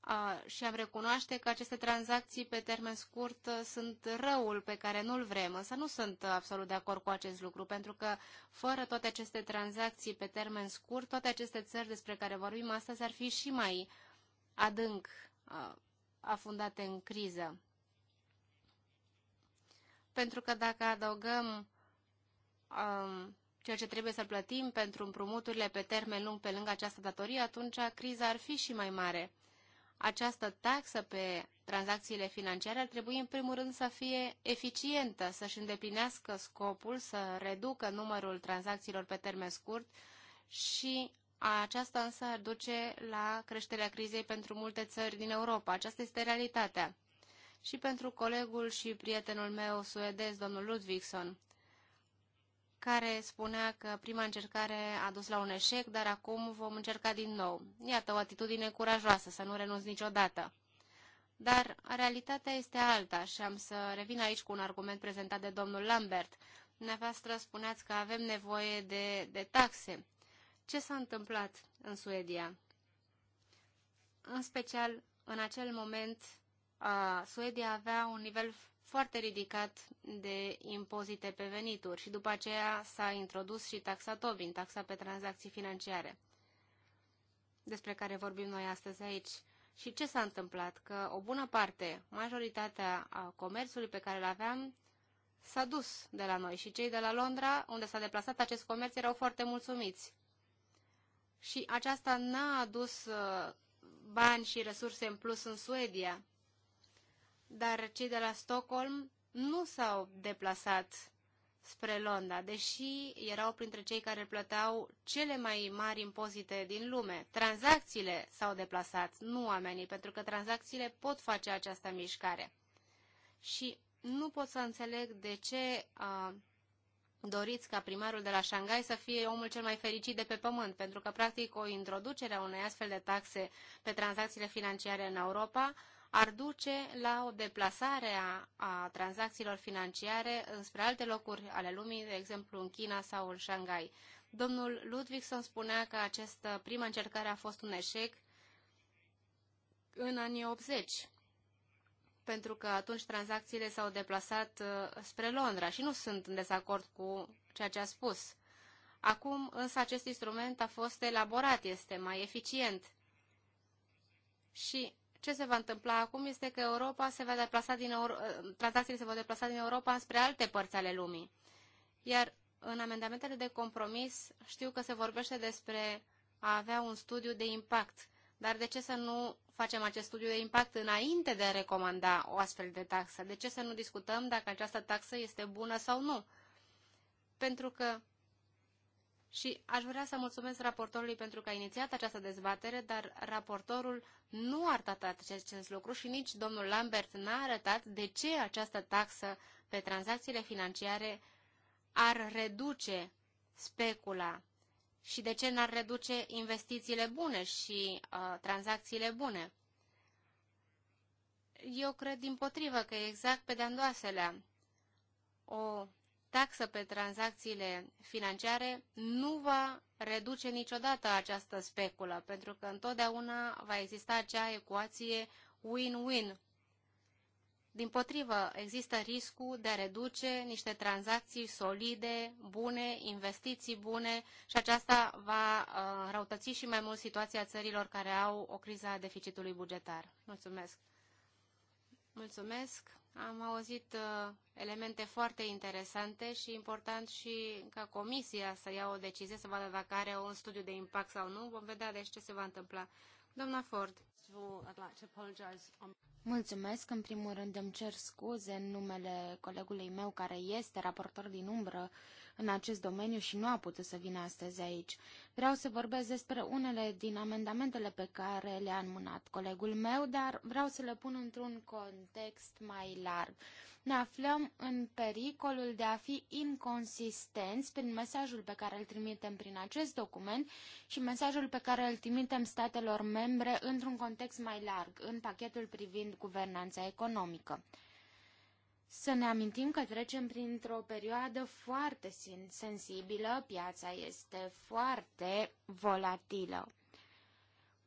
a, și am recunoaște că aceste tranzacții pe termen scurt sunt răul pe care nu-l vrem, însă nu sunt absolut de acord cu acest lucru, pentru că fără toate aceste tranzacții pe termen scurt, toate aceste țări despre care vorbim astăzi ar fi și mai adânc a, afundate în criză. Pentru că dacă adăugăm um, ceea ce trebuie să plătim pentru împrumuturile pe termen lung pe lângă această datorie, atunci criza ar fi și mai mare această taxă pe tranzacțiile financiare ar trebui în primul rând să fie eficientă, să-și îndeplinească scopul, să reducă numărul tranzacțiilor pe termen scurt și aceasta însă ar duce la creșterea crizei pentru multe țări din Europa. Aceasta este realitatea. Și pentru colegul și prietenul meu suedez, domnul Ludvigson, care spunea că prima încercare a dus la un eșec, dar acum vom încerca din nou. Iată, o atitudine curajoasă, să nu renunți niciodată. Dar realitatea este alta și am să revin aici cu un argument prezentat de domnul Lambert. Dumneavoastră spuneați că avem nevoie de, de taxe. Ce s-a întâmplat în Suedia? În special, în acel moment, Suedia avea un nivel foarte ridicat de impozite pe venituri și după aceea s-a introdus și taxa Tobin, taxa pe tranzacții financiare, despre care vorbim noi astăzi aici. Și ce s-a întâmplat? Că o bună parte, majoritatea a comerțului pe care îl aveam, s-a dus de la noi și cei de la Londra, unde s-a deplasat acest comerț, erau foarte mulțumiți. Și aceasta n-a adus uh, bani și resurse în plus în Suedia, dar cei de la Stockholm nu s-au deplasat spre Londra, deși erau printre cei care plăteau cele mai mari impozite din lume. Tranzacțiile s-au deplasat, nu oamenii, pentru că tranzacțiile pot face această mișcare. Și nu pot să înțeleg de ce uh, doriți ca primarul de la Shanghai să fie omul cel mai fericit de pe pământ, pentru că, practic, o introducere a unei astfel de taxe pe tranzacțiile financiare în Europa ar duce la o deplasare a, a tranzacțiilor financiare spre alte locuri ale lumii, de exemplu în China sau în Shanghai. Domnul Ludwigson spunea că această prima încercare a fost un eșec în anii 80, pentru că atunci tranzacțiile s-au deplasat uh, spre Londra și nu sunt în dezacord cu ceea ce a spus. Acum însă acest instrument a fost elaborat, este mai eficient și ce se va întâmpla acum este că Europa se va deplasa din Euro... Ă, tranzacțiile se vor deplasa din Europa spre alte părți ale lumii. Iar în amendamentele de compromis știu că se vorbește despre a avea un studiu de impact. Dar de ce să nu facem acest studiu de impact înainte de a recomanda o astfel de taxă? De ce să nu discutăm dacă această taxă este bună sau nu? Pentru că și aș vrea să mulțumesc raportorului pentru că a inițiat această dezbatere, dar raportorul nu a arătat acest lucru și nici domnul Lambert n-a arătat de ce această taxă pe tranzacțiile financiare ar reduce specula și de ce n-ar reduce investițiile bune și uh, tranzacțiile bune. Eu cred din potrivă că exact pe de-andoaselea o taxă pe tranzacțiile financiare nu va reduce niciodată această speculă, pentru că întotdeauna va exista acea ecuație win-win. Din potrivă, există riscul de a reduce niște tranzacții solide, bune, investiții bune și aceasta va uh, răutăți și mai mult situația țărilor care au o criză a deficitului bugetar. Mulțumesc! Mulțumesc! Am auzit uh, elemente foarte interesante și important și ca comisia să ia o decizie, să vadă dacă are un studiu de impact sau nu. Vom vedea deci ce se va întâmpla. Doamna Ford. Mulțumesc. În primul rând îmi cer scuze în numele colegului meu care este raportor din umbră în acest domeniu și nu a putut să vină astăzi aici. Vreau să vorbesc despre unele din amendamentele pe care le-a înmânat colegul meu, dar vreau să le pun într-un context mai larg. Ne aflăm în pericolul de a fi inconsistenți prin mesajul pe care îl trimitem prin acest document și mesajul pe care îl trimitem statelor membre într-un context mai larg, în pachetul privind guvernanța economică. Să ne amintim că trecem printr-o perioadă foarte sensibilă, piața este foarte volatilă.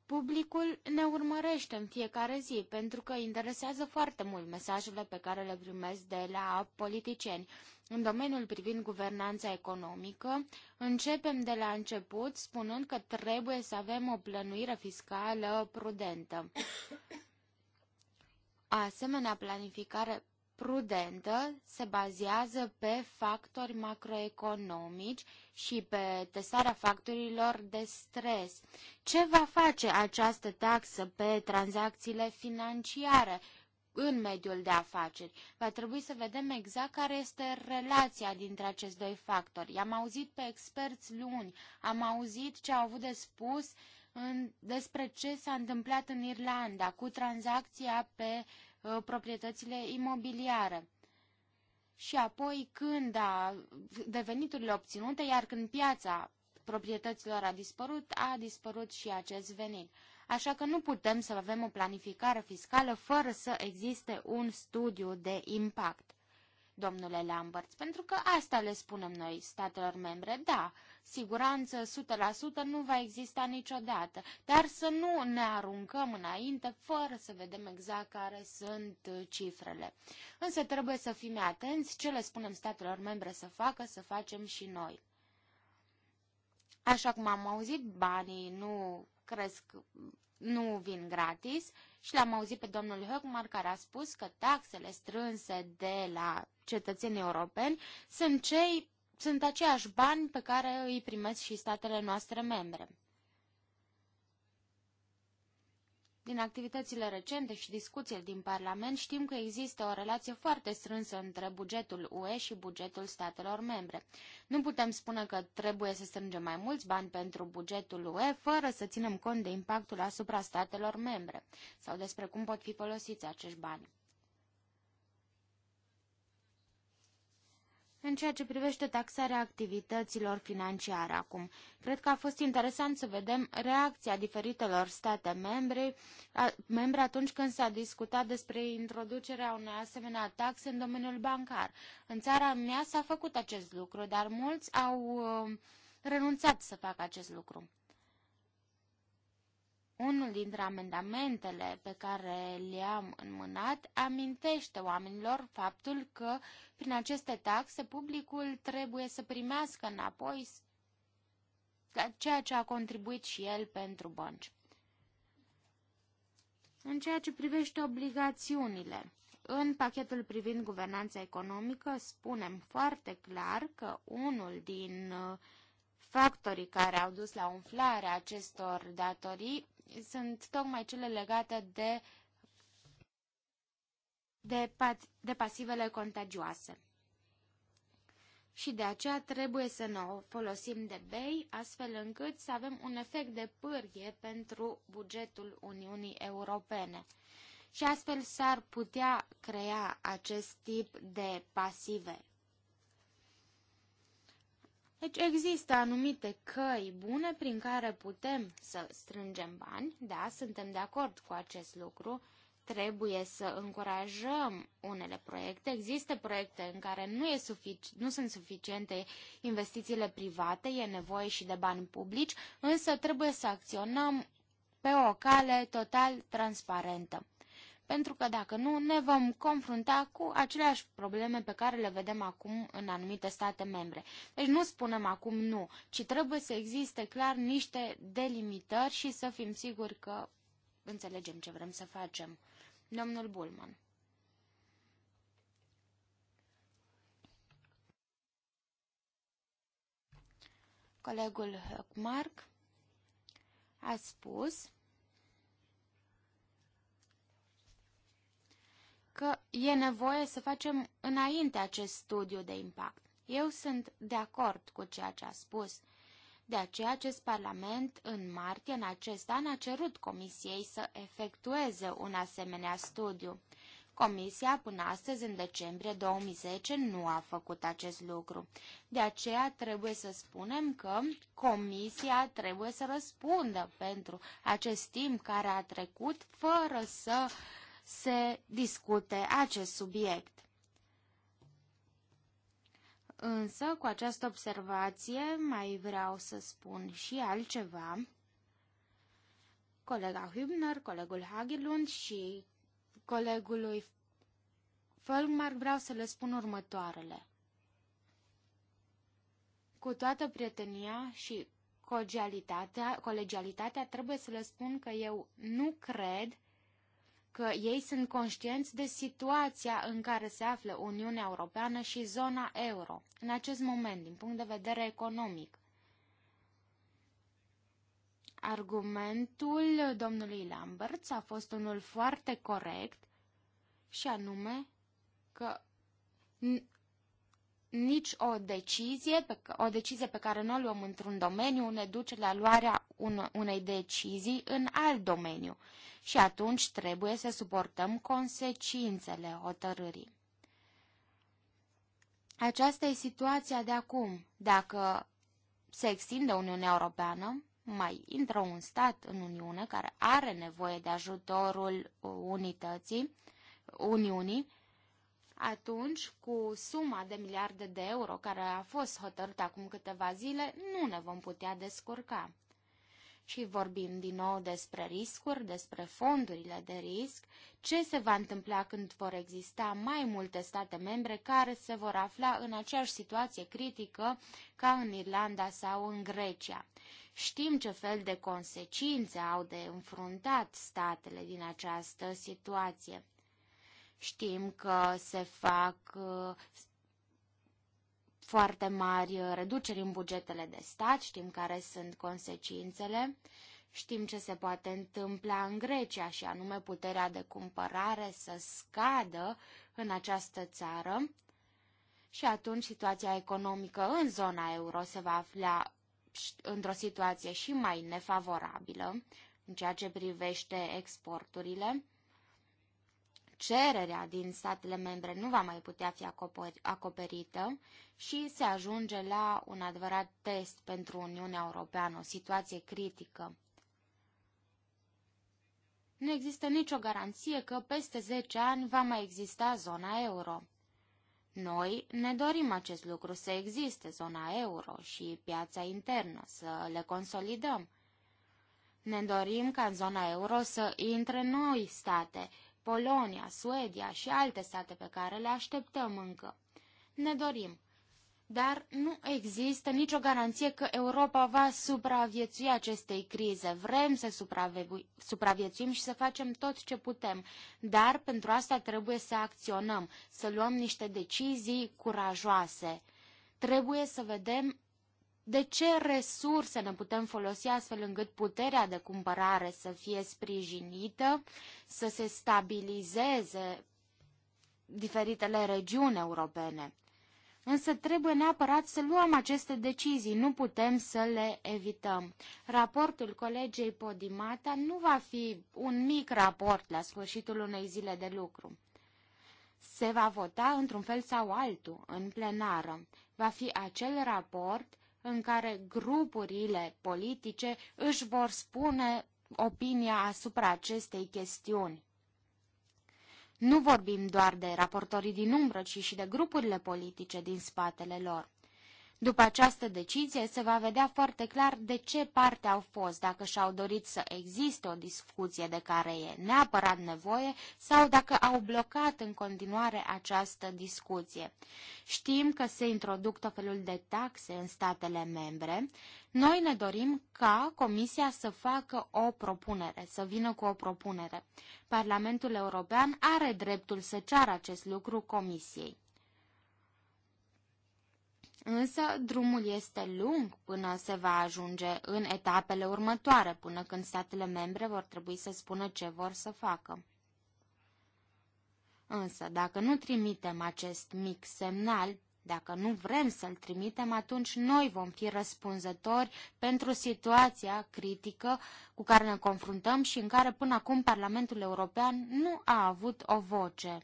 Publicul ne urmărește în fiecare zi pentru că interesează foarte mult mesajele pe care le primesc de la politicieni. În domeniul privind guvernanța economică, începem de la început spunând că trebuie să avem o plănuire fiscală prudentă. Asemenea planificare prudentă se bazează pe factori macroeconomici și pe testarea factorilor de stres. Ce va face această taxă pe tranzacțiile financiare în mediul de afaceri? Va trebui să vedem exact care este relația dintre acești doi factori. I-am auzit pe experți luni, am auzit ce au avut de spus în, despre ce s-a întâmplat în Irlanda cu tranzacția pe uh, Uh, proprietățile imobiliare. Și apoi când a deveniturile veniturile obținute, iar când piața proprietăților a dispărut, a dispărut și acest venit. Așa că nu putem să avem o planificare fiscală fără să existe un studiu de impact domnule Lambert, pentru că asta le spunem noi statelor membre, da, siguranță 100% nu va exista niciodată, dar să nu ne aruncăm înainte fără să vedem exact care sunt cifrele. Însă trebuie să fim atenți ce le spunem statelor membre să facă, să facem și noi. Așa cum am auzit, banii nu cresc, nu vin gratis și l-am auzit pe domnul Höckmar care a spus că taxele strânse de la cetățenii europeni sunt cei sunt aceiași bani pe care îi primesc și statele noastre membre. Din activitățile recente și discuțiile din Parlament știm că există o relație foarte strânsă între bugetul UE și bugetul statelor membre. Nu putem spune că trebuie să strângem mai mulți bani pentru bugetul UE fără să ținem cont de impactul asupra statelor membre sau despre cum pot fi folosiți acești bani. În ceea ce privește taxarea activităților financiare acum, cred că a fost interesant să vedem reacția diferitelor state membre, a, membre atunci când s-a discutat despre introducerea unei asemenea taxe în domeniul bancar. În țara mea s-a făcut acest lucru, dar mulți au uh, renunțat să facă acest lucru. Unul dintre amendamentele pe care le-am înmânat amintește oamenilor faptul că prin aceste taxe publicul trebuie să primească înapoi ceea ce a contribuit și el pentru bănci. În ceea ce privește obligațiunile, în pachetul privind guvernanța economică spunem foarte clar că unul din uh, factorii care au dus la umflarea acestor datorii sunt tocmai cele legate de, de, de pasivele contagioase. Și de aceea trebuie să ne folosim de bei, astfel încât să avem un efect de pârghie pentru bugetul Uniunii Europene. Și astfel s-ar putea crea acest tip de pasive deci există anumite căi bune prin care putem să strângem bani, da, suntem de acord cu acest lucru, trebuie să încurajăm unele proiecte. Există proiecte în care nu, e sufic- nu sunt suficiente investițiile private, e nevoie și de bani publici, însă trebuie să acționăm pe o cale total transparentă pentru că dacă nu, ne vom confrunta cu aceleași probleme pe care le vedem acum în anumite state membre. Deci nu spunem acum nu, ci trebuie să existe clar niște delimitări și să fim siguri că înțelegem ce vrem să facem. Domnul Bulman. Colegul Mark a spus că e nevoie să facem înainte acest studiu de impact. Eu sunt de acord cu ceea ce a spus. De aceea, acest Parlament, în martie în acest an, a cerut Comisiei să efectueze un asemenea studiu. Comisia, până astăzi, în decembrie 2010, nu a făcut acest lucru. De aceea, trebuie să spunem că Comisia trebuie să răspundă pentru acest timp care a trecut, fără să uh, se discute acest subiect. Însă, cu această observație, mai vreau să spun și altceva. Colega Hübner, colegul Hagelund și colegului Folkmark vreau să le spun următoarele. Cu toată prietenia și colegialitatea, colegialitatea, trebuie să le spun că eu nu cred că ei sunt conștienți de situația în care se află Uniunea Europeană și zona euro, în acest moment, din punct de vedere economic. Argumentul domnului Lamberts a fost unul foarte corect și anume că nici o decizie, o decizie pe care nu o luăm într-un domeniu ne duce la luarea unei decizii în alt domeniu și atunci trebuie să suportăm consecințele hotărârii. Aceasta e situația de acum. Dacă se extinde Uniunea Europeană, mai intră un stat în Uniune care are nevoie de ajutorul unității, Uniunii, atunci cu suma de miliarde de euro care a fost hotărâtă acum câteva zile, nu ne vom putea descurca. Și vorbim din nou despre riscuri, despre fondurile de risc, ce se va întâmpla când vor exista mai multe state membre care se vor afla în aceeași situație critică ca în Irlanda sau în Grecia. Știm ce fel de consecințe au de înfruntat statele din această situație. Știm că se fac uh, foarte mari uh, reduceri în bugetele de stat, știm care sunt consecințele, știm ce se poate întâmpla în Grecia și anume puterea de cumpărare să scadă în această țară și atunci situația economică în zona euro se va afla într-o situație și mai nefavorabilă în ceea ce privește exporturile cererea din statele membre nu va mai putea fi acoperită și se ajunge la un adevărat test pentru Uniunea Europeană, o situație critică. Nu există nicio garanție că peste 10 ani va mai exista zona euro. Noi ne dorim acest lucru să existe zona euro și piața internă, să le consolidăm. Ne dorim ca în zona euro să intre noi state Polonia, Suedia și alte state pe care le așteptăm încă. Ne dorim. Dar nu există nicio garanție că Europa va supraviețui acestei crize. Vrem să supraviețuim și să facem tot ce putem, dar pentru asta trebuie să acționăm, să luăm niște decizii curajoase. Trebuie să vedem de ce resurse ne putem folosi astfel încât puterea de cumpărare să fie sprijinită, să se stabilizeze diferitele regiuni europene. Însă trebuie neapărat să luăm aceste decizii, nu putem să le evităm. Raportul colegei Podimata nu va fi un mic raport la sfârșitul unei zile de lucru. Se va vota într-un fel sau altul, în plenară. Va fi acel raport în care grupurile politice își vor spune opinia asupra acestei chestiuni. Nu vorbim doar de raportorii din umbră, ci și de grupurile politice din spatele lor. După această decizie se va vedea foarte clar de ce parte au fost, dacă și-au dorit să existe o discuție de care e neapărat nevoie sau dacă au blocat în continuare această discuție. Știm că se introduc tot felul de taxe în statele membre. Noi ne dorim ca Comisia să facă o propunere, să vină cu o propunere. Parlamentul European are dreptul să ceară acest lucru Comisiei. Însă drumul este lung până se va ajunge în etapele următoare, până când statele membre vor trebui să spună ce vor să facă. Însă, dacă nu trimitem acest mic semnal, dacă nu vrem să-l trimitem, atunci noi vom fi răspunzători pentru situația critică cu care ne confruntăm și în care până acum Parlamentul European nu a avut o voce.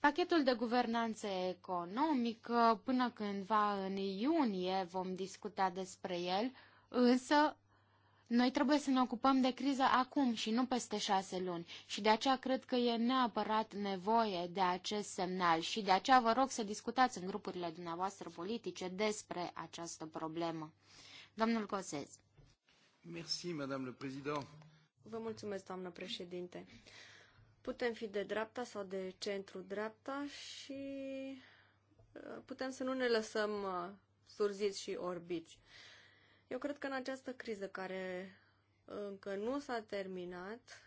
Pachetul de guvernanță economică, până cândva în iunie vom discuta despre el, însă noi trebuie să ne ocupăm de criză acum și nu peste șase luni și de aceea cred că e neapărat nevoie de acest semnal și de aceea vă rog să discutați în grupurile dumneavoastră politice despre această problemă. Domnul Cosez. Merci, Madame le Président. Vă mulțumesc, doamnă președinte. Putem fi de dreapta sau de centru-dreapta și uh, putem să nu ne lăsăm uh, surziți și orbiți. Eu cred că în această criză care uh, încă nu s-a terminat,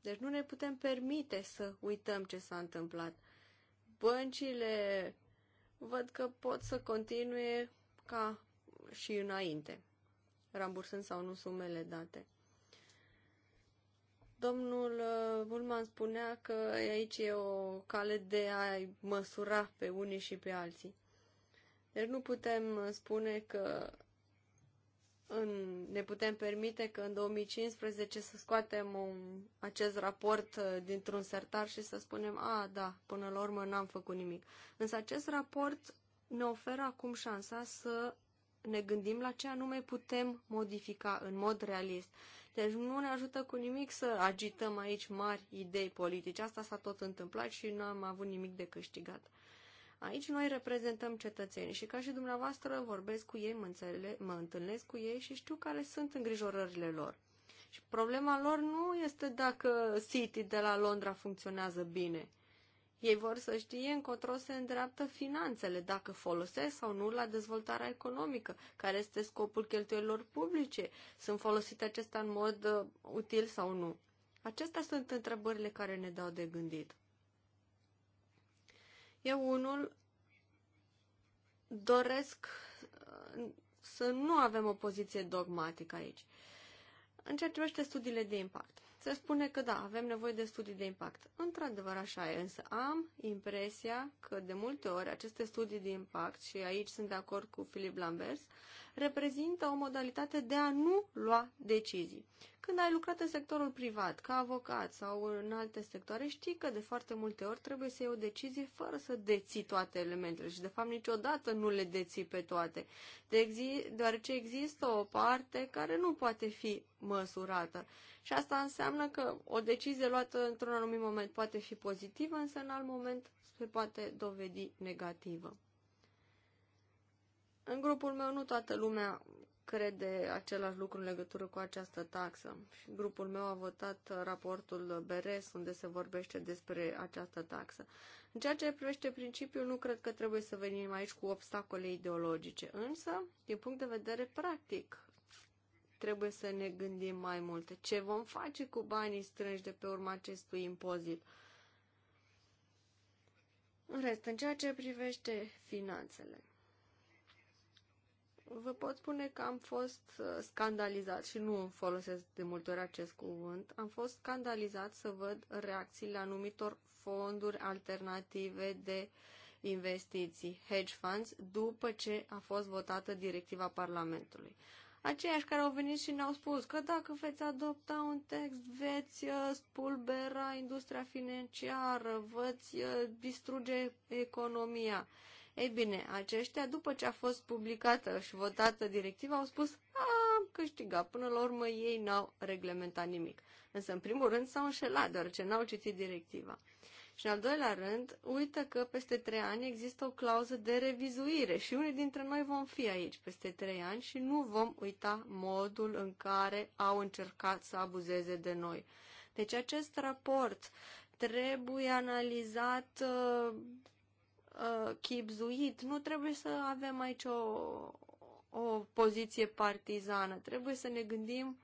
deci nu ne putem permite să uităm ce s-a întâmplat. Băncile văd că pot să continue ca și înainte, rambursând sau nu sumele date. Domnul uh, Bulman spunea că aici e o cale de a măsura pe unii și pe alții. Deci nu putem uh, spune că în, ne putem permite că în 2015 să scoatem un, acest raport uh, dintr-un sertar și să spunem, a, da, până la urmă n-am făcut nimic. Însă acest raport ne oferă acum șansa să ne gândim la ce anume putem modifica în mod realist. Deci nu ne ajută cu nimic să agităm aici mari idei politice. Asta s-a tot întâmplat și nu am avut nimic de câștigat. Aici noi reprezentăm cetățenii și ca și dumneavoastră vorbesc cu ei, mă, înțele- mă întâlnesc cu ei și știu care sunt îngrijorările lor. Și problema lor nu este dacă City de la Londra funcționează bine, ei vor să știe încotro se îndreaptă finanțele, dacă folosesc sau nu la dezvoltarea economică, care este scopul cheltuielor publice, sunt folosite acestea în mod uh, util sau nu. Acestea sunt întrebările care ne dau de gândit. Eu unul doresc uh, să nu avem o poziție dogmatică aici. În ceea ce privește studiile de impact. Se spune că da, avem nevoie de studii de impact. Într-adevăr așa e, însă am impresia că de multe ori aceste studii de impact, și aici sunt de acord cu Philip Lambers, reprezintă o modalitate de a nu lua decizii. Când ai lucrat în sectorul privat, ca avocat sau în alte sectoare, știi că de foarte multe ori trebuie să iei o decizie fără să deții toate elementele și, de fapt, niciodată nu le deții pe toate, de exi- deoarece există o parte care nu poate fi măsurată. Și asta înseamnă că o decizie luată într-un anumit moment poate fi pozitivă, însă în alt moment se poate dovedi negativă. În grupul meu nu toată lumea crede același lucru în legătură cu această taxă. Și grupul meu a votat raportul BRS unde se vorbește despre această taxă. În ceea ce privește principiul, nu cred că trebuie să venim aici cu obstacole ideologice, însă, din punct de vedere practic, trebuie să ne gândim mai multe. Ce vom face cu banii strânși de pe urma acestui impozit? În rest, în ceea ce privește finanțele, Vă pot spune că am fost uh, scandalizat și nu folosesc de multe ori acest cuvânt. Am fost scandalizat să văd reacțiile anumitor fonduri alternative de investiții, hedge funds, după ce a fost votată directiva Parlamentului. Aceiași care au venit și ne-au spus că dacă veți adopta un text, veți uh, spulbera industria financiară, veți uh, distruge economia. Ei bine, aceștia, după ce a fost publicată și votată directiva, au spus, am câștigat, până la urmă ei n-au reglementat nimic. Însă, în primul rând, s-au înșelat, deoarece n-au citit directiva. Și, în al doilea rând, uită că peste trei ani există o clauză de revizuire și unii dintre noi vom fi aici peste trei ani și nu vom uita modul în care au încercat să abuzeze de noi. Deci acest raport trebuie analizat uh, Uh, chipzuit. Nu trebuie să avem aici o, o poziție partizană. Trebuie să ne gândim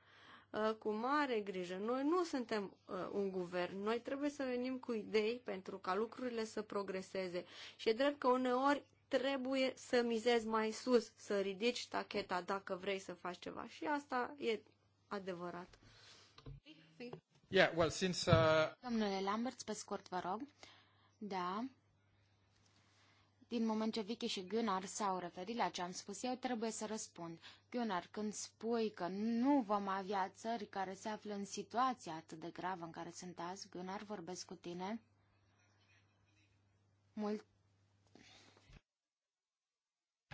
uh, cu mare grijă. Noi nu suntem uh, un guvern. Noi trebuie să venim cu idei pentru ca lucrurile să progreseze. Și e drept că uneori trebuie să mizezi mai sus, să ridici tacheta dacă vrei să faci ceva. Și asta e adevărat. Yeah, well, since, uh... Domnule Lambert, pe scurt, vă rog. Da, din moment ce Vicky și Gunnar s-au referit la ce am spus eu, trebuie să răspund. Gunnar, când spui că nu vom avea țări care se află în situația atât de gravă în care sunt azi, Gunnar, vorbesc cu tine. Mult...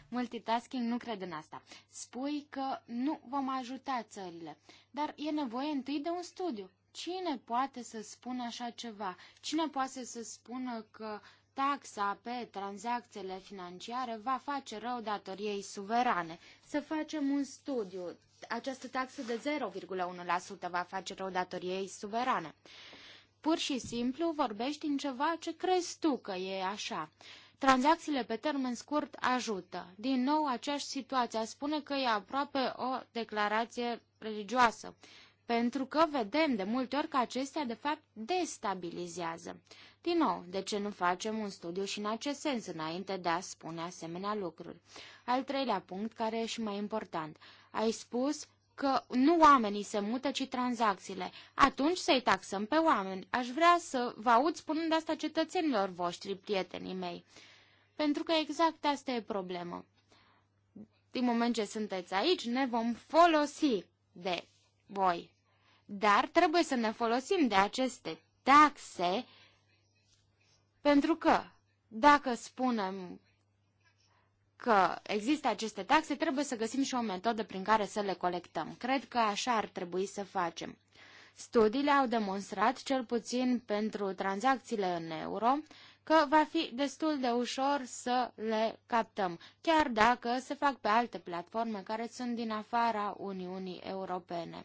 Multitasking nu cred în asta. Spui că nu vom ajuta țările, dar e nevoie întâi de un studiu. Cine poate să spună așa ceva? Cine poate să spună că uh, Taxa pe tranzacțiile financiare va face rău datoriei suverane. Să facem un studiu. Această taxă de 0,1% va face rău datoriei suverane. Pur și simplu vorbești în ceva ce crezi tu că e așa. Tranzacțiile pe termen scurt ajută. Din nou, aceeași situație spune că e aproape o declarație religioasă, pentru că vedem de multe ori că acestea, de fapt, destabilizează. Din nou, de ce nu facem un studiu și în acest sens înainte de a spune asemenea lucruri? Al treilea punct, care e și mai important. Ai spus că nu oamenii se mută, ci tranzacțiile. Atunci să-i taxăm pe oameni. Aș vrea să vă aud spunând asta cetățenilor voștri, prietenii mei. Pentru că exact asta e problema. Din moment ce sunteți aici, ne vom folosi de voi. Dar trebuie să ne folosim de aceste taxe pentru că dacă spunem că există aceste taxe, trebuie să găsim și o metodă prin care să le colectăm. Cred că așa ar trebui să facem. Studiile au demonstrat, cel puțin pentru tranzacțiile în euro, că va fi destul de ușor să le captăm, chiar dacă se fac pe alte platforme care sunt din afara Uniunii Europene.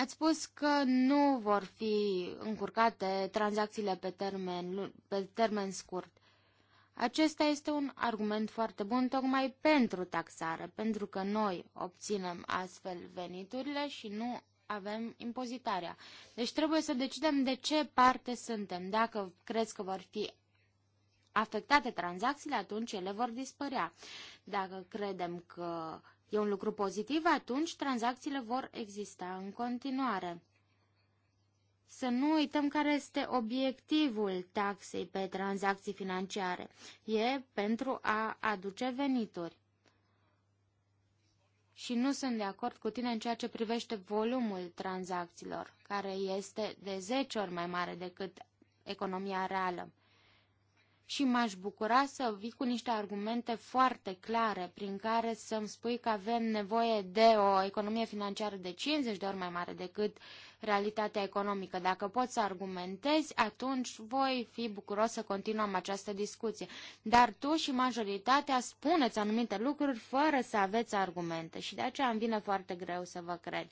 Ați spus că nu vor fi încurcate tranzacțiile pe termen, pe termen scurt. Acesta este un argument foarte bun tocmai pentru taxare, pentru că noi obținem astfel veniturile și nu avem impozitarea. Deci trebuie să decidem de ce parte suntem. Dacă crezi că vor fi afectate tranzacțiile, atunci ele vor dispărea. Dacă credem că e un lucru pozitiv, atunci tranzacțiile vor exista în continuare. Să nu uităm care este obiectivul taxei pe tranzacții financiare. E pentru a aduce venituri. Și nu sunt de acord cu tine în ceea ce privește volumul tranzacțiilor, care este de 10 ori mai mare decât economia reală și m-aș bucura să vii cu niște argumente foarte clare prin care să-mi spui că avem nevoie de o economie financiară de 50 de ori mai mare decât realitatea economică. Dacă poți să argumentezi, atunci voi fi bucuros să continuăm această discuție. Dar tu și majoritatea spuneți anumite lucruri fără să aveți argumente și de aceea îmi vine foarte greu să vă cred.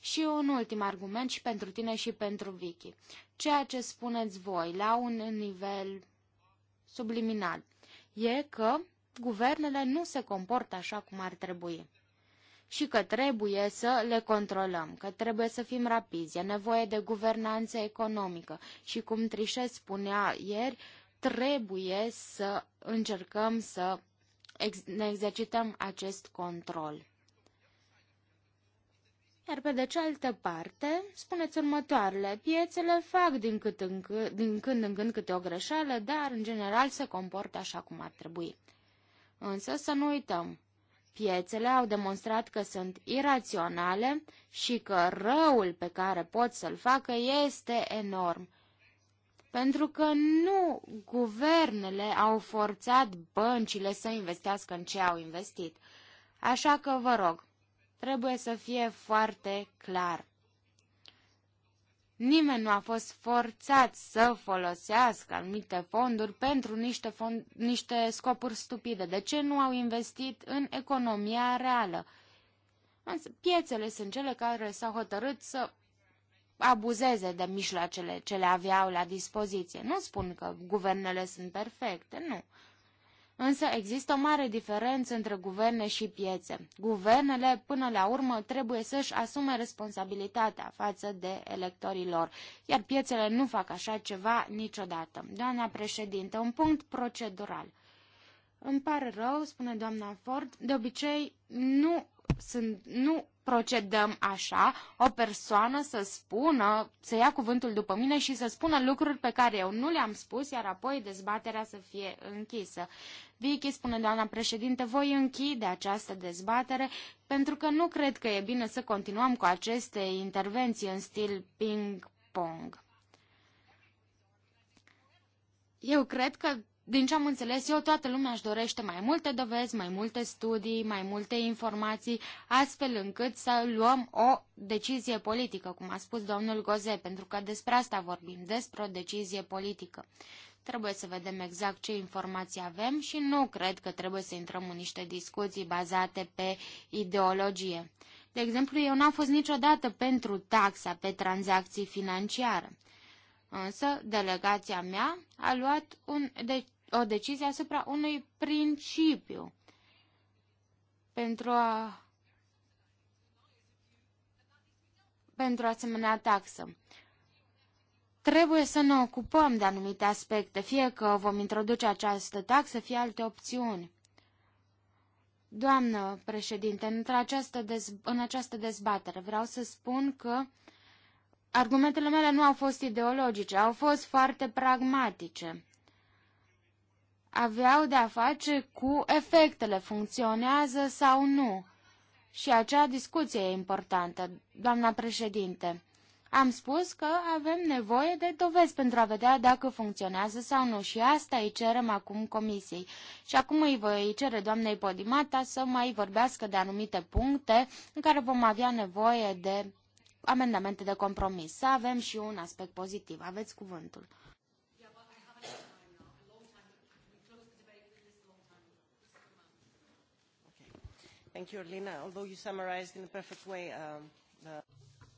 Și un ultim argument și pentru tine și pentru Vicky. Ceea ce spuneți voi la un nivel subliminal e că guvernele nu se comportă așa cum ar trebui și că trebuie să le controlăm, că trebuie să fim rapizi, e nevoie de guvernanță economică și, cum Trișet spunea ieri, trebuie să încercăm să ne exercităm acest control. Iar pe de cealaltă parte, spuneți următoarele, piețele fac din, cât în cât, din când în când câte o greșeală, dar în general se comportă așa cum ar trebui. Însă să nu uităm, piețele au demonstrat că sunt iraționale și că răul pe care pot să-l facă este enorm. Pentru că nu guvernele au forțat băncile să investească în ce au investit. Așa că vă rog, trebuie să fie foarte clar. Nimeni nu a fost forțat să folosească anumite fonduri pentru niște, fond, niște scopuri stupide. De ce nu au investit în economia reală? Însă piețele sunt cele care s-au hotărât să abuzeze de mijloacele ce le aveau la dispoziție. Nu spun că guvernele sunt perfecte, nu. Însă există o mare diferență între guverne și piețe. Guvernele, până la urmă, trebuie să-și asume responsabilitatea față de electorii lor, iar piețele nu fac așa ceva niciodată. Doamna președinte, un punct procedural. Îmi pare rău, spune doamna Ford, de obicei nu, sunt, nu procedăm așa, o persoană să spună, să ia cuvântul după mine și să spună lucruri pe care eu nu le-am spus, iar apoi dezbaterea să fie închisă. Vicky, spune doamna președinte, voi închide această dezbatere pentru că nu cred că e bine să continuăm cu aceste intervenții în stil ping-pong. Eu cred că din ce am înțeles eu, toată lumea își dorește mai multe dovezi, mai multe studii, mai multe informații, astfel încât să luăm o decizie politică, cum a spus domnul Goze, pentru că despre asta vorbim, despre o decizie politică. Trebuie să vedem exact ce informații avem și nu cred că trebuie să intrăm în niște discuții bazate pe ideologie. De exemplu, eu n-am fost niciodată pentru taxa pe tranzacții financiare. Însă, delegația mea a luat un, de, deci, o decizie asupra unui principiu pentru a pentru asemenea taxă. Trebuie să ne ocupăm de anumite aspecte, fie că vom introduce această taxă, fie alte opțiuni. Doamnă președinte, în această, în această dezbatere vreau să spun că argumentele mele nu au fost ideologice, au fost foarte pragmatice aveau de-a face cu efectele, funcționează sau nu. Și acea discuție e importantă, doamna președinte. Am spus că avem nevoie de dovezi pentru a vedea dacă funcționează sau nu și asta îi cerem acum comisiei. Și acum îi voi cere doamnei Podimata să mai vorbească de anumite puncte în care vom avea nevoie de amendamente de compromis. Să avem și un aspect pozitiv. Aveți cuvântul.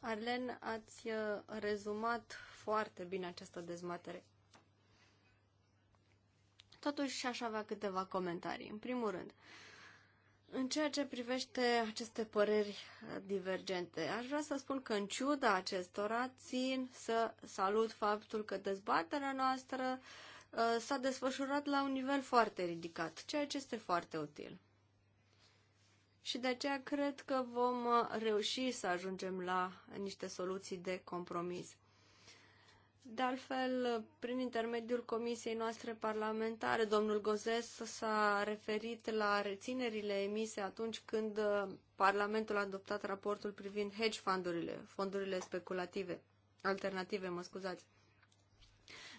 Arlen, ați uh, rezumat foarte bine această dezbatere. Totuși, aș avea câteva comentarii. În primul rând, în ceea ce privește aceste păreri uh, divergente, aș vrea să spun că, în ciuda acestora, țin să salut faptul că dezbaterea noastră uh, s-a desfășurat la un nivel foarte ridicat, ceea ce este foarte util și de aceea cred că vom uh, reuși să ajungem la niște soluții de compromis. De altfel, prin intermediul comisiei noastre parlamentare, domnul Gozes s-a referit la reținerile emise atunci când uh, Parlamentul a adoptat raportul privind hedge fundurile, fondurile speculative, alternative, mă scuzați.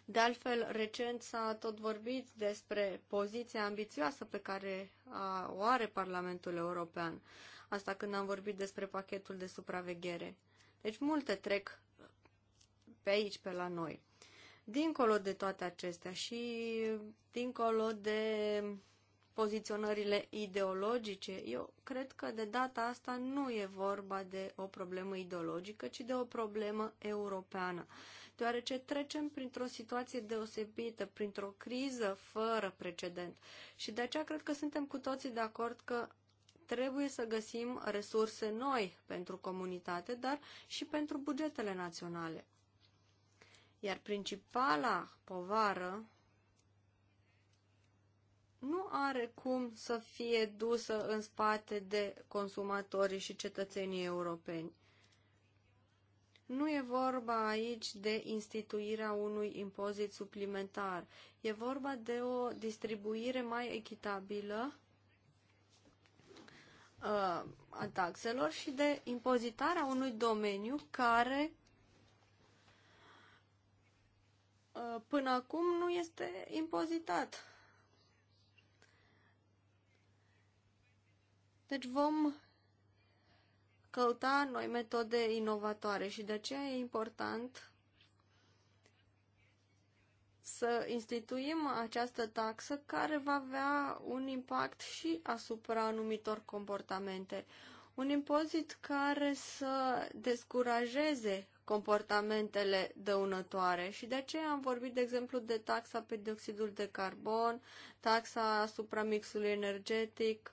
De altfel, recent s-a tot vorbit despre poziția ambițioasă pe care a, o are Parlamentul European. Asta când am vorbit despre pachetul de supraveghere. Deci multe trec pe aici, pe la noi. Dincolo de toate acestea și dincolo de poziționările ideologice, eu cred că de data asta nu e vorba de o problemă ideologică, ci de o problemă europeană deoarece trecem printr-o situație deosebită, printr-o criză fără precedent. Și de aceea cred că suntem cu toții de acord că trebuie să găsim resurse noi pentru comunitate, dar și pentru bugetele naționale. Iar principala povară nu are cum să fie dusă în spate de consumatorii și cetățenii europeni. Nu e vorba aici de instituirea unui impozit suplimentar. E vorba de o distribuire mai echitabilă uh, a taxelor și de impozitarea unui domeniu care uh, până acum nu este impozitat. Deci vom căuta noi metode inovatoare și de aceea e important să instituim această taxă care va avea un impact și asupra anumitor comportamente. Un impozit care să descurajeze comportamentele dăunătoare și de aceea am vorbit, de exemplu, de taxa pe dioxidul de carbon, taxa asupra mixului energetic.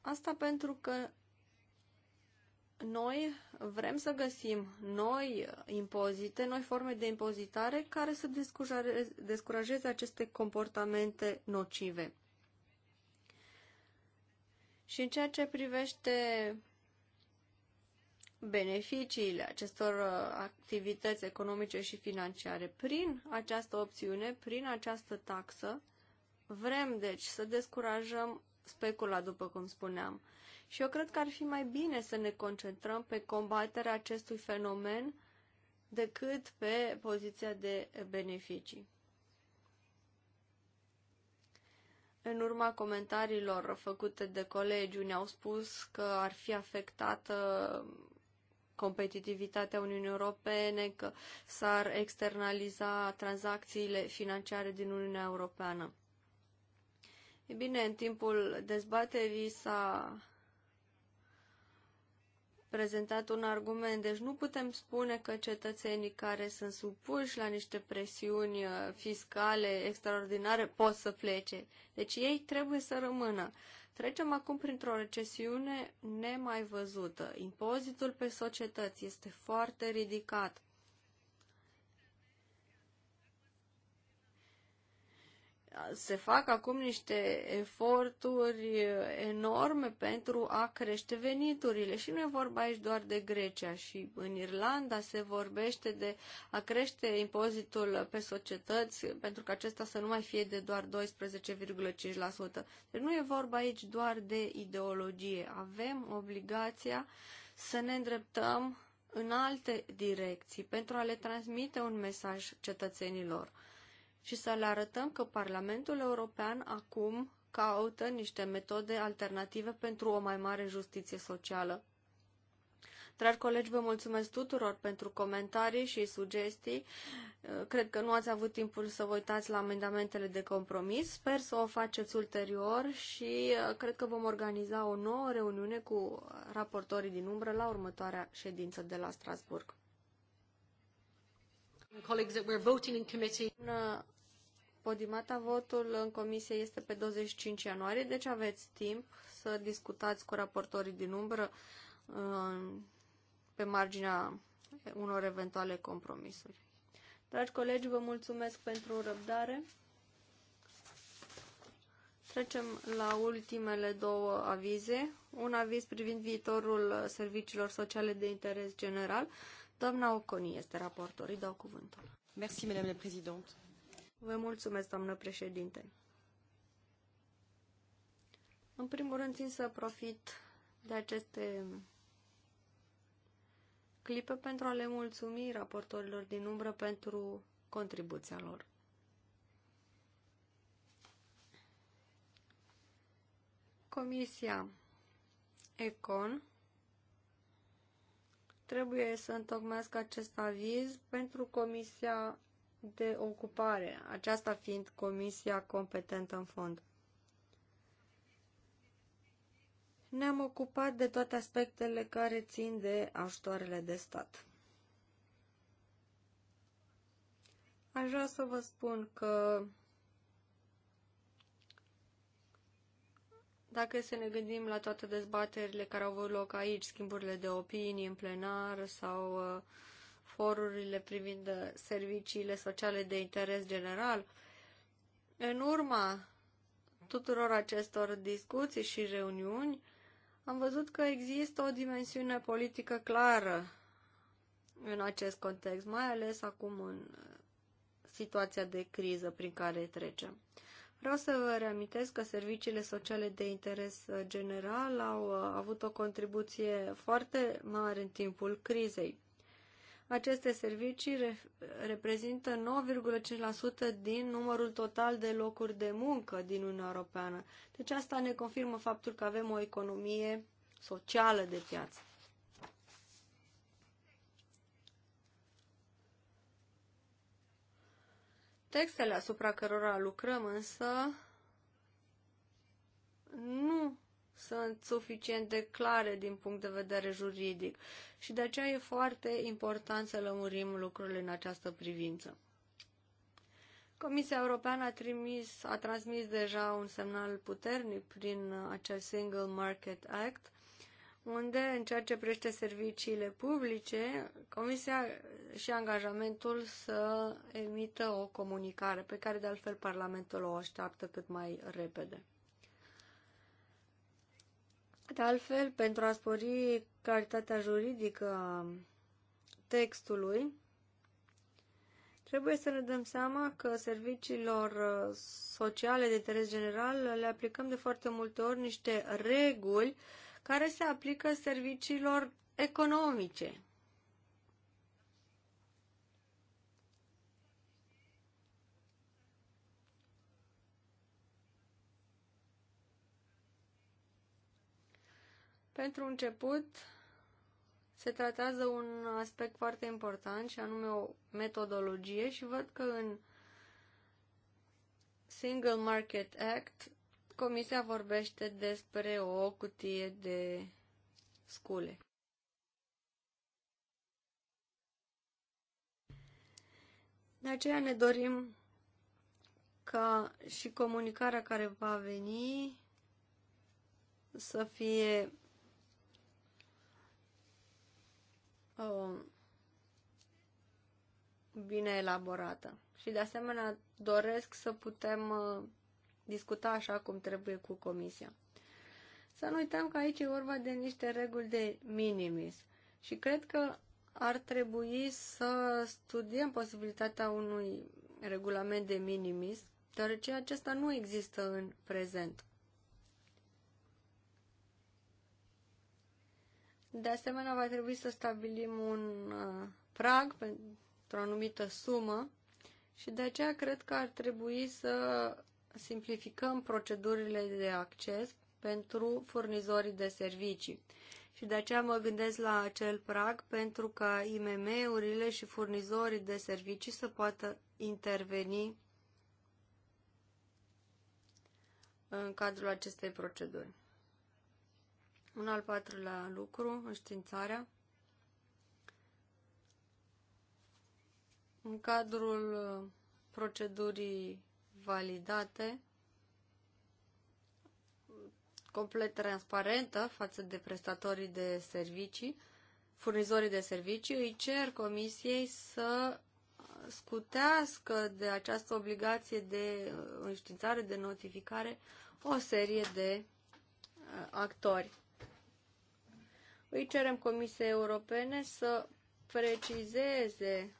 Asta pentru că noi vrem să găsim noi impozite, noi forme de impozitare care să descurajeze aceste comportamente nocive. Și în ceea ce privește beneficiile acestor uh, activități economice și financiare, prin această opțiune, prin această taxă, vrem deci să descurajăm specula, după cum spuneam. Și eu cred că ar fi mai bine să ne concentrăm pe combaterea acestui fenomen decât pe poziția de beneficii. În urma comentariilor făcute de colegi, ne-au spus că ar fi afectată competitivitatea Uniunii Europene, că s-ar externaliza tranzacțiile financiare din Uniunea Europeană. E bine, în timpul dezbaterii s-a prezentat un argument. Deci nu putem spune că cetățenii care sunt supuși la niște presiuni uh, fiscale extraordinare pot să plece. Deci ei trebuie să rămână. Trecem acum printr-o recesiune nemai văzută. Impozitul pe societăți este foarte ridicat. se fac acum niște eforturi enorme pentru a crește veniturile și nu e vorba aici doar de Grecia și în Irlanda se vorbește de a crește impozitul pe societăți pentru că acesta să nu mai fie de doar 12,5%. Deci nu e vorba aici doar de ideologie. Avem obligația să ne îndreptăm în alte direcții pentru a le transmite un mesaj cetățenilor și să le arătăm că Parlamentul European acum caută niște metode alternative pentru o mai mare justiție socială. Dragi colegi, vă mulțumesc tuturor pentru comentarii și sugestii. Cred că nu ați avut timpul să vă uitați la amendamentele de compromis. Sper să o faceți ulterior și uh, cred că vom organiza o nouă reuniune cu raportorii din umbră la următoarea ședință de la Strasburg. Podimata, votul în comisie este pe 25 ianuarie, deci aveți timp să discutați cu raportorii din umbră pe marginea unor eventuale compromisuri. Dragi colegi, vă mulțumesc pentru răbdare. Trecem la ultimele două avize. Un aviz privind viitorul serviciilor sociale de interes general. Doamna Oconi este raportor. Îi dau cuvântul. Merci, Madame la Présidente. Vă mulțumesc, doamnă președinte. În primul rând, țin să profit de aceste clipe pentru a le mulțumi raportorilor din umbră pentru contribuția lor. Comisia Econ trebuie să întocmească acest aviz pentru Comisia de ocupare, aceasta fiind comisia competentă în fond. Ne-am ocupat de toate aspectele care țin de ajutoarele de stat. Aș vrea să vă spun că dacă să ne gândim la toate dezbaterile care au avut loc aici, schimburile de opinii în plenar sau uh, forurile privind uh, serviciile sociale de interes general. În urma tuturor acestor discuții și reuniuni, am văzut că există o dimensiune politică clară în acest context, mai ales acum în uh, situația de criză prin care trecem. Vreau să vă reamintesc că serviciile sociale de interes uh, general au avut o contribuție foarte mare în timpul crizei. Aceste servicii reprezintă 9,5% din numărul total de locuri de muncă din Uniunea Europeană. Deci asta ne confirmă faptul că avem o economie socială de piață. Textele asupra cărora lucrăm însă nu sunt suficient de clare din punct de vedere juridic și de aceea e foarte important să lămurim lucrurile în această privință. Comisia Europeană a, trimis, a transmis deja un semnal puternic prin acel Single Market Act, unde, în ceea ce prește serviciile publice, Comisia și angajamentul să emită o comunicare, pe care, de altfel, Parlamentul o așteaptă cât mai repede. De altfel, pentru a spori calitatea juridică a textului, trebuie să ne dăm seama că serviciilor sociale de interes general le aplicăm de foarte multe ori niște reguli care se aplică serviciilor economice. Pentru început, se tratează un aspect foarte important și anume o metodologie și văd că în Single Market Act Comisia vorbește despre o cutie de scule. De aceea ne dorim ca și comunicarea care va veni să fie Uh, bine elaborată. Și de asemenea doresc să putem uh, discuta așa cum trebuie cu comisia. Să nu uităm că aici e vorba de niște reguli de minimis și cred că ar trebui să studiem posibilitatea unui regulament de minimis, deoarece acesta nu există în prezent. De asemenea, va trebui să stabilim un uh, prag pentru o anumită sumă și de aceea cred că ar trebui să simplificăm procedurile de acces pentru furnizorii de servicii. Și de aceea mă gândesc la acel prag pentru ca IMM-urile și furnizorii de servicii să poată interveni în cadrul acestei proceduri. Un al patrulea lucru, înștiințarea. În cadrul uh, procedurii validate, complet transparentă față de prestatorii de servicii, furnizorii de servicii, îi cer comisiei să scutească de această obligație de uh, înștiințare, de notificare, o serie de uh, actori. Îi cerem Comisiei Europene să precizeze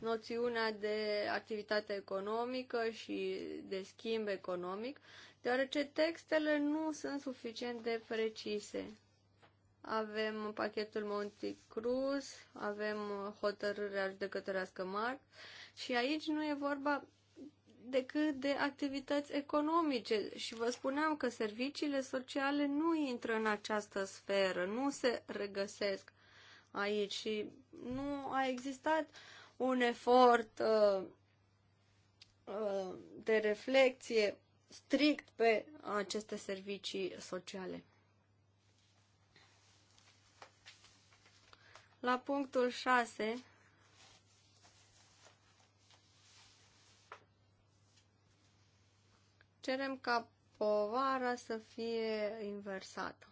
noțiunea de activitate economică și de schimb economic, deoarece textele nu sunt suficient de precise. Avem pachetul Monte Cruz, avem hotărârea judecătorească Marc și aici nu e vorba decât de activități economice și vă spuneam că serviciile sociale nu intră în această sferă, nu se regăsesc aici și nu a existat un efort uh, uh, de reflexie strict pe aceste servicii sociale. La punctul 6 cerem ca povara să fie inversată.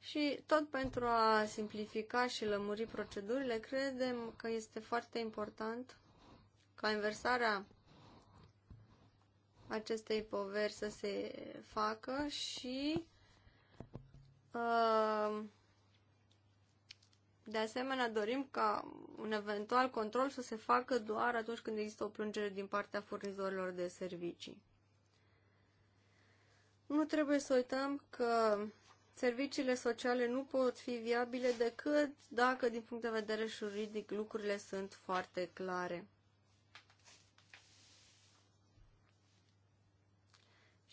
Și tot pentru a simplifica și lămuri procedurile, credem că este foarte important ca inversarea acestei poveri să se facă și uh, de asemenea, dorim ca un eventual control să se facă doar atunci când există o plângere din partea furnizorilor de servicii. Nu trebuie să uităm că serviciile sociale nu pot fi viabile decât dacă, din punct de vedere juridic, lucrurile sunt foarte clare.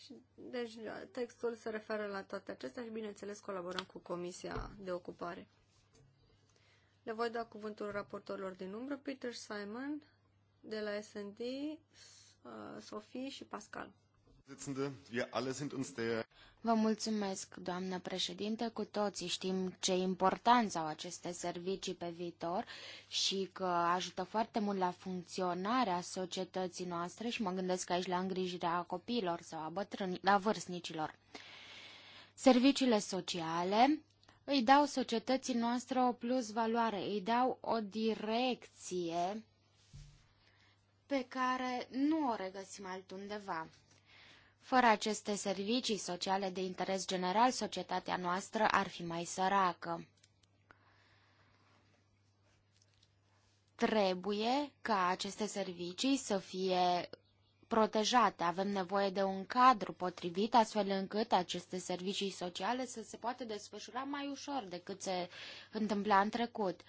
Și, deci, textul se referă la toate acestea și, bineînțeles, colaborăm cu Comisia de Ocupare. Le voi da cuvântul raportorilor din umbră, Peter Simon de la S&D, Sophie uh, și Pascal. Vă mulțumesc, doamnă președinte. Cu toții știm ce importanță au aceste servicii pe viitor și că ajută foarte mult la funcționarea societății noastre și mă gândesc aici la îngrijirea copiilor sau a bătrânilor, la vârstnicilor. Serviciile sociale îi dau societății noastre o plus valoare, îi dau o direcție pe care nu o regăsim altundeva. Fără aceste servicii sociale de interes general, societatea noastră ar fi mai săracă. Trebuie ca aceste servicii să fie protejate. Avem nevoie de un cadru potrivit astfel încât aceste servicii sociale să se poată desfășura mai ușor decât se întâmpla în trecut.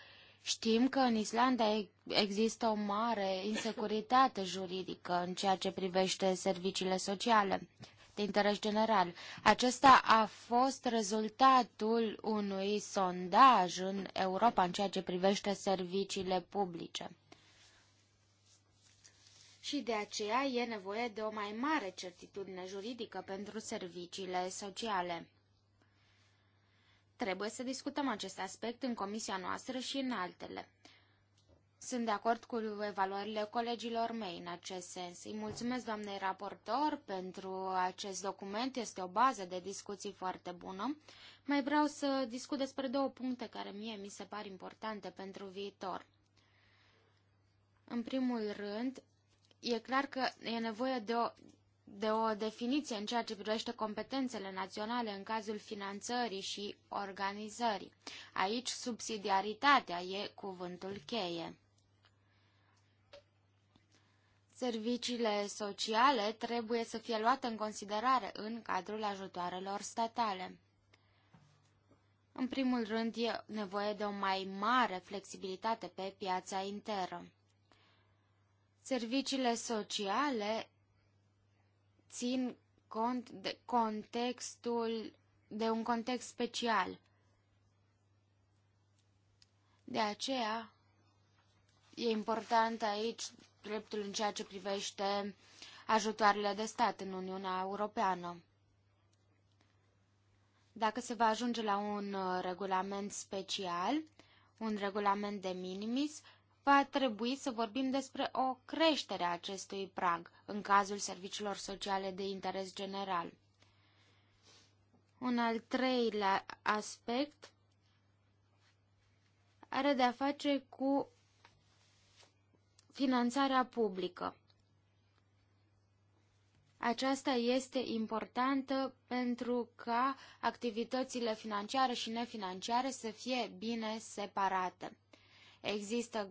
Știm că în Islanda există o mare insecuritate juridică în ceea ce privește serviciile sociale de interes general. Acesta a fost rezultatul unui sondaj în Europa în ceea ce privește serviciile publice și de aceea e nevoie de o mai mare certitudine juridică pentru serviciile sociale. Trebuie să discutăm acest aspect în comisia noastră și în altele. Sunt de acord cu evaluările colegilor mei în acest sens. Îi mulțumesc doamnei raportor pentru acest document. Este o bază de discuții foarte bună. Mai vreau să discut despre două puncte care mie mi se par importante pentru viitor. În primul rând, e clar că e nevoie de o, de o definiție în ceea ce privește competențele naționale în cazul finanțării și organizării. Aici subsidiaritatea e cuvântul cheie. Serviciile sociale trebuie să fie luate în considerare în cadrul ajutoarelor statale. În primul rând, e nevoie de o mai mare flexibilitate pe piața internă. Serviciile sociale țin cont de contextul de un context special. De aceea e important aici dreptul în ceea ce privește ajutoarele de stat în Uniunea Europeană. Dacă se va ajunge la un uh, regulament special, un regulament de minimis, va trebui să vorbim despre o creștere a acestui prag în cazul serviciilor sociale de interes general. Un al treilea aspect are de-a face cu finanțarea publică. Aceasta este importantă pentru ca activitățile financiare și nefinanciare să fie bine separate. Există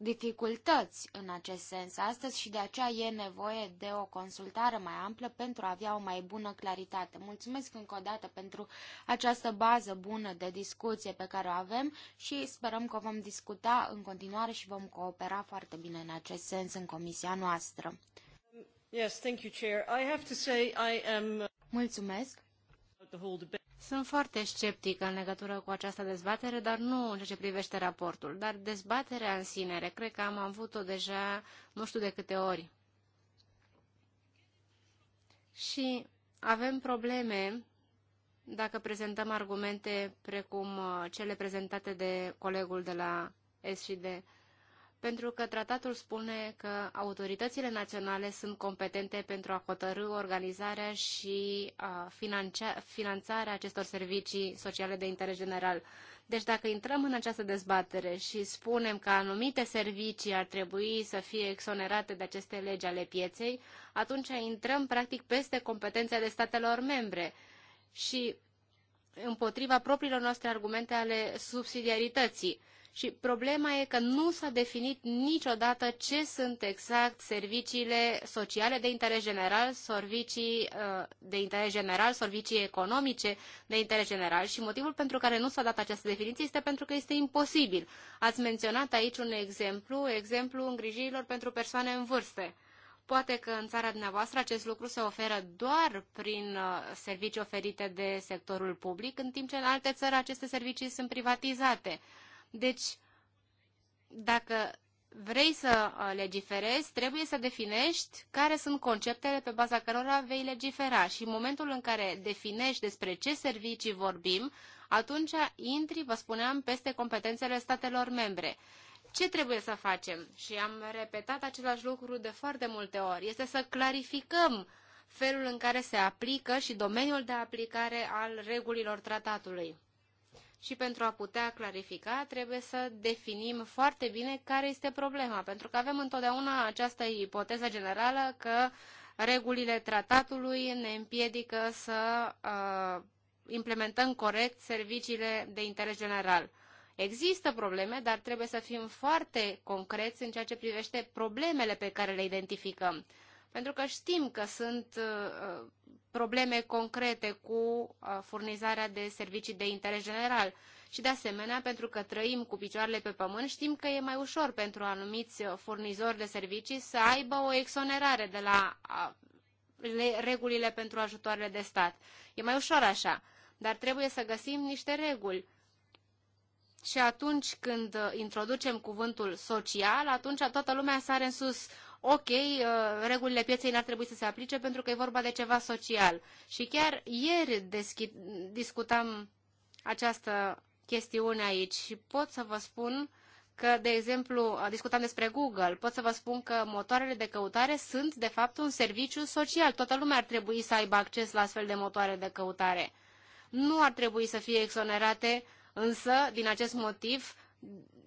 dificultăți în acest sens astăzi și de aceea e nevoie de o consultare mai amplă pentru a avea o mai bună claritate. Mulțumesc încă o dată pentru această bază bună de discuție pe care o avem și sperăm că vom discuta în continuare și vom coopera foarte bine în acest sens în comisia noastră. Yes, thank you, Chair. I have to say I am... Mulțumesc. Sunt foarte sceptică în legătură cu această dezbatere, dar nu în ceea ce privește raportul. Dar dezbaterea în sine, cred că am avut-o deja nu știu de câte ori. Și avem probleme dacă prezentăm argumente precum uh, cele prezentate de colegul de la SD pentru că tratatul spune că autoritățile naționale sunt competente pentru a hotărâ organizarea și finanțarea acestor servicii sociale de interes general. Deci dacă intrăm în această dezbatere și spunem că anumite servicii ar trebui să fie exonerate de aceste legi ale pieței, atunci intrăm practic peste competența de statelor membre și împotriva propriilor noastre argumente ale subsidiarității și problema e că nu s-a definit niciodată ce sunt exact serviciile sociale de interes general, servicii uh, de interes general, servicii economice de interes general și motivul pentru care nu s-a dat această definiție este pentru că este imposibil. Ați menționat aici un exemplu, exemplu îngrijirilor pentru persoane în vârstă. Poate că în țara dumneavoastră acest lucru se oferă doar prin uh, servicii oferite de sectorul public, în timp ce în alte țări aceste servicii sunt privatizate. Deci, dacă vrei să uh, legiferezi, trebuie să definești care sunt conceptele pe baza cărora vei legifera și în momentul în care definești despre ce servicii vorbim, atunci intri, vă spuneam, peste competențele statelor membre. Ce trebuie să facem? Și am repetat același lucru de foarte multe ori. Este să clarificăm felul în care se aplică și domeniul de aplicare al regulilor tratatului. Și pentru a putea clarifica, trebuie să definim foarte bine care este problema, pentru că avem întotdeauna această ipoteză generală că regulile tratatului ne împiedică să uh, implementăm corect serviciile de interes general. Există probleme, dar trebuie să fim foarte concreți în ceea ce privește problemele pe care le identificăm. Pentru că știm că sunt uh, probleme concrete cu uh, furnizarea de servicii de interes general. Și de asemenea, pentru că trăim cu picioarele pe pământ, știm că e mai ușor pentru anumiți uh, furnizori de servicii să aibă o exonerare de la regulile pentru ajutoarele de stat. E mai ușor așa, dar trebuie să găsim niște reguli. Și atunci când uh, introducem cuvântul social, atunci toată lumea sare în sus ok, uh, regulile pieței n-ar trebui să se aplice pentru că e vorba de ceva social. Și chiar ieri deschid, discutam această chestiune aici și pot să vă spun că, de exemplu, discutam despre Google, pot să vă spun că motoarele de căutare sunt, de fapt, un serviciu social. Toată lumea ar trebui să aibă acces la astfel de motoare de căutare. Nu ar trebui să fie exonerate, însă, din acest motiv,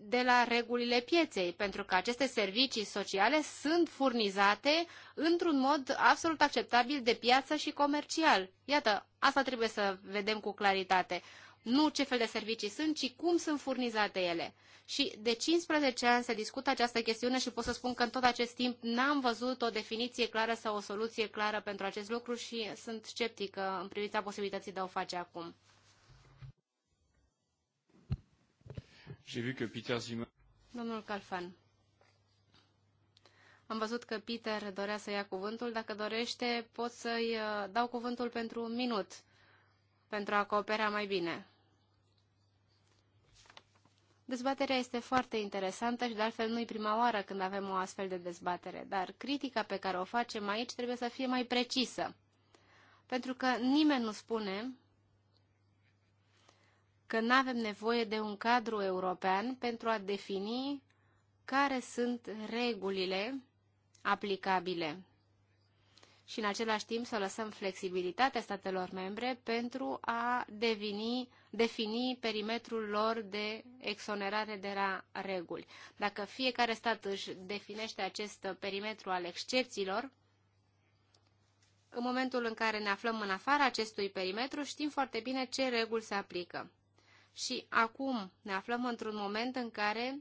de la regulile pieței, pentru că aceste servicii sociale sunt furnizate într-un mod absolut acceptabil de piață și comercial. Iată, asta trebuie să vedem cu claritate. Nu ce fel de servicii sunt, ci cum sunt furnizate ele. Și de 15 ani se discută această chestiune și pot să spun că în tot acest timp n-am văzut o definiție clară sau o soluție clară pentru acest lucru și sunt sceptică uh, în privința posibilității de a o face acum. J'ai vu que Peter Zimmer... Domnul Calfan. Am văzut că Peter dorea să ia cuvântul. Dacă dorește, pot să-i uh, dau cuvântul pentru un minut, pentru a coopera mai bine. Dezbaterea este foarte interesantă și de altfel nu-i prima oară când avem o astfel de dezbatere, dar critica pe care o facem aici trebuie să fie mai precisă. Pentru că nimeni nu spune că nu avem nevoie de un cadru european pentru a defini care sunt regulile aplicabile și în același timp să lăsăm flexibilitatea statelor membre pentru a deveni, defini perimetrul lor de exonerare de la reguli. Dacă fiecare stat își definește acest perimetru al excepțiilor, în momentul în care ne aflăm în afara acestui perimetru, știm foarte bine ce reguli se aplică. Și acum ne aflăm într-un moment în care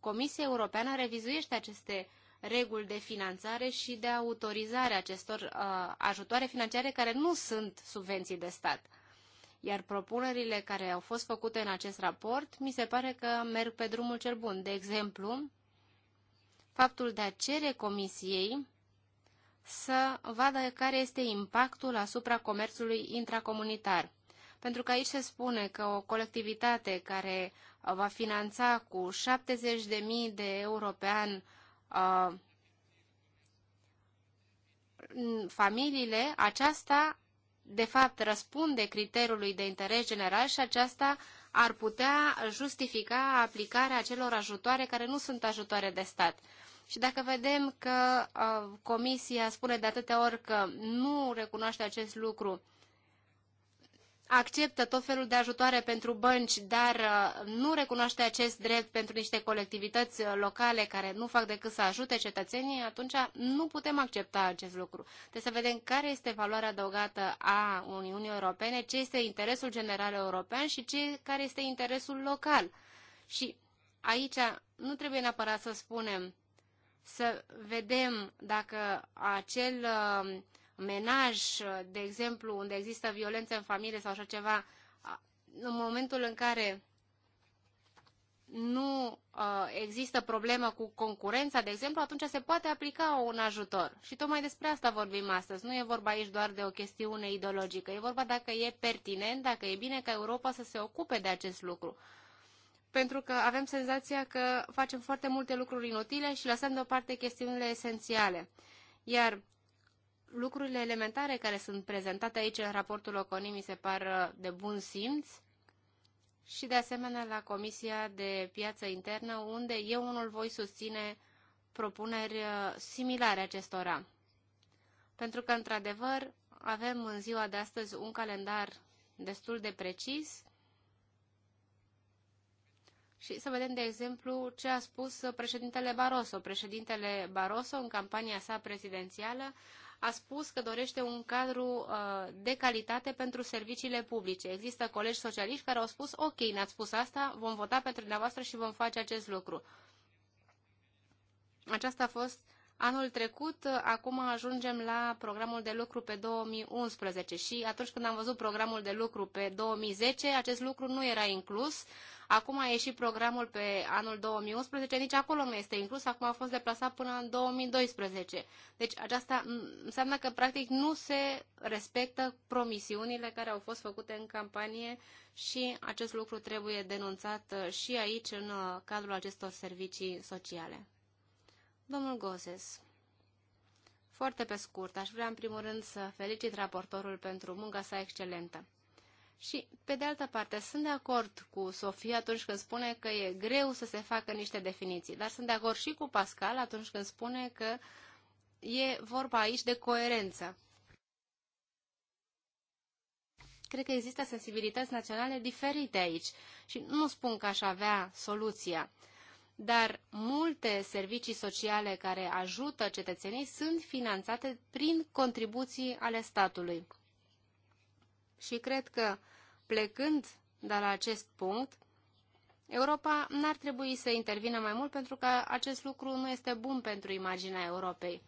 Comisia Europeană revizuiește aceste reguli de finanțare și de autorizare acestor uh, ajutoare financiare care nu sunt subvenții de stat. Iar propunerile care au fost făcute în acest raport, mi se pare că merg pe drumul cel bun. De exemplu, faptul de a cere Comisiei să vadă care este impactul asupra comerțului intracomunitar. Pentru că aici se spune că o colectivitate care uh, va finanța cu 70.000 de euro pe an uh, familiile, aceasta de fapt răspunde criteriului de interes general și aceasta ar putea justifica aplicarea acelor ajutoare care nu sunt ajutoare de stat. Și dacă vedem că uh, Comisia spune de atâtea ori că nu recunoaște acest lucru acceptă tot felul de ajutoare pentru bănci, dar uh, nu recunoaște acest drept pentru niște colectivități uh, locale care nu fac decât să ajute cetățenii, atunci nu putem accepta acest lucru. Trebuie să vedem care este valoarea adăugată a Uniunii Europene, ce este interesul general european și ce, care este interesul local. Și aici nu trebuie neapărat să spunem, să vedem dacă acel uh, menaj, de exemplu, unde există violență în familie sau așa ceva, în momentul în care nu uh, există problemă cu concurența, de exemplu, atunci se poate aplica un ajutor. Și tocmai despre asta vorbim astăzi. Nu e vorba aici doar de o chestiune ideologică. E vorba dacă e pertinent, dacă e bine ca Europa să se ocupe de acest lucru. Pentru că avem senzația că facem foarte multe lucruri inutile și lăsăm deoparte chestiunile esențiale. Iar lucrurile elementare care sunt prezentate aici în raportul Oconi mi se par uh, de bun simț și de asemenea la Comisia de Piață Internă, unde eu unul voi susține propuneri uh, similare acestora. Pentru că, într-adevăr, avem în ziua de astăzi un calendar destul de precis și să vedem, de exemplu, ce a spus președintele Barroso. Președintele Barroso, în campania sa prezidențială, a spus că dorește un cadru uh, de calitate pentru serviciile publice. Există colegi socialiști care au spus, ok, ne-ați spus asta, vom vota pentru dumneavoastră și vom face acest lucru. Aceasta a fost anul trecut, acum ajungem la programul de lucru pe 2011 și atunci când am văzut programul de lucru pe 2010, acest lucru nu era inclus. Acum a ieșit programul pe anul 2011, nici acolo nu este inclus, acum a fost deplasat până în 2012. Deci aceasta înseamnă că practic nu se respectă promisiunile care au fost făcute în campanie și acest lucru trebuie denunțat uh, și aici în uh, cadrul acestor servicii sociale. Domnul Gozes. Foarte pe scurt, aș vrea în primul rând să felicit raportorul pentru munca sa excelentă. Și, pe de altă parte, sunt de acord cu Sofia atunci când spune că e greu să se facă niște definiții, dar sunt de acord și cu Pascal atunci când spune că e vorba aici de coerență. Cred că există sensibilități naționale diferite aici și nu spun că aș avea soluția, dar multe servicii sociale care ajută cetățenii sunt finanțate prin contribuții ale statului. Și cred că Plecând de la acest punct, Europa n-ar trebui să intervină mai mult pentru că acest lucru nu este bun pentru imaginea Europei.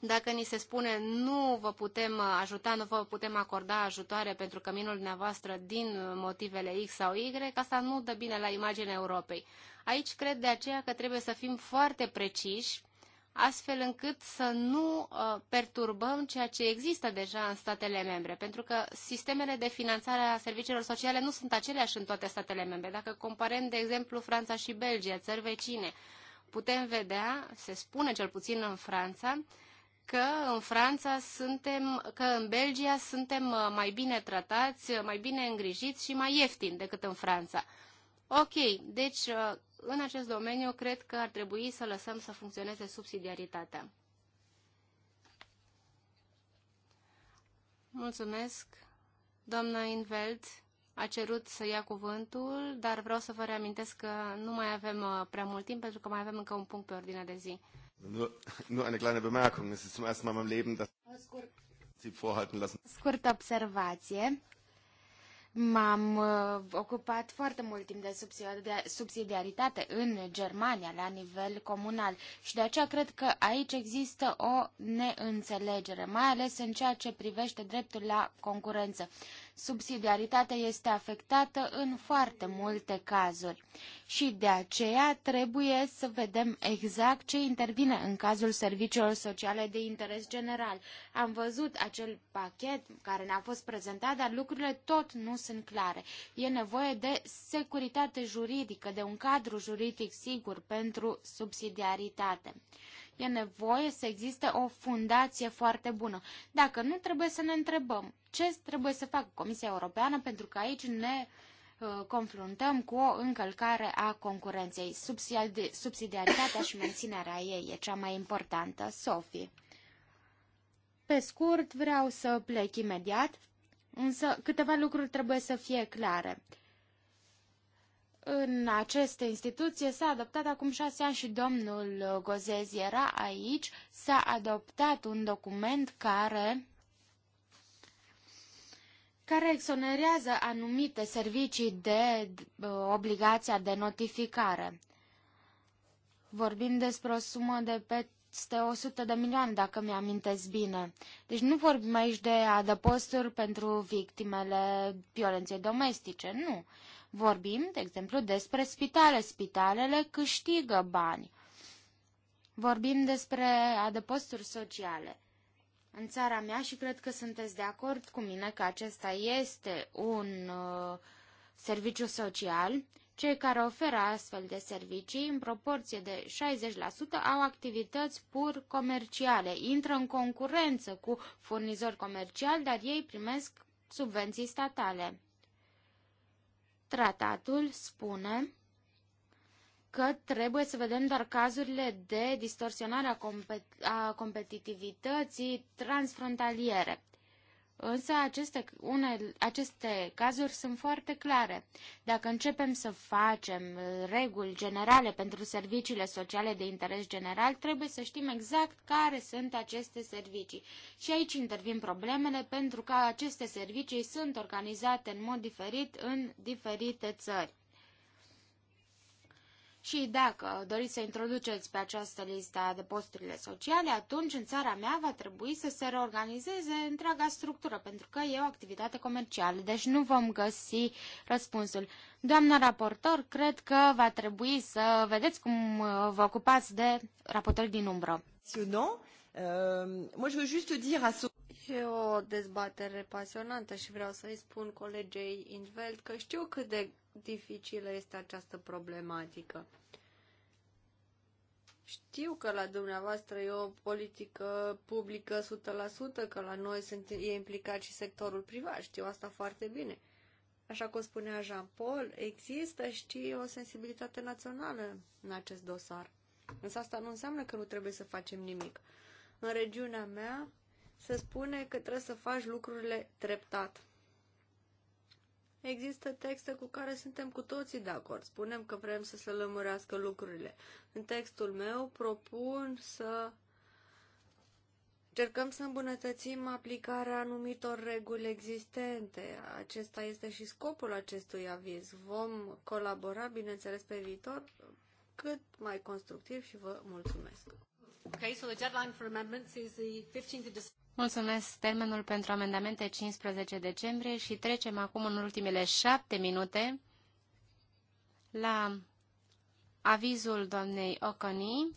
Dacă ni se spune nu vă putem ajuta, nu vă putem acorda ajutoare pentru căminul dumneavoastră din motivele X sau Y, asta nu dă bine la imaginea Europei. Aici cred de aceea că trebuie să fim foarte preciși astfel încât să nu uh, perturbăm ceea ce există deja în statele membre, pentru că sistemele de finanțare a serviciilor sociale nu sunt aceleași în toate statele membre. Dacă comparăm, de exemplu, Franța și Belgia, țări vecine, putem vedea, se spune cel puțin în Franța, că în Franța suntem, că în Belgia suntem uh, mai bine tratați, uh, mai bine îngrijiți și mai ieftin decât în Franța. Ok, deci în acest domeniu cred că ar trebui să lăsăm să funcționeze subsidiaritatea. Mulțumesc. Doamna Inveld a cerut să ia cuvântul, dar vreau să vă reamintesc că nu mai avem uh, prea mult timp pentru că mai avem încă un punct pe ordinea de zi. Nur, nur eine kleine Bemerkung. Es ist zum ersten Mal in meinem Leben, dass Sie vorhalten lassen. Scurt observație. M-am uh, ocupat foarte mult timp de subsidiaritate în Germania la nivel comunal și de aceea cred că aici există o neînțelegere, mai ales în ceea ce privește dreptul la concurență. Subsidiaritatea este afectată în foarte multe cazuri și de aceea trebuie să vedem exact ce intervine în cazul serviciilor sociale de interes general. Am văzut acel pachet care ne-a fost prezentat, dar lucrurile tot nu sunt clare. E nevoie de securitate juridică, de un cadru juridic sigur pentru subsidiaritate. E nevoie să existe o fundație foarte bună. Dacă nu, trebuie să ne întrebăm ce trebuie să facă Comisia Europeană, pentru că aici ne uh, confruntăm cu o încălcare a concurenței. Subsidiaritatea și menținerea ei e cea mai importantă. Sofie. Pe scurt, vreau să plec imediat, însă câteva lucruri trebuie să fie clare în aceste instituție s-a adoptat acum șase ani și domnul Gozezi era aici, s-a adoptat un document care care exonerează anumite servicii de uh, obligația de notificare. Vorbim despre o sumă de peste 100 de milioane, dacă mi-amintesc bine. Deci nu vorbim aici de adăposturi pentru victimele violenței domestice, nu. Vorbim, de exemplu, despre spitale. Spitalele câștigă bani. Vorbim despre adăposturi sociale. În țara mea și cred că sunteți de acord cu mine că acesta este un uh, serviciu social, cei care oferă astfel de servicii, în proporție de 60%, au activități pur comerciale, intră în concurență cu furnizori comerciali, dar ei primesc subvenții statale. Tratatul spune că trebuie să vedem doar cazurile de distorsionare a, compet- a competitivității transfrontaliere. Însă aceste, une, aceste cazuri sunt foarte clare. Dacă începem să facem reguli generale pentru serviciile sociale de interes general, trebuie să știm exact care sunt aceste servicii. Și aici intervin problemele pentru că aceste servicii sunt organizate în mod diferit în diferite țări. Și dacă doriți să introduceți pe această listă de posturile sociale, atunci în țara mea va trebui să se reorganizeze întreaga structură, pentru că e o activitate comercială, deci nu vom găsi răspunsul. Doamna raportor, cred că va trebui să vedeți cum uh, vă ocupați de raportări din umbră. Euh, e o dezbatere pasionantă și vreau să-i spun colegei Invelt că știu cât de dificilă este această problematică. Știu că la dumneavoastră e o politică publică 100%, că la noi sunt, e implicat și sectorul privat, știu asta foarte bine. Așa cum spunea Jean-Paul, există și o sensibilitate națională în acest dosar. Însă asta nu înseamnă că nu trebuie să facem nimic. În regiunea mea se spune că trebuie să faci lucrurile treptat. Există texte cu care suntem cu toții de acord. Spunem că vrem să se lămurească lucrurile. În textul meu propun să Încercăm să îmbunătățim aplicarea anumitor reguli existente. Acesta este și scopul acestui aviz. Vom colabora, bineînțeles, pe viitor cât mai constructiv și vă mulțumesc. Okay, so the deadline for amendments is the 15th of December. Mulțumesc termenul pentru amendamente 15 decembrie și trecem acum în ultimele șapte minute la avizul doamnei Oconi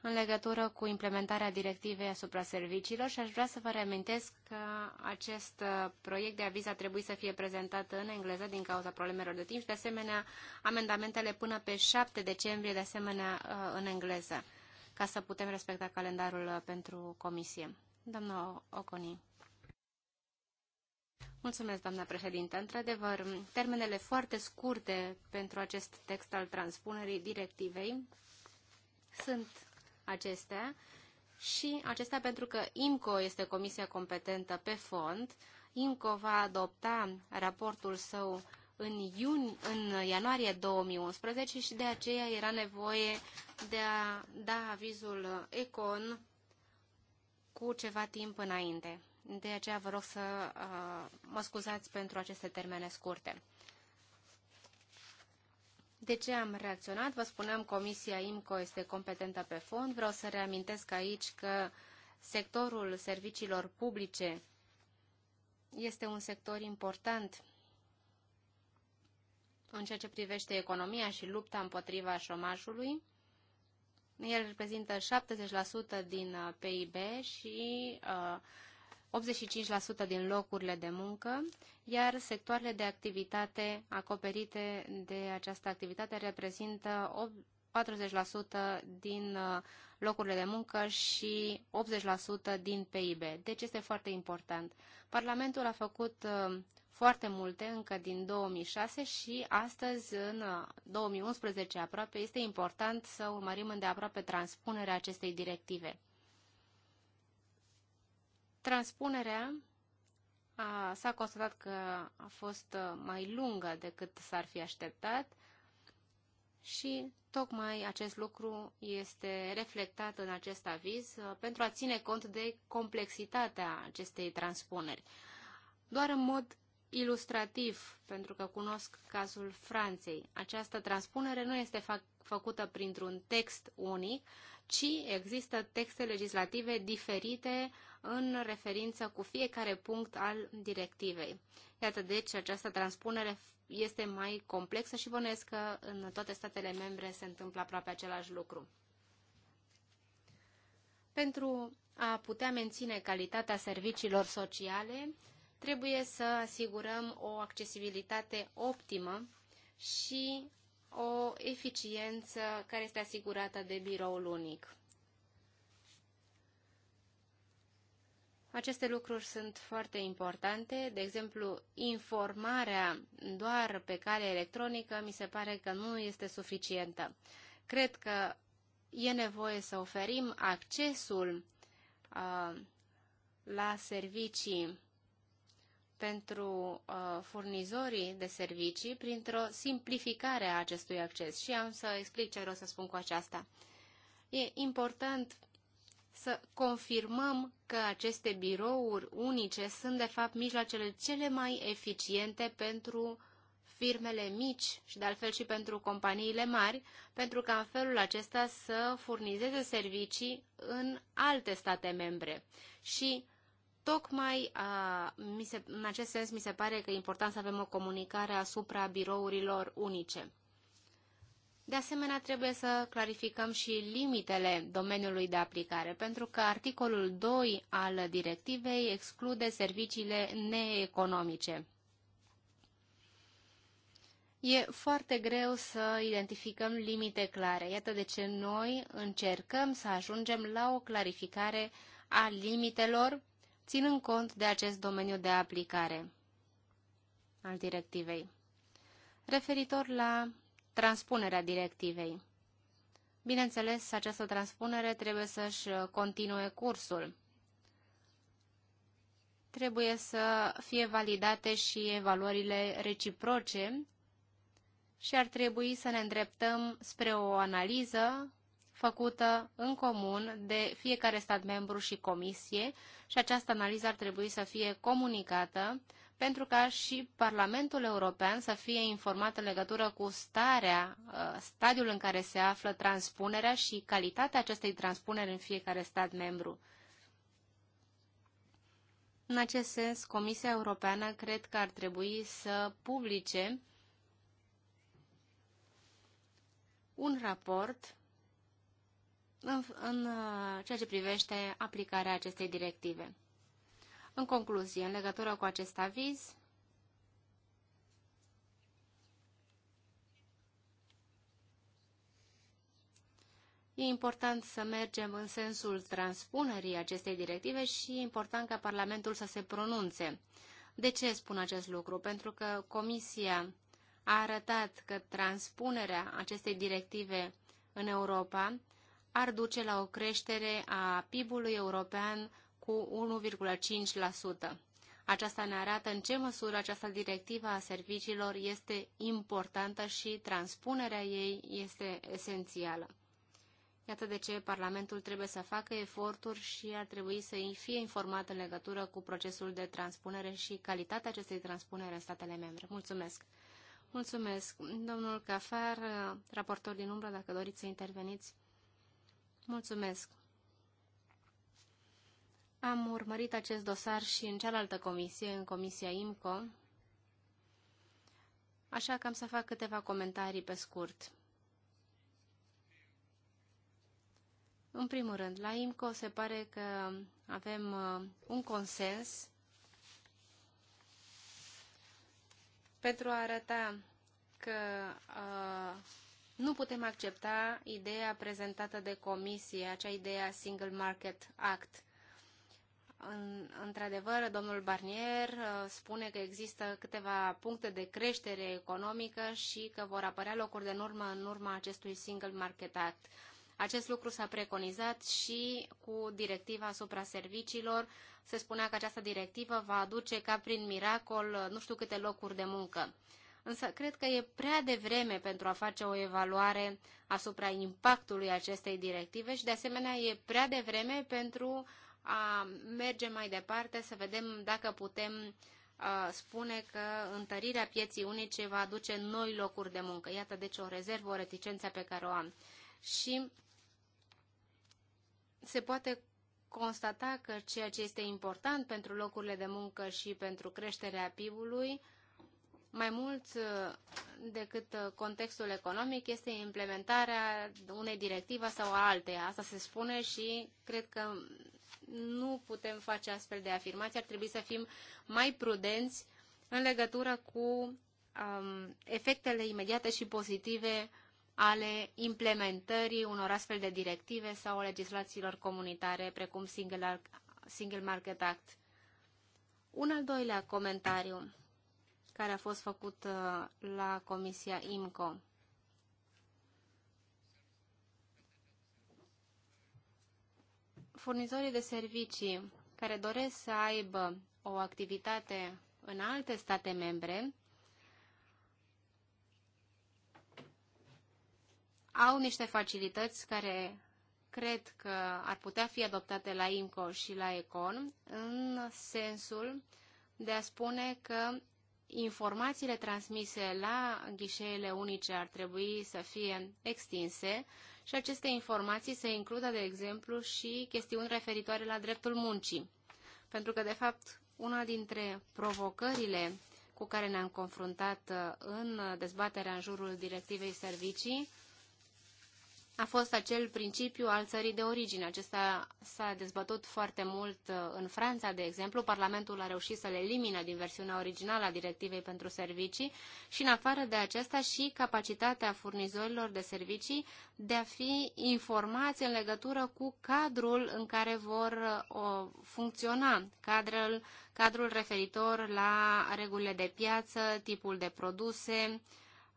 în legătură cu implementarea directivei asupra serviciilor și aș vrea să vă reamintesc că acest uh, proiect de aviz a trebuit să fie prezentat în engleză din cauza problemelor de timp și de asemenea amendamentele până pe 7 decembrie de asemenea uh, în engleză ca să putem respecta calendarul uh, pentru comisie. Doamna Oconi. Mulțumesc, doamna președinte. Într-adevăr, termenele foarte scurte pentru acest text al transpunerii directivei sunt acestea și acestea pentru că IMCO este comisia competentă pe fond. IMCO va adopta raportul său în, iuni, în ianuarie 2011 și de aceea era nevoie de a da avizul ECON cu ceva timp înainte. De aceea vă rog să uh, mă scuzați pentru aceste termene scurte. De ce am reacționat? Vă spuneam, Comisia IMCO este competentă pe fond. Vreau să reamintesc aici că sectorul serviciilor publice este un sector important în ceea ce privește economia și lupta împotriva șomajului el reprezintă 70% din uh, PIB și uh, 85% din locurile de muncă, iar sectoarele de activitate acoperite de această activitate reprezintă 40% din uh, locurile de muncă și 80% din PIB. Deci este foarte important. Parlamentul a făcut uh, foarte multe încă din 2006 și astăzi, în 2011 aproape, este important să urmărim îndeaproape transpunerea acestei directive. Transpunerea s-a constatat că a fost mai lungă decât s-ar fi așteptat și tocmai acest lucru este reflectat în acest aviz uh, pentru a ține cont de complexitatea acestei transpuneri. Doar în mod ilustrativ, pentru că cunosc cazul Franței. Această transpunere nu este fac, făcută printr-un text unic, ci există texte legislative diferite în referință cu fiecare punct al directivei. Iată, deci, această transpunere este mai complexă și bănesc că în toate statele membre se întâmplă aproape același lucru. Pentru a putea menține calitatea serviciilor sociale, Trebuie să asigurăm o accesibilitate optimă și o eficiență care este asigurată de biroul unic. Aceste lucruri sunt foarte importante. De exemplu, informarea doar pe cale electronică mi se pare că nu este suficientă. Cred că e nevoie să oferim accesul uh, la servicii pentru uh, furnizorii de servicii printr-o simplificare a acestui acces. Și am să explic ce vreau să spun cu aceasta. E important să confirmăm că aceste birouri unice sunt de fapt mijloacele cele mai eficiente pentru firmele mici și de altfel și pentru companiile mari, pentru ca în felul acesta să furnizeze servicii în alte state membre. Și Tocmai a, mi se, în acest sens mi se pare că e important să avem o comunicare asupra birourilor unice. De asemenea, trebuie să clarificăm și limitele domeniului de aplicare, pentru că articolul 2 al directivei exclude serviciile neeconomice. E foarte greu să identificăm limite clare. Iată de ce noi încercăm să ajungem la o clarificare a limitelor ținând cont de acest domeniu de aplicare al directivei. Referitor la transpunerea directivei. Bineînțeles, această transpunere trebuie să-și continue cursul. Trebuie să fie validate și evaluările reciproce și ar trebui să ne îndreptăm spre o analiză făcută în comun de fiecare stat membru și comisie și această analiză ar trebui să fie comunicată pentru ca și Parlamentul European să fie informat în legătură cu starea, uh, stadiul în care se află transpunerea și calitatea acestei transpuneri în fiecare stat membru. În acest sens, Comisia Europeană cred că ar trebui să publice un raport în, în uh, ceea ce privește aplicarea acestei directive. În concluzie, în legătură cu acest aviz, E important să mergem în sensul transpunerii acestei directive și e important ca Parlamentul să se pronunțe. De ce spun acest lucru? Pentru că Comisia a arătat că transpunerea acestei directive în Europa ar duce la o creștere a PIB-ului european cu 1,5%. Aceasta ne arată în ce măsură această directivă a serviciilor este importantă și transpunerea ei este esențială. Iată de ce Parlamentul trebuie să facă eforturi și ar trebui să fie informat în legătură cu procesul de transpunere și calitatea acestei transpunere în statele membre. Mulțumesc! Mulțumesc! Domnul Cafar, raportor din umbră, dacă doriți să interveniți. Mulțumesc! Am urmărit acest dosar și în cealaltă comisie, în comisia IMCO, așa că am să fac câteva comentarii pe scurt. În primul rând, la IMCO se pare că avem uh, un consens pentru a arăta că uh, nu putem accepta ideea prezentată de comisie, acea idee a Single Market Act. În, într-adevăr, domnul Barnier uh, spune că există câteva puncte de creștere economică și că vor apărea locuri de în urmă în urma acestui Single Market Act. Acest lucru s-a preconizat și cu directiva asupra serviciilor. Se spunea că această directivă va aduce ca prin miracol uh, nu știu câte locuri de muncă însă cred că e prea devreme pentru a face o evaluare asupra impactului acestei directive și, de asemenea, e prea devreme pentru a merge mai departe să vedem dacă putem uh, spune că întărirea pieții unice va aduce noi locuri de muncă. Iată, deci, o rezervă, o reticență pe care o am. Și se poate constata că ceea ce este important pentru locurile de muncă și pentru creșterea PIB-ului mai mult uh, decât uh, contextul economic este implementarea unei directive sau a alteia. Asta se spune și cred că nu putem face astfel de afirmații. Ar trebui să fim mai prudenți în legătură cu um, efectele imediate și pozitive ale implementării unor astfel de directive sau legislațiilor comunitare, precum Single, Single Market Act. Un al doilea comentariu care a fost făcut uh, la Comisia IMCO. Furnizorii de servicii care doresc să aibă o activitate în alte state membre au niște facilități care cred că ar putea fi adoptate la IMCO și la ECON în sensul de a spune că informațiile transmise la ghișeele unice ar trebui să fie extinse și aceste informații să includă, de exemplu, și chestiuni referitoare la dreptul muncii. Pentru că, de fapt, una dintre provocările cu care ne-am confruntat uh, în dezbaterea în jurul directivei servicii a fost acel principiu al țării de origine. Acesta s-a dezbătut foarte mult uh, în Franța, de exemplu. Parlamentul a reușit să le elimine din versiunea originală a directivei pentru servicii și, în afară de aceasta, și capacitatea furnizorilor de servicii de a fi informați în legătură cu cadrul în care vor uh, o, funcționa, cadrul, cadrul referitor la regulile de piață, tipul de produse, uh,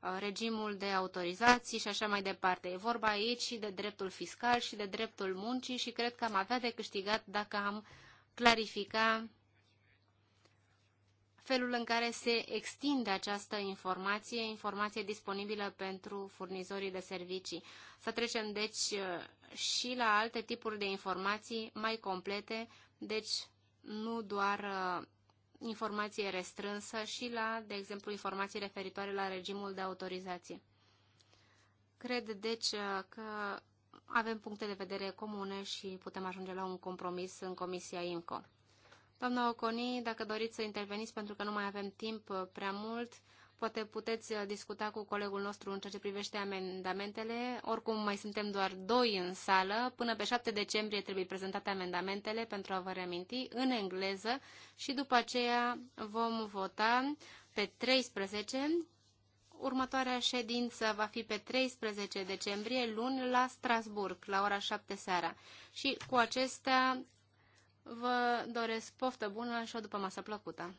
Uh, regimul de autorizații și așa mai departe. E vorba aici și de dreptul fiscal și de dreptul muncii și cred că am avea de câștigat dacă am clarifica felul în care se extinde această informație, informație disponibilă pentru furnizorii de servicii. Să trecem, deci, uh, și la alte tipuri de informații mai complete, deci nu doar uh, informație restrânsă și la, de exemplu, informații referitoare la regimul de autorizație. Cred, deci, că avem puncte de vedere comune și putem ajunge la un compromis în Comisia IMCO. Doamna Oconi, dacă doriți să interveniți, pentru că nu mai avem timp prea mult, Poate puteți uh, discuta cu colegul nostru în ceea ce privește amendamentele. Oricum, mai suntem doar doi în sală. Până pe 7 decembrie trebuie prezentate amendamentele pentru a vă reaminti în engleză și după aceea vom vota pe 13 Următoarea ședință va fi pe 13 decembrie, luni, la Strasburg, la ora 7 seara. Și cu acestea vă doresc poftă bună și o după masă plăcută.